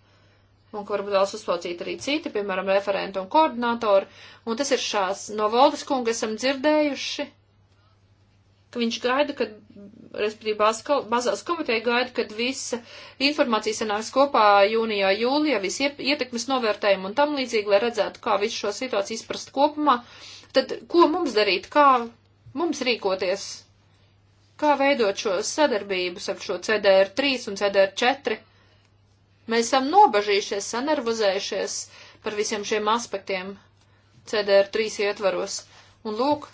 un ko varbūt vēlas uzsaucīt arī citi, piemēram, referenti un koordinatori, un tas ir šās. No Voldes kunga esam dzirdējuši, ka viņš gaida, kad, respektīvi, bazās komiteja gaida, kad visa informācija sanāks kopā jūnijā, jūlijā, visi ietekmes novērtējumi un tam līdzīgi, lai redzētu, kā visu šo situāciju izprast kopumā. Tad ko mums darīt, kā mums rīkoties, kā veidot šo sadarbību ar šo CDR3 un CDR4? Mēs esam nobažījušies, sanervozējušies par visiem šiem aspektiem CDR3 ietvaros. Un lūk,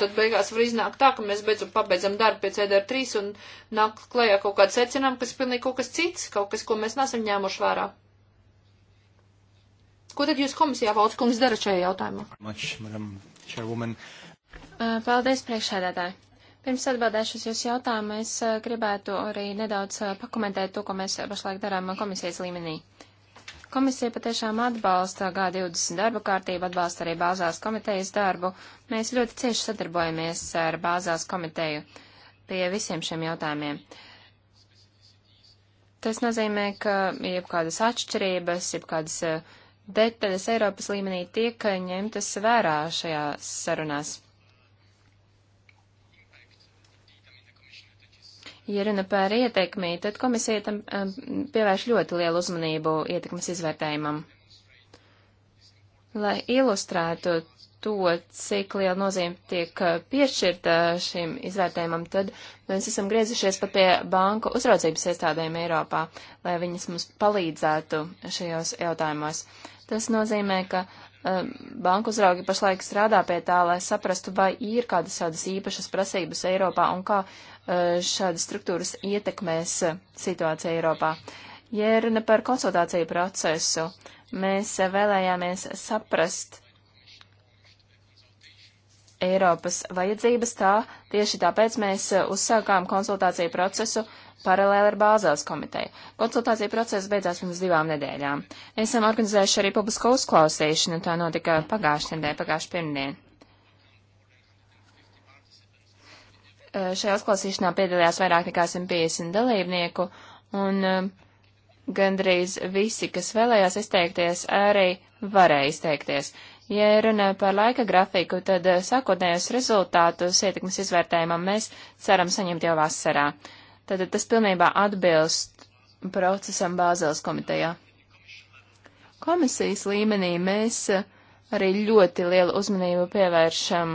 tad beigās var iznākt tā, ka mēs beidzot pabeidzam darbu pie CDR3 un nāk klajā kaut kāds secinām, kas pilnīgi kaut kas cits, kaut kas, ko mēs nesam ņēmuši vērā. Ko tad jūs komisijā, Valds kungs, dara šajā jautājumā? Much, madam, Paldies, priekšsēdētāji. Pirms atbildēšu uz jūsu jautājumu, es eh, gribētu arī nedaudz eh, pakomentēt to, ko mēs eh, pašlaik darām komisijas līmenī. Komisija patiešām atbalsta G20 darba kārtību, atbalsta arī bāzās komitejas darbu. Mēs ļoti cieši sadarbojamies ar bāzās komiteju pie visiem šiem jautājumiem. Tas nozīmē, ka jebkādas atšķirības, jebkādas detaļas Eiropas līmenī tiek ņemtas vērā šajās sarunās. Ja runa par ietekmi, tad komisija tam eh, pievērš ļoti lielu uzmanību ietekmes izvērtējumam. Lai ilustrētu to, cik liela nozīme tiek eh, piešķirta šim izvērtējumam, tad mēs esam griezušies pat pie banku uzraudzības iestādēm Eiropā, lai viņas mums palīdzētu šajos jautājumos. Tas nozīmē, ka um, banku uzraugi pašlaik strādā pie tā, lai saprastu, vai ir kādas tādas īpašas prasības Eiropā un kā Eh, šādas struktūras ietekmēs eh, situāciju Eiropā. Ja runa par konsultāciju procesu, mēs eh, vēlējāmies saprast Eiropas vajadzības tā, tieši tāpēc mēs uzsākām konsultāciju procesu paralēli ar Bāzēlas komiteju. Konsultācija process beidzās pirms divām nedēļām. Esam organizējuši arī publisko uzklausīšanu, tā notika pagājušajā nedēļā, pagājušajā pirmdien. Eh, šajā uzklausīšanā piedalījās vairāk nekā 150 dalībnieku, un eh, gandrīz visi, kas vēlējās izteikties, arī varēja izteikties. Ja runa par laika grafiku, tad eh, sākotnējos rezultātus ietekmes izvērtējumam mēs ceram saņemt jau vasarā. Tad tas pilnībā atbilst procesam Bāzeles komitejā. Komisijas līmenī mēs arī ļoti lielu uzmanību pievēršam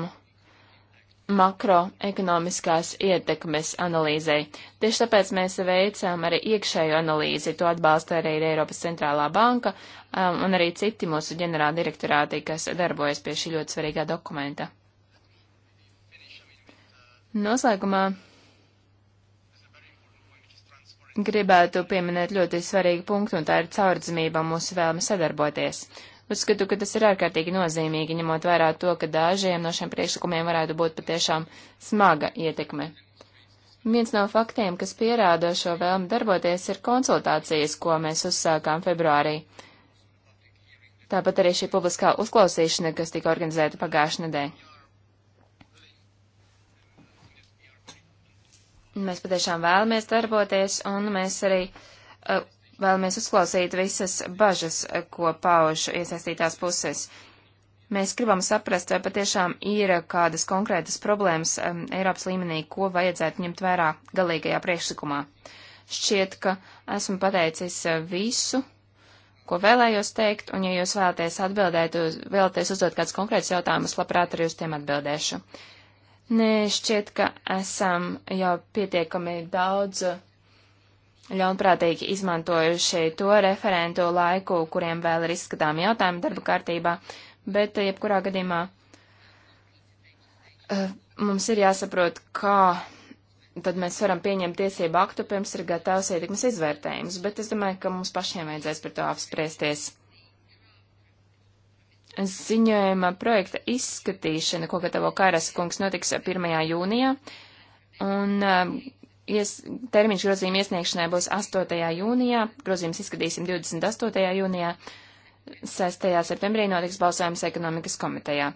makroekonomiskās ietekmes analīzei. Tieši tāpēc mēs veicām arī iekšējo analīzi, to atbalsta arī Eiropas centrālā banka um, un arī citi mūsu ģenerāla direktorāti, kas darbojas pie šī ļoti svarīgā dokumenta. Noslēgumā gribētu pieminēt ļoti svarīgu punktu, un tā ir caurdzamība mūsu vēlme sadarboties. Uzskatu, ka tas ir ārkārtīgi nozīmīgi, ņemot vērā to, ka dažiem no šiem priekšlikumiem varētu būt patiešām smaga ietekme. Viens no faktiem, kas pierāda šo vēlmu darboties, ir konsultācijas, ko mēs uzsākām februārī. Tāpat arī šī publiskā uzklausīšana, kas tika organizēta pagājušajā nedēļā. Mēs patiešām vēlamies darboties, un mēs arī uh, vēlamies uzklausīt visas bažas, ko pauž iesaistītās puses. Mēs gribam saprast, vai patiešām ir kādas konkrētas problēmas um, Eiropas līmenī, ko vajadzētu ņemt vērā galīgajā priekšlikumā. Šķiet, ka esmu pateicis visu, ko vēlējos teikt, un ja jūs vēlaties atbildēt, uz, vēlaties uzdot kādus konkrētus jautājumus, labprāt arī uz tiem atbildēšu. Nē, šķiet, ka esam jau pietiekami daudz uh, ļaunprātīgi izmantojuši to referentu laiku, kuriem vēl ir izskatāmi jautājumi darba kārtībā, bet jebkurā gadījumā eh, mums ir jāsaprot, kā tad mēs varam pieņemt tiesību aktu, pirms ir gatavs ietekmes izvērtējums, bet es domāju, ka mums pašiem vajadzēs par to apspriesties. Ziņojuma projekta izskatīšana, ko gatavo Kairas kungs, notiks 1. jūnijā, un eh, ies, termiņš grozījuma iesniegšanai būs 8. jūnijā, grozījums izskatīsim 28. jūnijā, 6. septembrī notiks balsojums ekonomikas komitejā.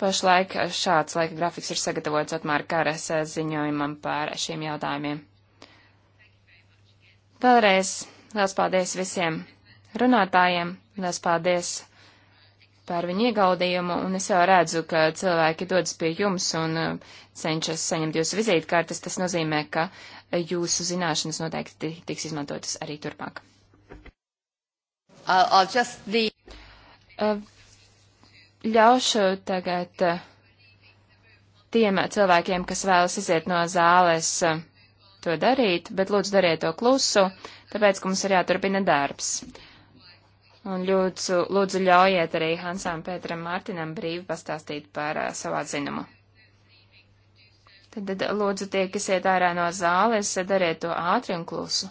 Pašlaik šāds laika grafiks ir sagatavots Otmāra Karas ziņojumam par šiem jautājumiem. Vēlreiz liels paldies visiem runātājiem, liels paldies par viņu ieguldījumu, un es jau redzu, ka cilvēki dodas pie jums un uh, cenšas saņemt jūsu vizītkārtes. Tas nozīmē, ka jūsu zināšanas noteikti tiks izmantotas arī turpmāk. I'll, I'll just the... Uh, ļaušu tagad uh, tiem cilvēkiem, kas vēlas iziet no zāles, to darīt, bet lūdzu dariet to klusu, tāpēc, ka mums ir jāturpina darbs. Un lūdzu, lūdzu ļaujiet arī Hansam Pēteram Mārtinam brīvi pastāstīt par uh, savu atzinumu. Tad, tad lūdzu tie, kas iet ārā no zāles, dariet to ātri un klusu.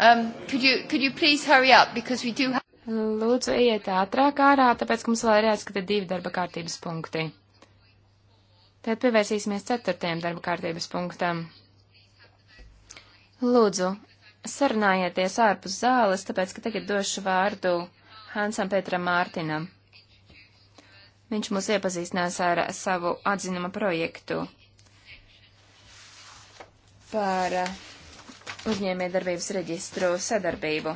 Um, could you, could you please hurry up, because we do have... Lūdzu, iet ātrāk ārā, tāpēc, ka mums vēl ir jāskata divi darba kārtības punkti. Tad pievērsīsimies ceturtajam darba kārtības punktam. Lūdzu, sarunājieties ārpus zāles, tāpēc, ka tagad došu vārdu Hansam Petram Mārtinam. Viņš mūs iepazīstinās ar savu atzinuma projektu par uh, uzņēmējdarbības reģistru sadarbību.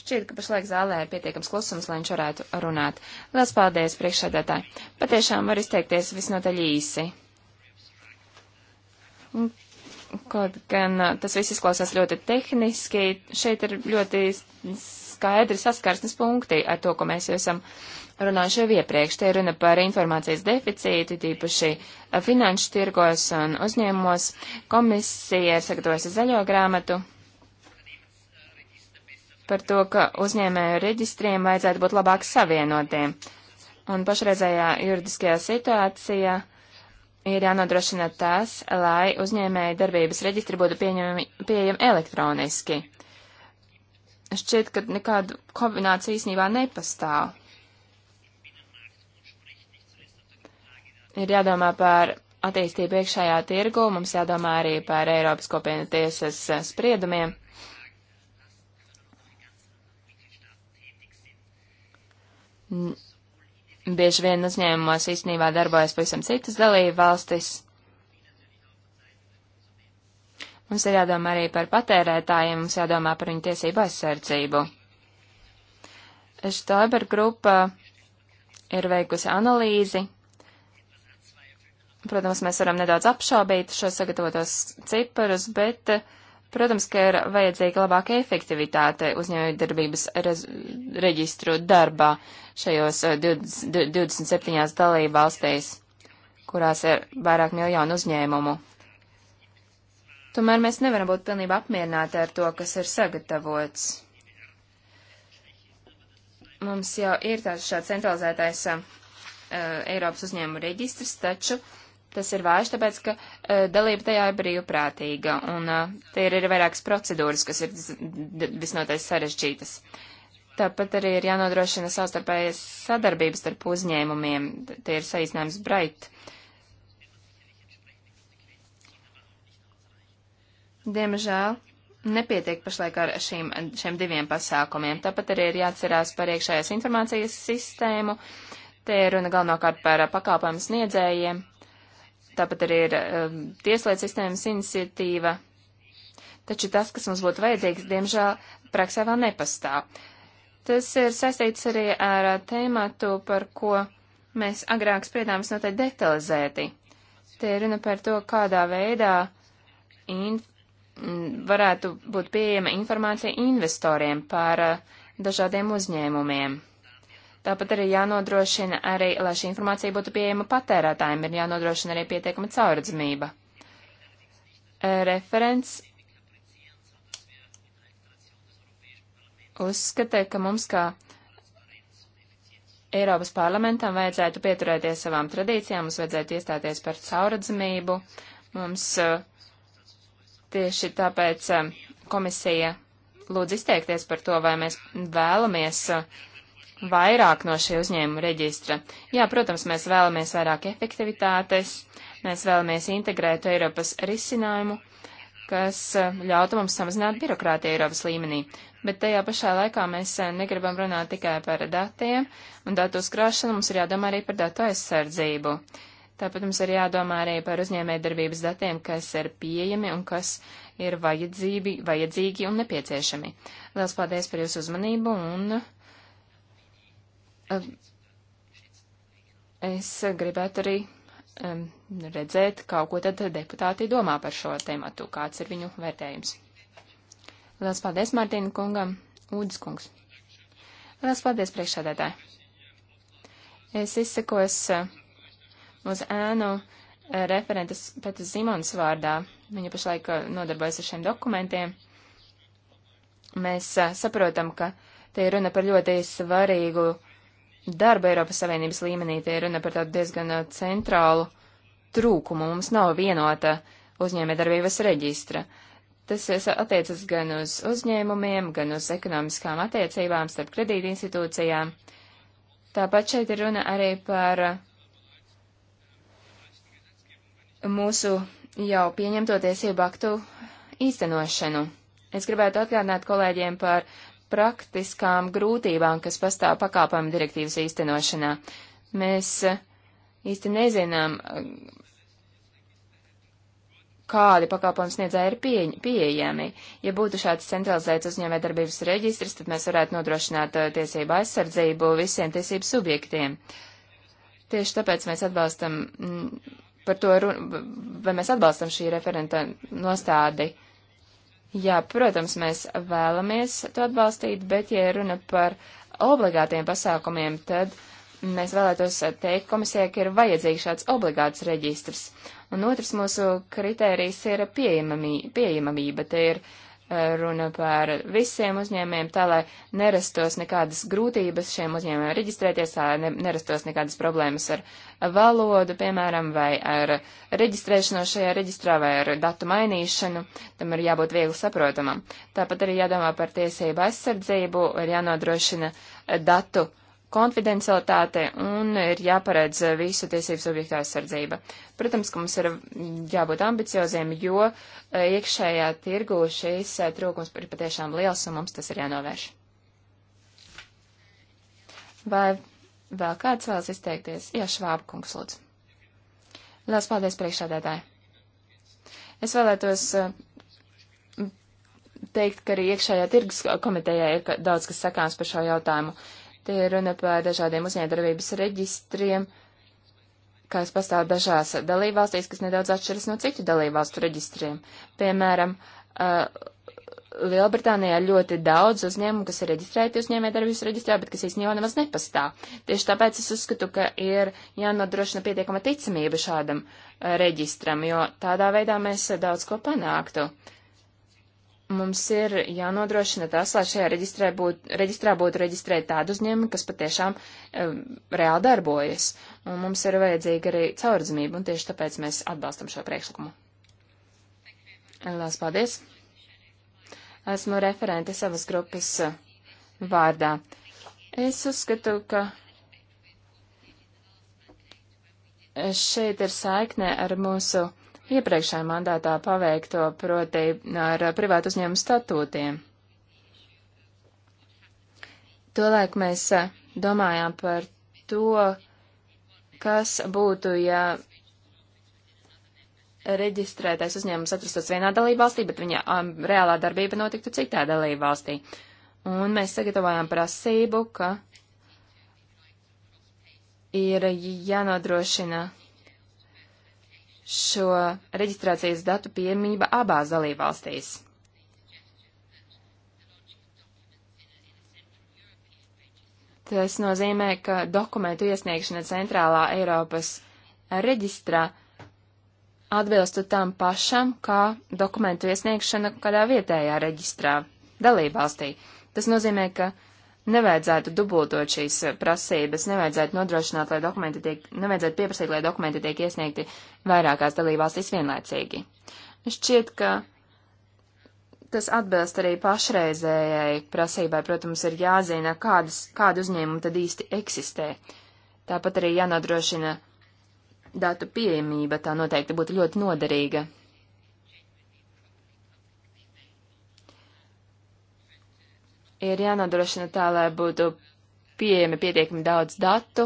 Šķiet, ka pašlaik zālē ir pietiekams klusums, lai viņš varētu runāt. Lielas paldies, priekšsēdētāji. Patiešām var izteikties visnotaļ īsi. Kaut gan uh, tas viss izklausās ļoti tehniski, šeit ir ļoti skaidri saskarsnes punkti ar to, ko mēs jau esam uh, runājuši jau iepriekš. Te runa par informācijas deficītu, tīpaši eh, finanšu tirgos un uzņēmumos. Komisija ir sagatavojusi zaļo grāmatu par to, ka uzņēmēju reģistriem vajadzētu būt labāk savienotiem. Un pašreizējā juridiskajā situācijā ir jānodrošina tas, lai uzņēmēja darbības reģistri būtu pieņemami, pieejami elektroniski šķiet, ka nekādu kombināciju īstenībā nepastāv. ir jādomā par attīstību iekšējā tirgu, mums jādomā arī par Eiropas kopienu tiesas spriedumiem. Bieži vien uzņēmumos īstenībā darbojas pavisam citas dalība valstis. Mums ir jādomā arī par patērētājiem, mums jādomā par viņu tiesību aizsardzību. Štāber grupa ir veikusi analīzi Protams, mēs varam nedaudz apšaubīt šo sagatavotos ciparus, bet, eh, protams, ka ir vajadzīga labāka efektivitāte uzņēmējdarbības reģistru darbā šajos 20, 27 dalību valstīs, kurās ir vairāk miljonu uzņēmumu. Tomēr mēs nevaram būt pilnībā apmierināti ar to, kas ir sagatavots. Mums jau ir tāds šāds centralizētais uh, Eiropas uzņēmumu reģistrs, taču uh, Tas ir vājš, tāpēc, ka uh, dalība tajā ir brīvprātīga, un uh, te ir arī vairākas procedūras, kas ir visnotaļ sarežģītas. Tāpat arī ir jānodrošina savstarpējas sadarbības starp uzņēmumiem, te ir saīsinājums Bright. Diemžēl nepietiek pašlaik ar šīm, šiem diviem pasākumiem. Tāpat arī ir jāatcerās par iekšējās informācijas sistēmu. Te ir runa galvenokārt par eh, pakalpojumu sniedzējiem tāpat arī ir um, tieslietu sistēmas iniciatīva. Taču tas, kas mums būtu vajadzīgs, diemžēl praksē vēl nepastāv. Tas ir saistīts arī ar uh, tēmatu, par ko mēs agrāk spriedām visnotaļ detalizēti. Te runa par to, kādā veidā in, mm, varētu būt pieejama informācija investoriem par uh, dažādiem uzņēmumiem. Tāpat arī jānodrošina arī, lai šī informācija būtu pieejama patērētājiem, ir jānodrošina arī pietiekama caurredzamība. E, referents uzskata, ka mums kā Eiropas parlamentam vajadzētu pieturēties savām tradīcijām, mums vajadzētu iestāties par cauradzamību. Mums e, tieši tāpēc e, komisija lūdz izteikties par to, vai mēs vēlamies uh, vairāk no šī uzņēmuma reģistra. Jā, protams, mēs vēlamies vairāk efektivitātes, mēs vēlamies integrētu Eiropas risinājumu, kas eh, ļautu mums samazināt birokrātiju Eiropas līmenī. Bet tajā pašā laikā mēs eh, negribam runāt tikai par datiem, un datu uzkrāšanu mums ir jādomā arī par datu aizsardzību. Tāpat mums ir jādomā arī par uzņēmējdarbības datiem, kas ir pieejami un kas ir vajadzīgi un nepieciešami. Lielas paldies par jūsu uzmanību un uh, es gribētu arī um, redzēt, kaut ko tad deputāti domā par šo tematu, kāds ir viņu vērtējums. Lielas paldies Mārtīna kungam, Ūdis kungs. Lielas paldies priekšsādētāji. Es izsakos eh, uz ēnu eh, referentes Pētas Zimons vārdā. Viņa pašlaik eh, nodarbojas ar šiem dokumentiem. Mēs saprotam, ka te ir runa par ļoti svarīgu uh, darbu Eiropas Savienības līmenī. Tie runa par tādu diezgan uh, centrālu trūkumu. Mums nav vienota uzņēmējdarbības reģistra. Tas attiecas gan uz uzņēmumiem, gan uz ekonomiskām attiecībām starp kredīti institūcijām. Tāpat šeit ir runa arī par uh, mūsu jau pieņemto tiesību aktu īstenošanu. Es gribētu atgādināt kolēģiem par praktiskām grūtībām, kas pastāv pakāpām direktīvas īstenošanā. Mēs eh, īsti nezinām, eh, kādi pakalpojums sniedzēji ir pie, pieejami. Ja būtu šāds centralizēts uzņēmē darbības reģistrs, tad mēs varētu nodrošināt eh, tiesību aizsardzību visiem tiesību subjektiem. Tieši tāpēc mēs atbalstam, mm, par to, vai mēs atbalstam šī referenta nostādi uh, Jā, protams, mēs vēlamies to atbalstīt, bet, ja runa par obligātiem pasākumiem, tad mēs vēlētos teikt komisijai, ka ir vajadzīgs šāds obligāts reģistrs. Un otrs mūsu kritērijs ir pieejamamība. Te ir runa par visiem uzņēmējiem, tā lai nerastos nekādas grūtības šiem uzņēmējiem reģistrēties, tā lai ne, nerastos nekādas problēmas ar valodu, piemēram, vai ar reģistrēšanos šajā reģistrā, vai ar datu mainīšanu. Tam ir jābūt viegli saprotamam. Tāpat arī jādomā par tiesību aizsardzību, ir jānodrošina datu uh, konfidencialitāte un ir jāparedz visu tiesību subjektu aizsardzība. Protams, ka mums ir jābūt ambicioziem, jo e, iekšējā tirgu šīs e, trūkums ir patiešām liels un mums tas ir jānovērš. Vai vēl kāds vēlas izteikties? Jā, Švāba kungs, lūdzu. Lielas paldies priekšādētāji. Es vēlētos e, teikt, ka arī iekšējā tirgus komitejā ir daudz kas sakāms par šo jautājumu. Uh, Te ir runa par dažādiem uzņēmdarbības reģistriem, kas pastāv dažās dalībvalstīs, kas nedaudz atšķiras no citu dalībvalstu reģistriem. Piemēram, Lielbritānijā ļoti daudz uzņēmumu, kas ir reģistrēti uzņēmējdarbības reģistrā, bet kas īstenībā nemaz nepastāv. Tieši tāpēc es uzskatu, ka ir jānodrošina pietiekama ticamība šādam reģistram, jo tādā veidā mēs daudz ko panāktu. Uh, mums ir jānodrošina tas, lai šajā reģistrē būt, reģistrā būtu reģistrēti tādi uzņēmumi, kas patiešām e, reāli darbojas. Un mums ir vajadzīga arī caurdzamība, un tieši tāpēc mēs atbalstam šo priekšlikumu. Lielas paldies! Esmu referente savas grupas eh, vārdā. Es uzskatu, ka šeit ir saikne ar mūsu iepriekšējā mandātā paveikto, proti ar privātu uzņēmumu statūtiem. Tolēk mēs domājām par to, kas būtu, ja reģistrētais uzņēmums atrastos vienā dalībvalstī, bet viņa um, reālā darbība notiktu citā dalībvalstī. Un mēs sagatavojām prasību, ka ir jānodrošina šo reģistrācijas datu piemība abās dalībvalstīs. Tas nozīmē, ka dokumentu iesniegšana Centrālā Eiropas reģistrā atbilstu tam pašam, kā dokumentu iesniegšana kādā vietējā reģistrā dalībvalstī. Tas nozīmē, ka uh, nevajadzētu dubultot šīs eh, prasības, nevajadzētu nodrošināt, lai dokumenti tiek, nevajadzētu pieprasīt, lai dokumenti tiek iesniegti vairākās dalībvalstīs vienlaicīgi. Šķiet, ka tas atbilst arī pašreizējai prasībai, protams, ir jāzina, kādas, kāda uzņēmuma tad īsti eksistē. Tāpat arī jānodrošina datu pieejamība, tā noteikti būtu ļoti noderīga ir jānodrošina tā, lai būtu pieejami pietiekami daudz datu,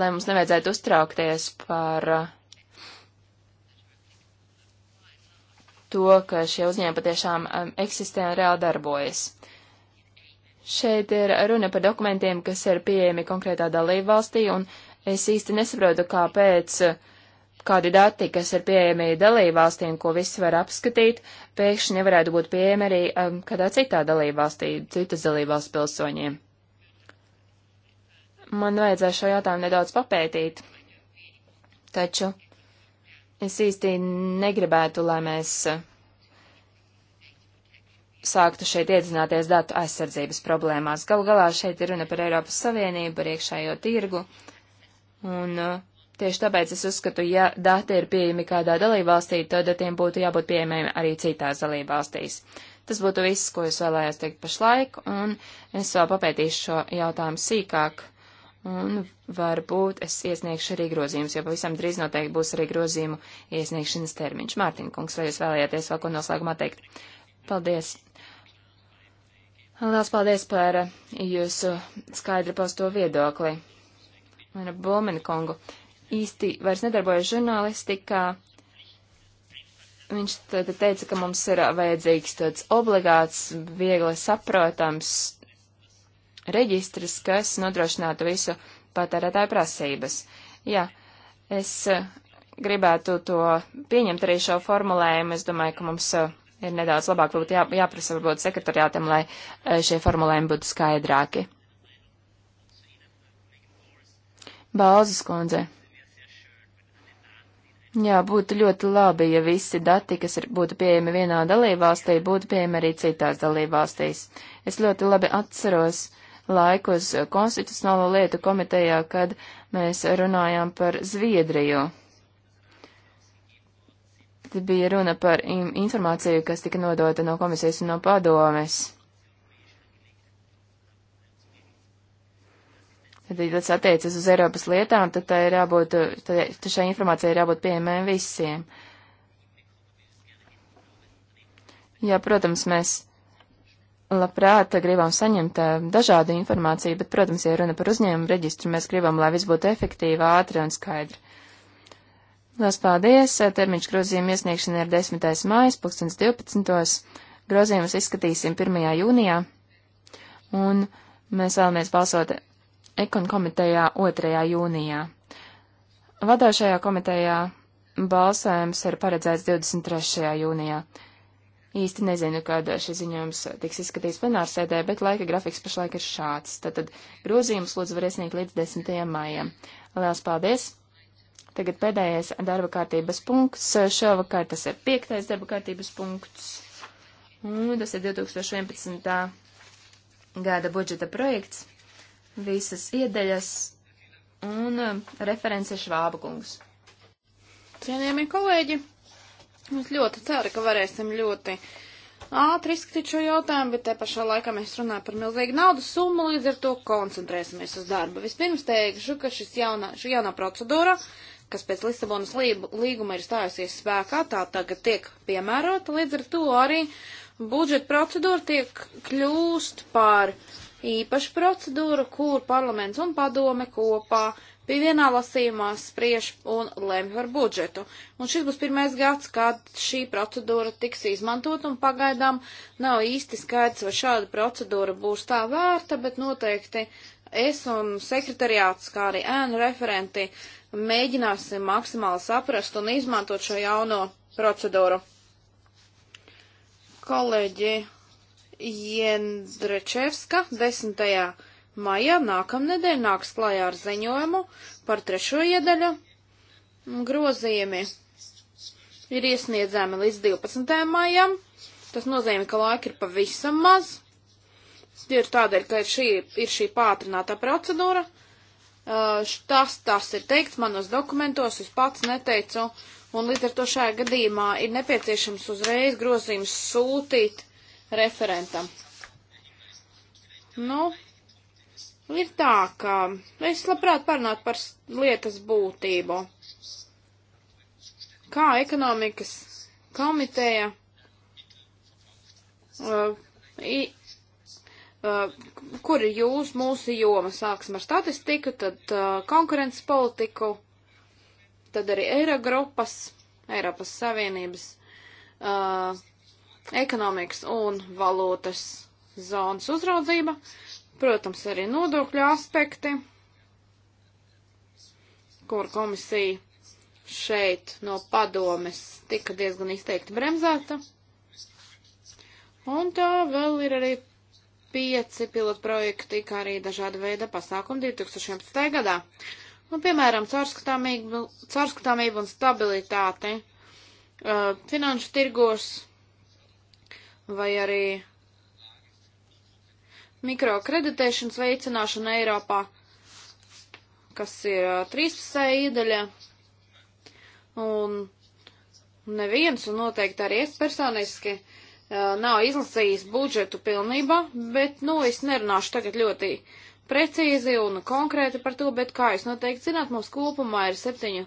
lai mums nevajadzētu uztraukties par uh, to, ka šie uzņēmumi patiešām um, eksistē un reāli darbojas. Šeit ir runa par dokumentiem, kas ir pieejami konkrētā dalībvalstī, un es īsti nesaprotu, kāpēc uh, kādi dati, kas ir pieejami dalībvalstīm, ko visi var apskatīt, pēkšņi nevarētu būt pieejami arī um, kādā citā dalībvalstī, citas dalībvalsts pilsoņiem. Man vajadzēja šo jautājumu nedaudz papētīt, taču es īsti negribētu, lai mēs uh, sāktu šeit iedzināties datu aizsardzības problēmās. Galu galā šeit ir runa par Eiropas Savienību, par iekšējo tirgu, un uh, Tieši tāpēc es uzskatu, ja dati ir pieejami kādā dalībvalstī, tad datiem būtu jābūt pieejamiem arī citās dalībvalstīs. Tas būtu viss, ko es vēlējos teikt pašlaik, un es vēl papētīšu šo jautājumu sīkāk, un varbūt es iesniegšu arī grozījumus, jo pavisam drīz noteikti būs arī grozījumu iesniegšanas termiņš. Mārtiņ, kungs, vai jūs vēlējāties vēl ko noslēgumā teikt? Paldies! Liels paldies par jūsu skaidri pausto viedokli. Ar Bulmeni kungu īsti vairs nedarbojas žurnālistikā. Viņš tad teica, ka mums ir vajadzīgs tāds obligāts, viegli saprotams reģistrs, kas nodrošinātu visu patērētāju prasības. Jā, es gribētu to pieņemt arī šo formulējumu. Es domāju, ka mums ir nedaudz labāk būtu jā, jāprasa varbūt sekretariātam, lai šie formulējumi būtu skaidrāki. Balzas kundze. Jā, būtu ļoti labi, ja visi dati, kas ir, būtu pieejami vienā dalībvalstī, būtu pieejami arī citās dalībvalstīs. Es ļoti labi atceros laikus konstitucionālo lietu komitejā, kad mēs runājām par Zviedriju. Te bija runa par informāciju, kas tika nodota no komisijas un no padomes. Tad, ja tas attiecas uz Eiropas lietām, tad, tā ir jābūt, tad šai informācijai ir jābūt pieejamai visiem. Jā, protams, mēs labprāt gribam saņemt dažādu informāciju, bet, protams, ja runa par uzņēmumu reģistru, mēs gribam, lai viss būtu efektīvi, ātri un skaidri. Lielas paldies! Termiņš grozījuma iesniegšana ir 10. mājas, 2012. Grozījumus izskatīsim 1. jūnijā, un mēs vēlamies balsot Ekon komitejā 2. jūnijā. Vadošajā komitejā balsojums ir paredzēts 23. jūnijā. Īsti nezinu, kad šis ziņojums tiks izskatīts plenārsēdē, bet laika grafiks pašlaik ir šāds. Tātad grozījums lūdzu var iesniegt līdz 10. maijam. Lielas paldies! Tagad pēdējais darba kārtības punkts. Šovakar tas ir piektais darba kārtības punkts. Un tas ir 2011. gada budžeta projekts visas iedeļas un um, referents ir Švāba kungs. Cienījamie kolēģi, es ļoti ceru, ka varēsim ļoti ātri izskatīt šo jautājumu, bet te pašā laikā mēs runājam par milzīgu naudas summu, līdz ar to koncentrēsimies uz darbu. Vispirms teikšu, ka šis jaunā, šī jaunā procedūra, kas pēc Lisabonas līguma ir stājusies spēkā, tā tagad tiek piemērota, līdz ar to arī budžeta procedūra tiek kļūst par uh, īpašu procedūru, kur parlaments un padome kopā pie vienā lasījumā spriež un lemj par budžetu. Un šis būs pirmais gads, kad šī procedūra tiks izmantot, un pagaidām nav īsti skaidrs, vai šāda procedūra būs tā vērta, bet noteikti es un sekretariāts, kā arī ēnu referenti, mēģināsim maksimāli saprast un izmantot šo jauno procedūru. Kolēģi, Jendrečevska 10. maijā nākamnedēļ nāks klajā ar ziņojumu par trešo iedaļu grozījumi. Ir iesniedzami līdz 12. maijam. Tas nozīmē, ka laika ir pavisam maz. Tie ir tādēļ, ka ir šī, ir šī pātrinātā procedūra. Uh, tas, tas ir teikts manos dokumentos, es pats neteicu, un līdz ar to šajā gadījumā ir nepieciešams uzreiz grozījums sūtīt referentam. Nu, ir tā, ka es labprāt parunātu par lietas būtību. Kā ekonomikas komiteja uh, i, uh, kur ir jūs mūsu joma? Sāksim ar statistiku, tad uh, konkurences politiku, tad arī Eirogrupas, Eiropas Savienības uh, ekonomikas un valūtas zonas uzraudzība, protams, arī nodokļu aspekti, kur komisija šeit no padomes tika diezgan izteikti bremzēta. Un tā vēl ir arī pieci pilotprojekti, kā arī dažāda veida pasākumi 2011. gadā. Nu, piemēram, caurskatāmība un stabilitāte uh, finanšu tirgos vai arī mikrokreditēšanas veicināšana Eiropā, kas ir 13. iedaļa. Un neviens, un noteikti arī es personiski, nav izlasījis budžetu pilnībā, bet, nu, es nerunāšu tagad ļoti precīzi un konkrēti par to, bet, kā jūs noteikti zināt, mums kopumā ir septiņu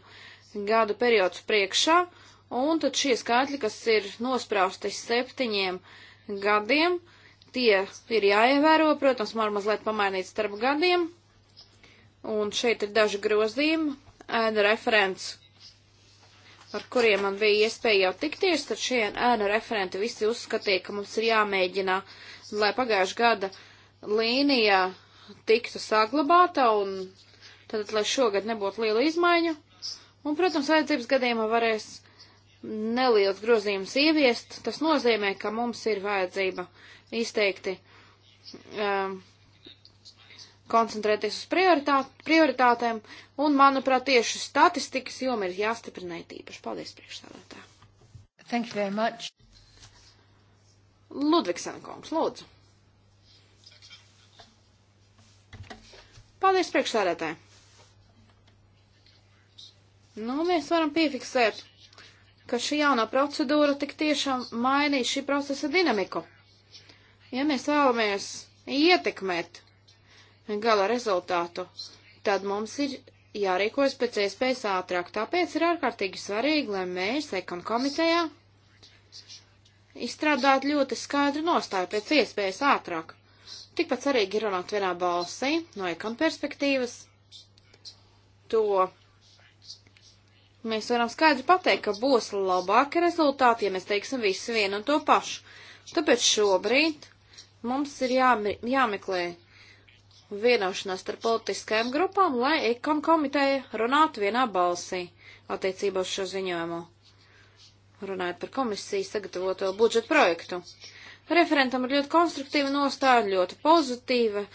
gadu periods priekšā, uh, Un tad šie skaitļi, kas ir nosprausti septiņiem gadiem, tie ir jāievēro, protams, man mazliet pamainīt starp gadiem. Un šeit ir daži grozījumi, ēna referents, ar kuriem man bija iespēja jau tikties, tad šie ēna referenti visi uzskatīja, ka mums ir jāmēģina, lai pagājušā gada līnija tiktu saglabāta un tad, lai šogad nebūtu liela izmaiņa. Un, protams, vajadzības gadījumā varēs neliels grozījums ieviest, tas nozīmē, ka mums ir vajadzība izteikti um, koncentrēties uz prioritāt, prioritātēm, un, manuprāt, tieši statistikas joma ir jāstiprina īpaši. Paldies, priekšsēdētā. Thank you very much. Ludvigsen kungs, lūdzu. Paldies, priekšsēdētāji. Nu, mēs varam piefiksēt ka šī jaunā procedūra tik tiešām mainīs šī procesa dinamiku. Ja mēs vēlamies ietekmēt gala rezultātu, tad mums ir jārīkojas pēc iespējas ātrāk. Tāpēc ir ārkārtīgi svarīgi, lai mēs ekam komitejā izstrādātu ļoti skaidru nostāju pēc iespējas ātrāk. Tikpat svarīgi ir runāt vienā balsī no ekam perspektīvas. To Mēs varam skaidri pateikt, ka būs labāki rezultāti, ja mēs teiksim visu vienu un to pašu. Tāpēc šobrīd mums ir jāme, jāmeklē vienošanās starp politiskajām grupām, lai ekam komiteja runātu vienā balsī attiecībā uz šo ziņojumu. Runājot par komisijas sagatavoto budžeta projektu. Referentam ir ļoti konstruktīva nostāja, ļoti pozitīva,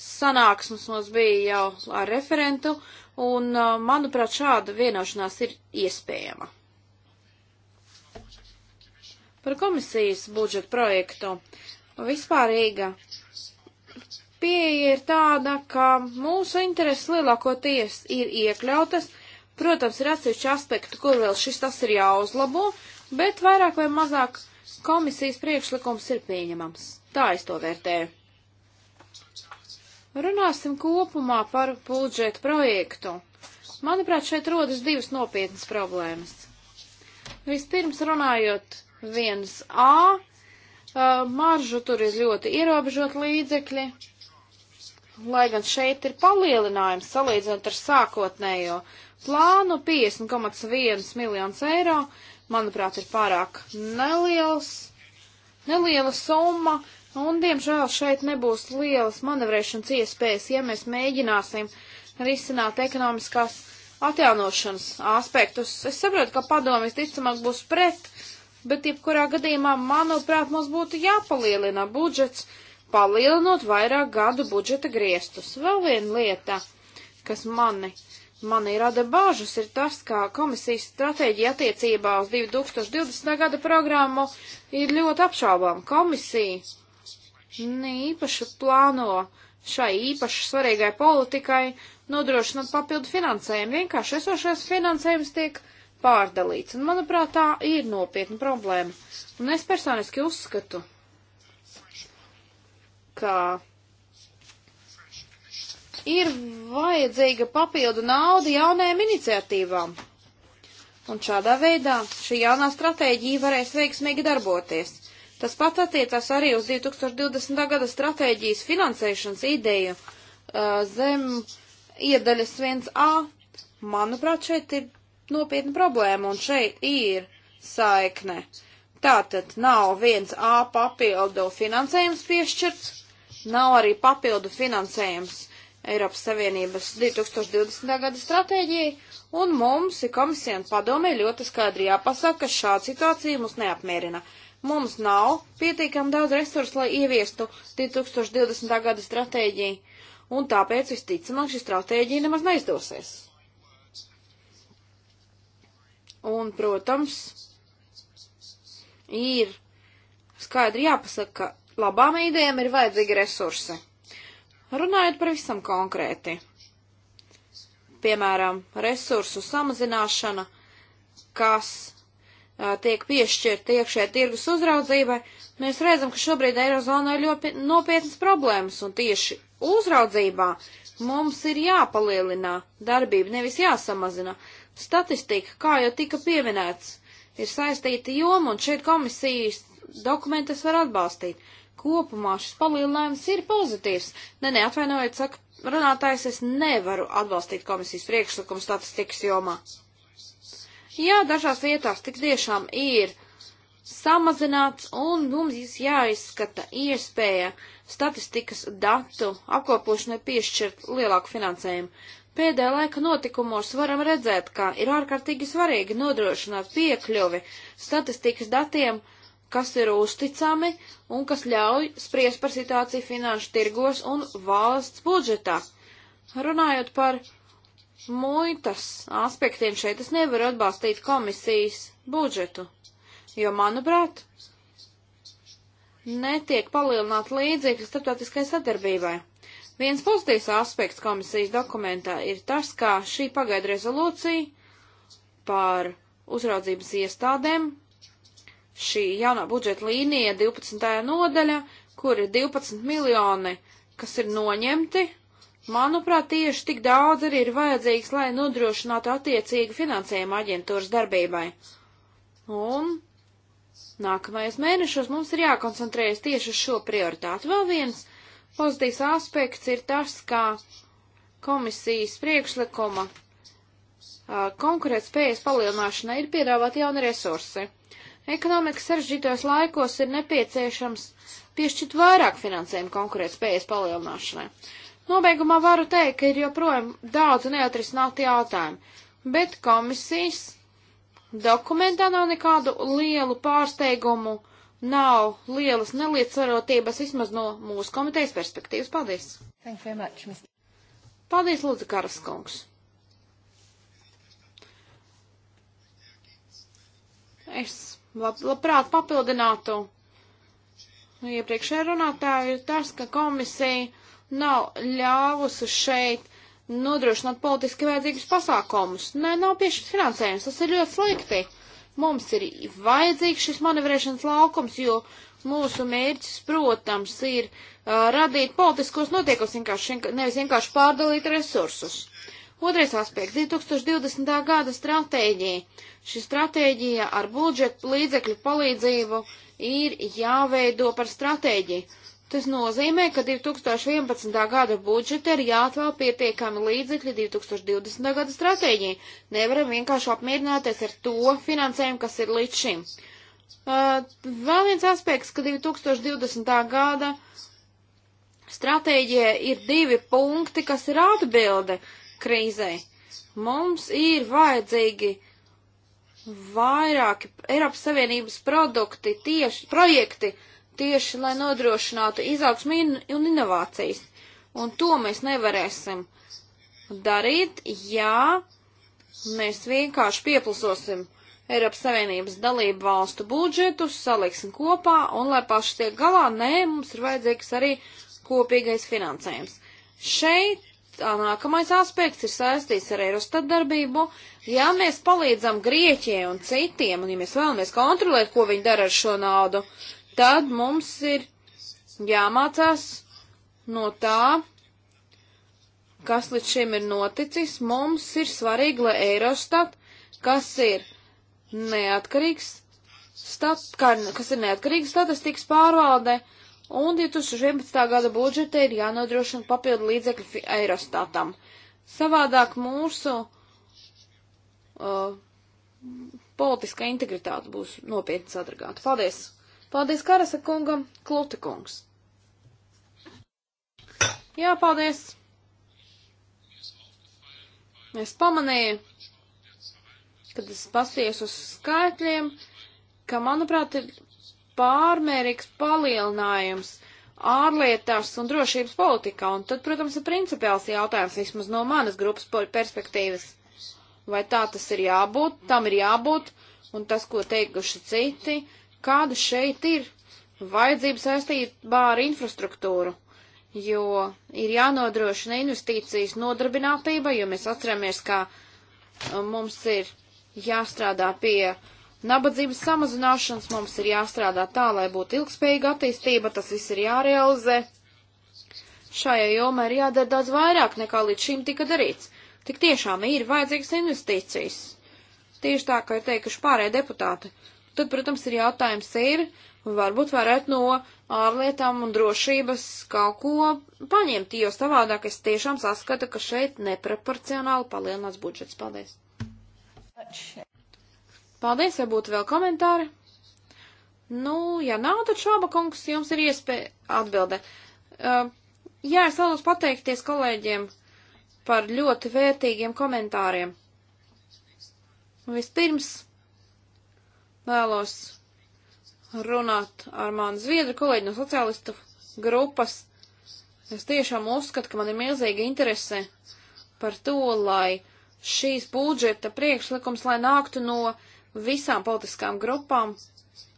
sanāksmes mums bija jau ar referentu, un, uh, manuprāt, šāda vienošanās ir iespējama. Par komisijas budžeta projektu vispārīga pieeja ir tāda, ka mūsu intereses lielākoties ir iekļautas. Protams, ir atsevišķi aspekti, kur vēl šis tas ir jāuzlabo, bet vairāk vai mazāk komisijas priekšlikums ir pieņemams. Tā es to vērtēju. Runāsim kopumā par budžetu projektu. Manuprāt, šeit rodas divas nopietnas problēmas. Vispirms runājot viens A, maržu tur ir ļoti ierobežot līdzekļi, lai gan šeit ir palielinājums salīdzinot ar sākotnējo plānu 50,1 miljonus eiro, manuprāt, ir pārāk neliels, neliela summa, Un, diemžēl, šeit nebūs lielas manevrēšanas iespējas, ja mēs mēģināsim risināt ekonomiskās atjaunošanas aspektus. Es saprotu, ka padomjas ticamāk būs pret, bet jebkurā gadījumā, manuprāt, mums būtu jāpalielina budžets, palielinot vairāk gadu budžeta griestus. Vēl viena lieta, kas mani, mani rada bāžas, ir tas, ka komisijas stratēģija attiecībā uz 2020. gada programmu ir ļoti apšaubām. Komisija ne īpaši plāno šai īpaši svarīgai politikai nodrošināt papildu finansējumu. Vienkārši esošais finansējums tiek pārdalīts, un manuprāt, tā ir nopietna problēma. Un es personiski uzskatu, ka ir vajadzīga papildu nauda jaunajām iniciatīvām. Un šādā veidā šī jaunā stratēģija varēs veiksmīgi darboties. Tas pats attiecās arī uz 2020. gada stratēģijas finansēšanas ideju zem iedaļas 1A. Manuprāt, šeit ir nopietna problēma un šeit ir saikne. Tātad nav 1A papildu finansējums piešķirts, nav arī papildu finansējums Eiropas Savienības 2020. gada stratēģijai, un mums ir komisija un padomē ļoti skaidri jāpasaka, ka šāda situācija mūs neapmierina. Uh, Mums nav pietiekami daudz resursu, lai ieviestu 2020. gada stratēģiju, un tāpēc visticamāk šī stratēģija nemaz neizdosies. Un, protams, ir skaidri jāpasaka, ka labām idejām ir vajadzīgi resursi. Runājot par visam konkrēti, piemēram, resursu samazināšana, kas tiek piešķirti iekšē tirgus uzraudzībai, mēs redzam, ka šobrīd Eirozonā ir ļoti nopietnas problēmas, un tieši uzraudzībā mums ir jāpalielina darbība, nevis jāsamazina. Statistika, kā jau tika pieminēts, ir saistīta joma, un šeit komisijas dokumentus var atbalstīt. Kopumā šis palielinājums ir pozitīvs. Nē, nē, atvainojiet, saka runātājs, es nevaru atbalstīt komisijas priekšlikumu statistikas jomā. Jā, dažās vietās tik tiešām ir samazināts un mums jāizskata iespēja statistikas datu apkopošanai piešķirt lielāku finansējumu. Pēdējā laika notikumos varam redzēt, ka ir ārkārtīgi svarīgi nodrošināt piekļuvi statistikas datiem, kas ir uzticami un kas ļauj spriest par situāciju finanšu tirgos un valsts budžetā. Runājot par muitas aspektiem šeit es nevaru atbalstīt komisijas budžetu, jo, manuprāt, netiek palielināt līdzekļi starptautiskai sadarbībai. Viens pozitīvs aspekts komisijas dokumentā ir tas, kā šī pagaida rezolūcija par uzraudzības iestādēm, šī jaunā budžeta līnija 12. nodaļa, kur ir 12 miljoni, kas ir noņemti Manuprāt, tieši tik daudz arī ir vajadzīgs, lai nodrošinātu attiecīgu finansējumu aģentūras darbībai. Un nākamajos mēnešos mums ir jākoncentrējas tieši uz šo prioritāti. Vēl viens pozitīvs aspekts ir tas, kā komisijas priekšlikuma konkurētspējas palielināšanai ir piedāvāti jauni resursi. Ekonomikas sarežģītos laikos ir nepieciešams piešķirt vairāk finansējumu konkurētspējas palielināšanai. Nobeigumā varu teikt, ka ir joprojām daudz neatrisināti jautājumi, bet komisijas dokumentā nav nekādu lielu pārsteigumu, nav lielas nelietsvarotības vismaz no mūsu komitejas perspektīvas. Paldies! Much, Mr. Paldies, Lūdzu, Karaskungs! Es lab, labprāt papildinātu iepriekšējā runātāju ir tas, ka komisija nav ļāvusi šeit nodrošināt politiski vajadzīgus pasākumus. Nē, nav piešķirts finansējums, tas ir ļoti slikti. Mums ir vajadzīgs šis manevrēšanas laukums, jo mūsu mērķis, protams, ir uh, radīt politiskos notiekums, vienkārši, nevis vienkārši pārdalīt resursus. Otrais aspekts - 2020. gada stratēģija. Šī stratēģija ar budžetu līdzekļu palīdzību ir jāveido par stratēģiju. Tas nozīmē, ka 2011. gada budžete ir jāatvēl pietiekami līdzekļi 2020. gada stratēģijai. Nevaram vienkārši apmierināties ar to finansējumu, kas ir līdz šim. Uh, vēl viens aspekts, ka 2020. gada stratēģijai ir divi punkti, kas ir atbilde krīzei. Mums ir vajadzīgi vairāki Eiropas Savienības produkti, tieši projekti, uh, tieši lai nodrošinātu izaugsmu un inovācijas. Un to mēs nevarēsim darīt, ja mēs vienkārši pieplasosim Eiropas Savienības dalību valstu budžetus, saliksim kopā un lai paši tiek galā, nē, mums ir vajadzīgs arī kopīgais finansējums. Šeit nākamais aspekts ir saistīts ar Eirostat darbību. Ja mēs palīdzam Grieķijai un citiem, un ja mēs vēlamies kontrolēt, ko viņi dara ar šo naudu, uh, tad mums ir jāmācās no tā, kas līdz šim ir noticis. Mums ir svarīgi, lai Eirostat, kas ir neatkarīgs, stat, kas ir neatkarīgs statistikas pārvalde, un 2011. gada budžete ir jānodrošina papildu līdzekļu Eirostatam. Savādāk mūsu uh, politiskā integritāte būs nopietni sadragāta. Paldies! Paldies Karasa kungam, Klute kungs. Jā, paldies. Es pamanīju, kad es pasties uz skaitļiem, ka, manuprāt, ir pārmērīgs palielinājums ārlietās un drošības politikā, un tad, protams, ir principiāls jautājums, vismaz no manas grupas perspektīvas. Vai tā tas ir jābūt, tam ir jābūt, un tas, ko teikuši citi, kāda šeit ir vajadzība saistībā ar infrastruktūru, jo ir jānodrošina investīcijas nodarbinātība, jo mēs atceramies, ka uh, mums ir jāstrādā pie nabadzības samazināšanas, mums ir jāstrādā tā, lai būtu ilgspējīga attīstība, tas viss ir jārealizē. Šajā jomā ir jādara daudz vairāk nekā līdz šim tika darīts. Tik tiešām ir vajadzīgas investīcijas. Tieši tā, kā ir teikuši pārējie deputāti. Uh, Tad, protams, ir jautājums ir, varbūt varētu no ārlietām un drošības kaut ko paņemt, jo savādāk es tiešām saskatu, ka šeit neproporcionāli palielinās budžets. Paldies! Paldies, ja būtu vēl komentāri. Nu, ja nav, tad šāba kungs, jums ir iespēja atbildēt. Uh, jā, es vēlos pateikties kolēģiem par ļoti vērtīgiem komentāriem. Vispirms vēlos runāt ar manu zviedru kolēģi no sociālistu grupas. Es tiešām uzskatu, ka man ir milzīga interese par to, lai šīs budžeta priekšlikums, lai nāktu no visām politiskām grupām.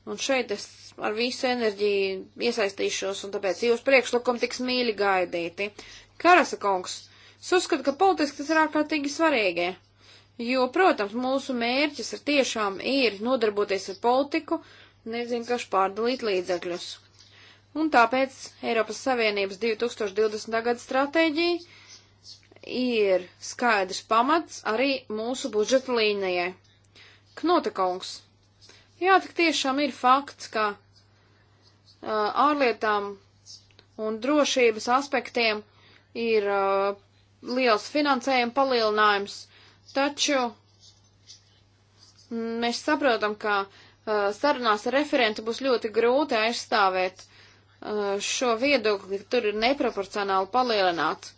Un šeit es ar visu enerģiju iesaistīšos, un tāpēc jūsu priekšlikumi tiks mīļi gaidīti. Karasa kungs, es uzskatu, ka politiski tas ir ārkārtīgi svarīgi. Jo, protams, mūsu mērķis ir tiešām ir nodarboties ar politiku, nezinkaši pārdalīt līdzekļus. Un tāpēc Eiropas Savienības 2020. gada stratēģija ir skaidrs pamats arī mūsu budžeta līnijai. Knotakungs. Jā, tik tiešām ir fakts, ka uh, ārlietām un drošības aspektiem ir uh, liels finansējuma palielinājums. Uh, Taču mēs saprotam, ka uh, sarunās ar referentu būs ļoti grūti aizstāvēt uh, šo viedokli, ka tur ir neproporcionāli palielināts.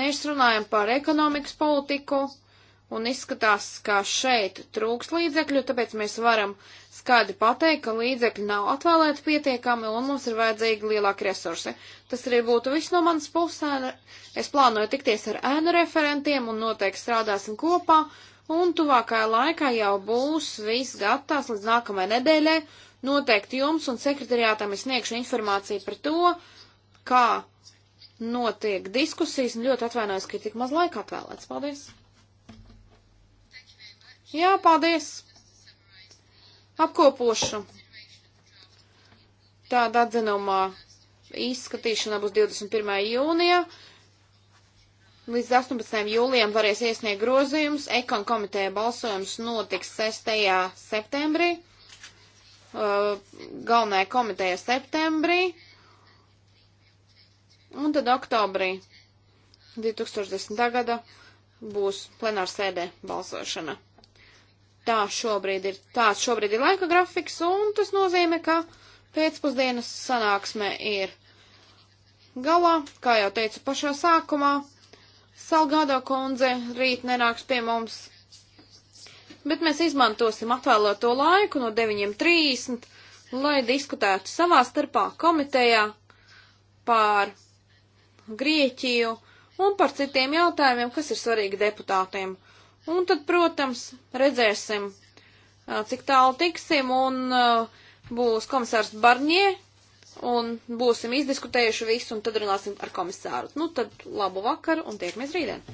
Mēs runājam par ekonomikas politiku, un izskatās, ka šeit trūks līdzekļu, tāpēc mēs varam skaidri pateikt, ka līdzekļi nav atvēlēti pietiekami un mums ir vajadzīgi lielāki resursi. Tas arī būtu viss no manas puses. Es plānoju tikties ar ēnu referentiem un noteikti strādāsim kopā. Un tuvākajā laikā jau būs viss gatavs līdz nākamajai nedēļai. Noteikti jums un sekretariātam es sniegšu informāciju par to, kā notiek diskusijas, un ļoti atvainojos, ka ir tik maz laika atvēlēts. Paldies! Jā, paldies! Apkopošu tādā atzinumā izskatīšanā būs 21. jūnijā. Līdz 18. jūlijam varēs iesniegt grozījumus. Ekon komiteja balsojums notiks 6. septembrī. Uh, galvenajā komiteja septembrī. Un tad oktobrī 2010. gada būs plenārsēdē balsošana. Tā šobrīd ir, tāds šobrīd ir laika grafiks, un tas nozīmē, ka pēcpusdienas sanāksme ir galā, kā jau teicu pašā sākumā. Salgādo kundze rīt nenāks pie mums, bet mēs izmantosim atvēlēto laiku no 9.30, lai diskutētu savā starpā komitejā pār Grieķiju un par citiem jautājumiem, kas ir svarīgi deputātiem. Un tad, protams, redzēsim, cik tālu tiksim, un būs komisārs Barņē, un būsim izdiskutējuši visu, un tad runāsim ar komisāru. Nu, tad labu vakaru, un tiekamies rītdien!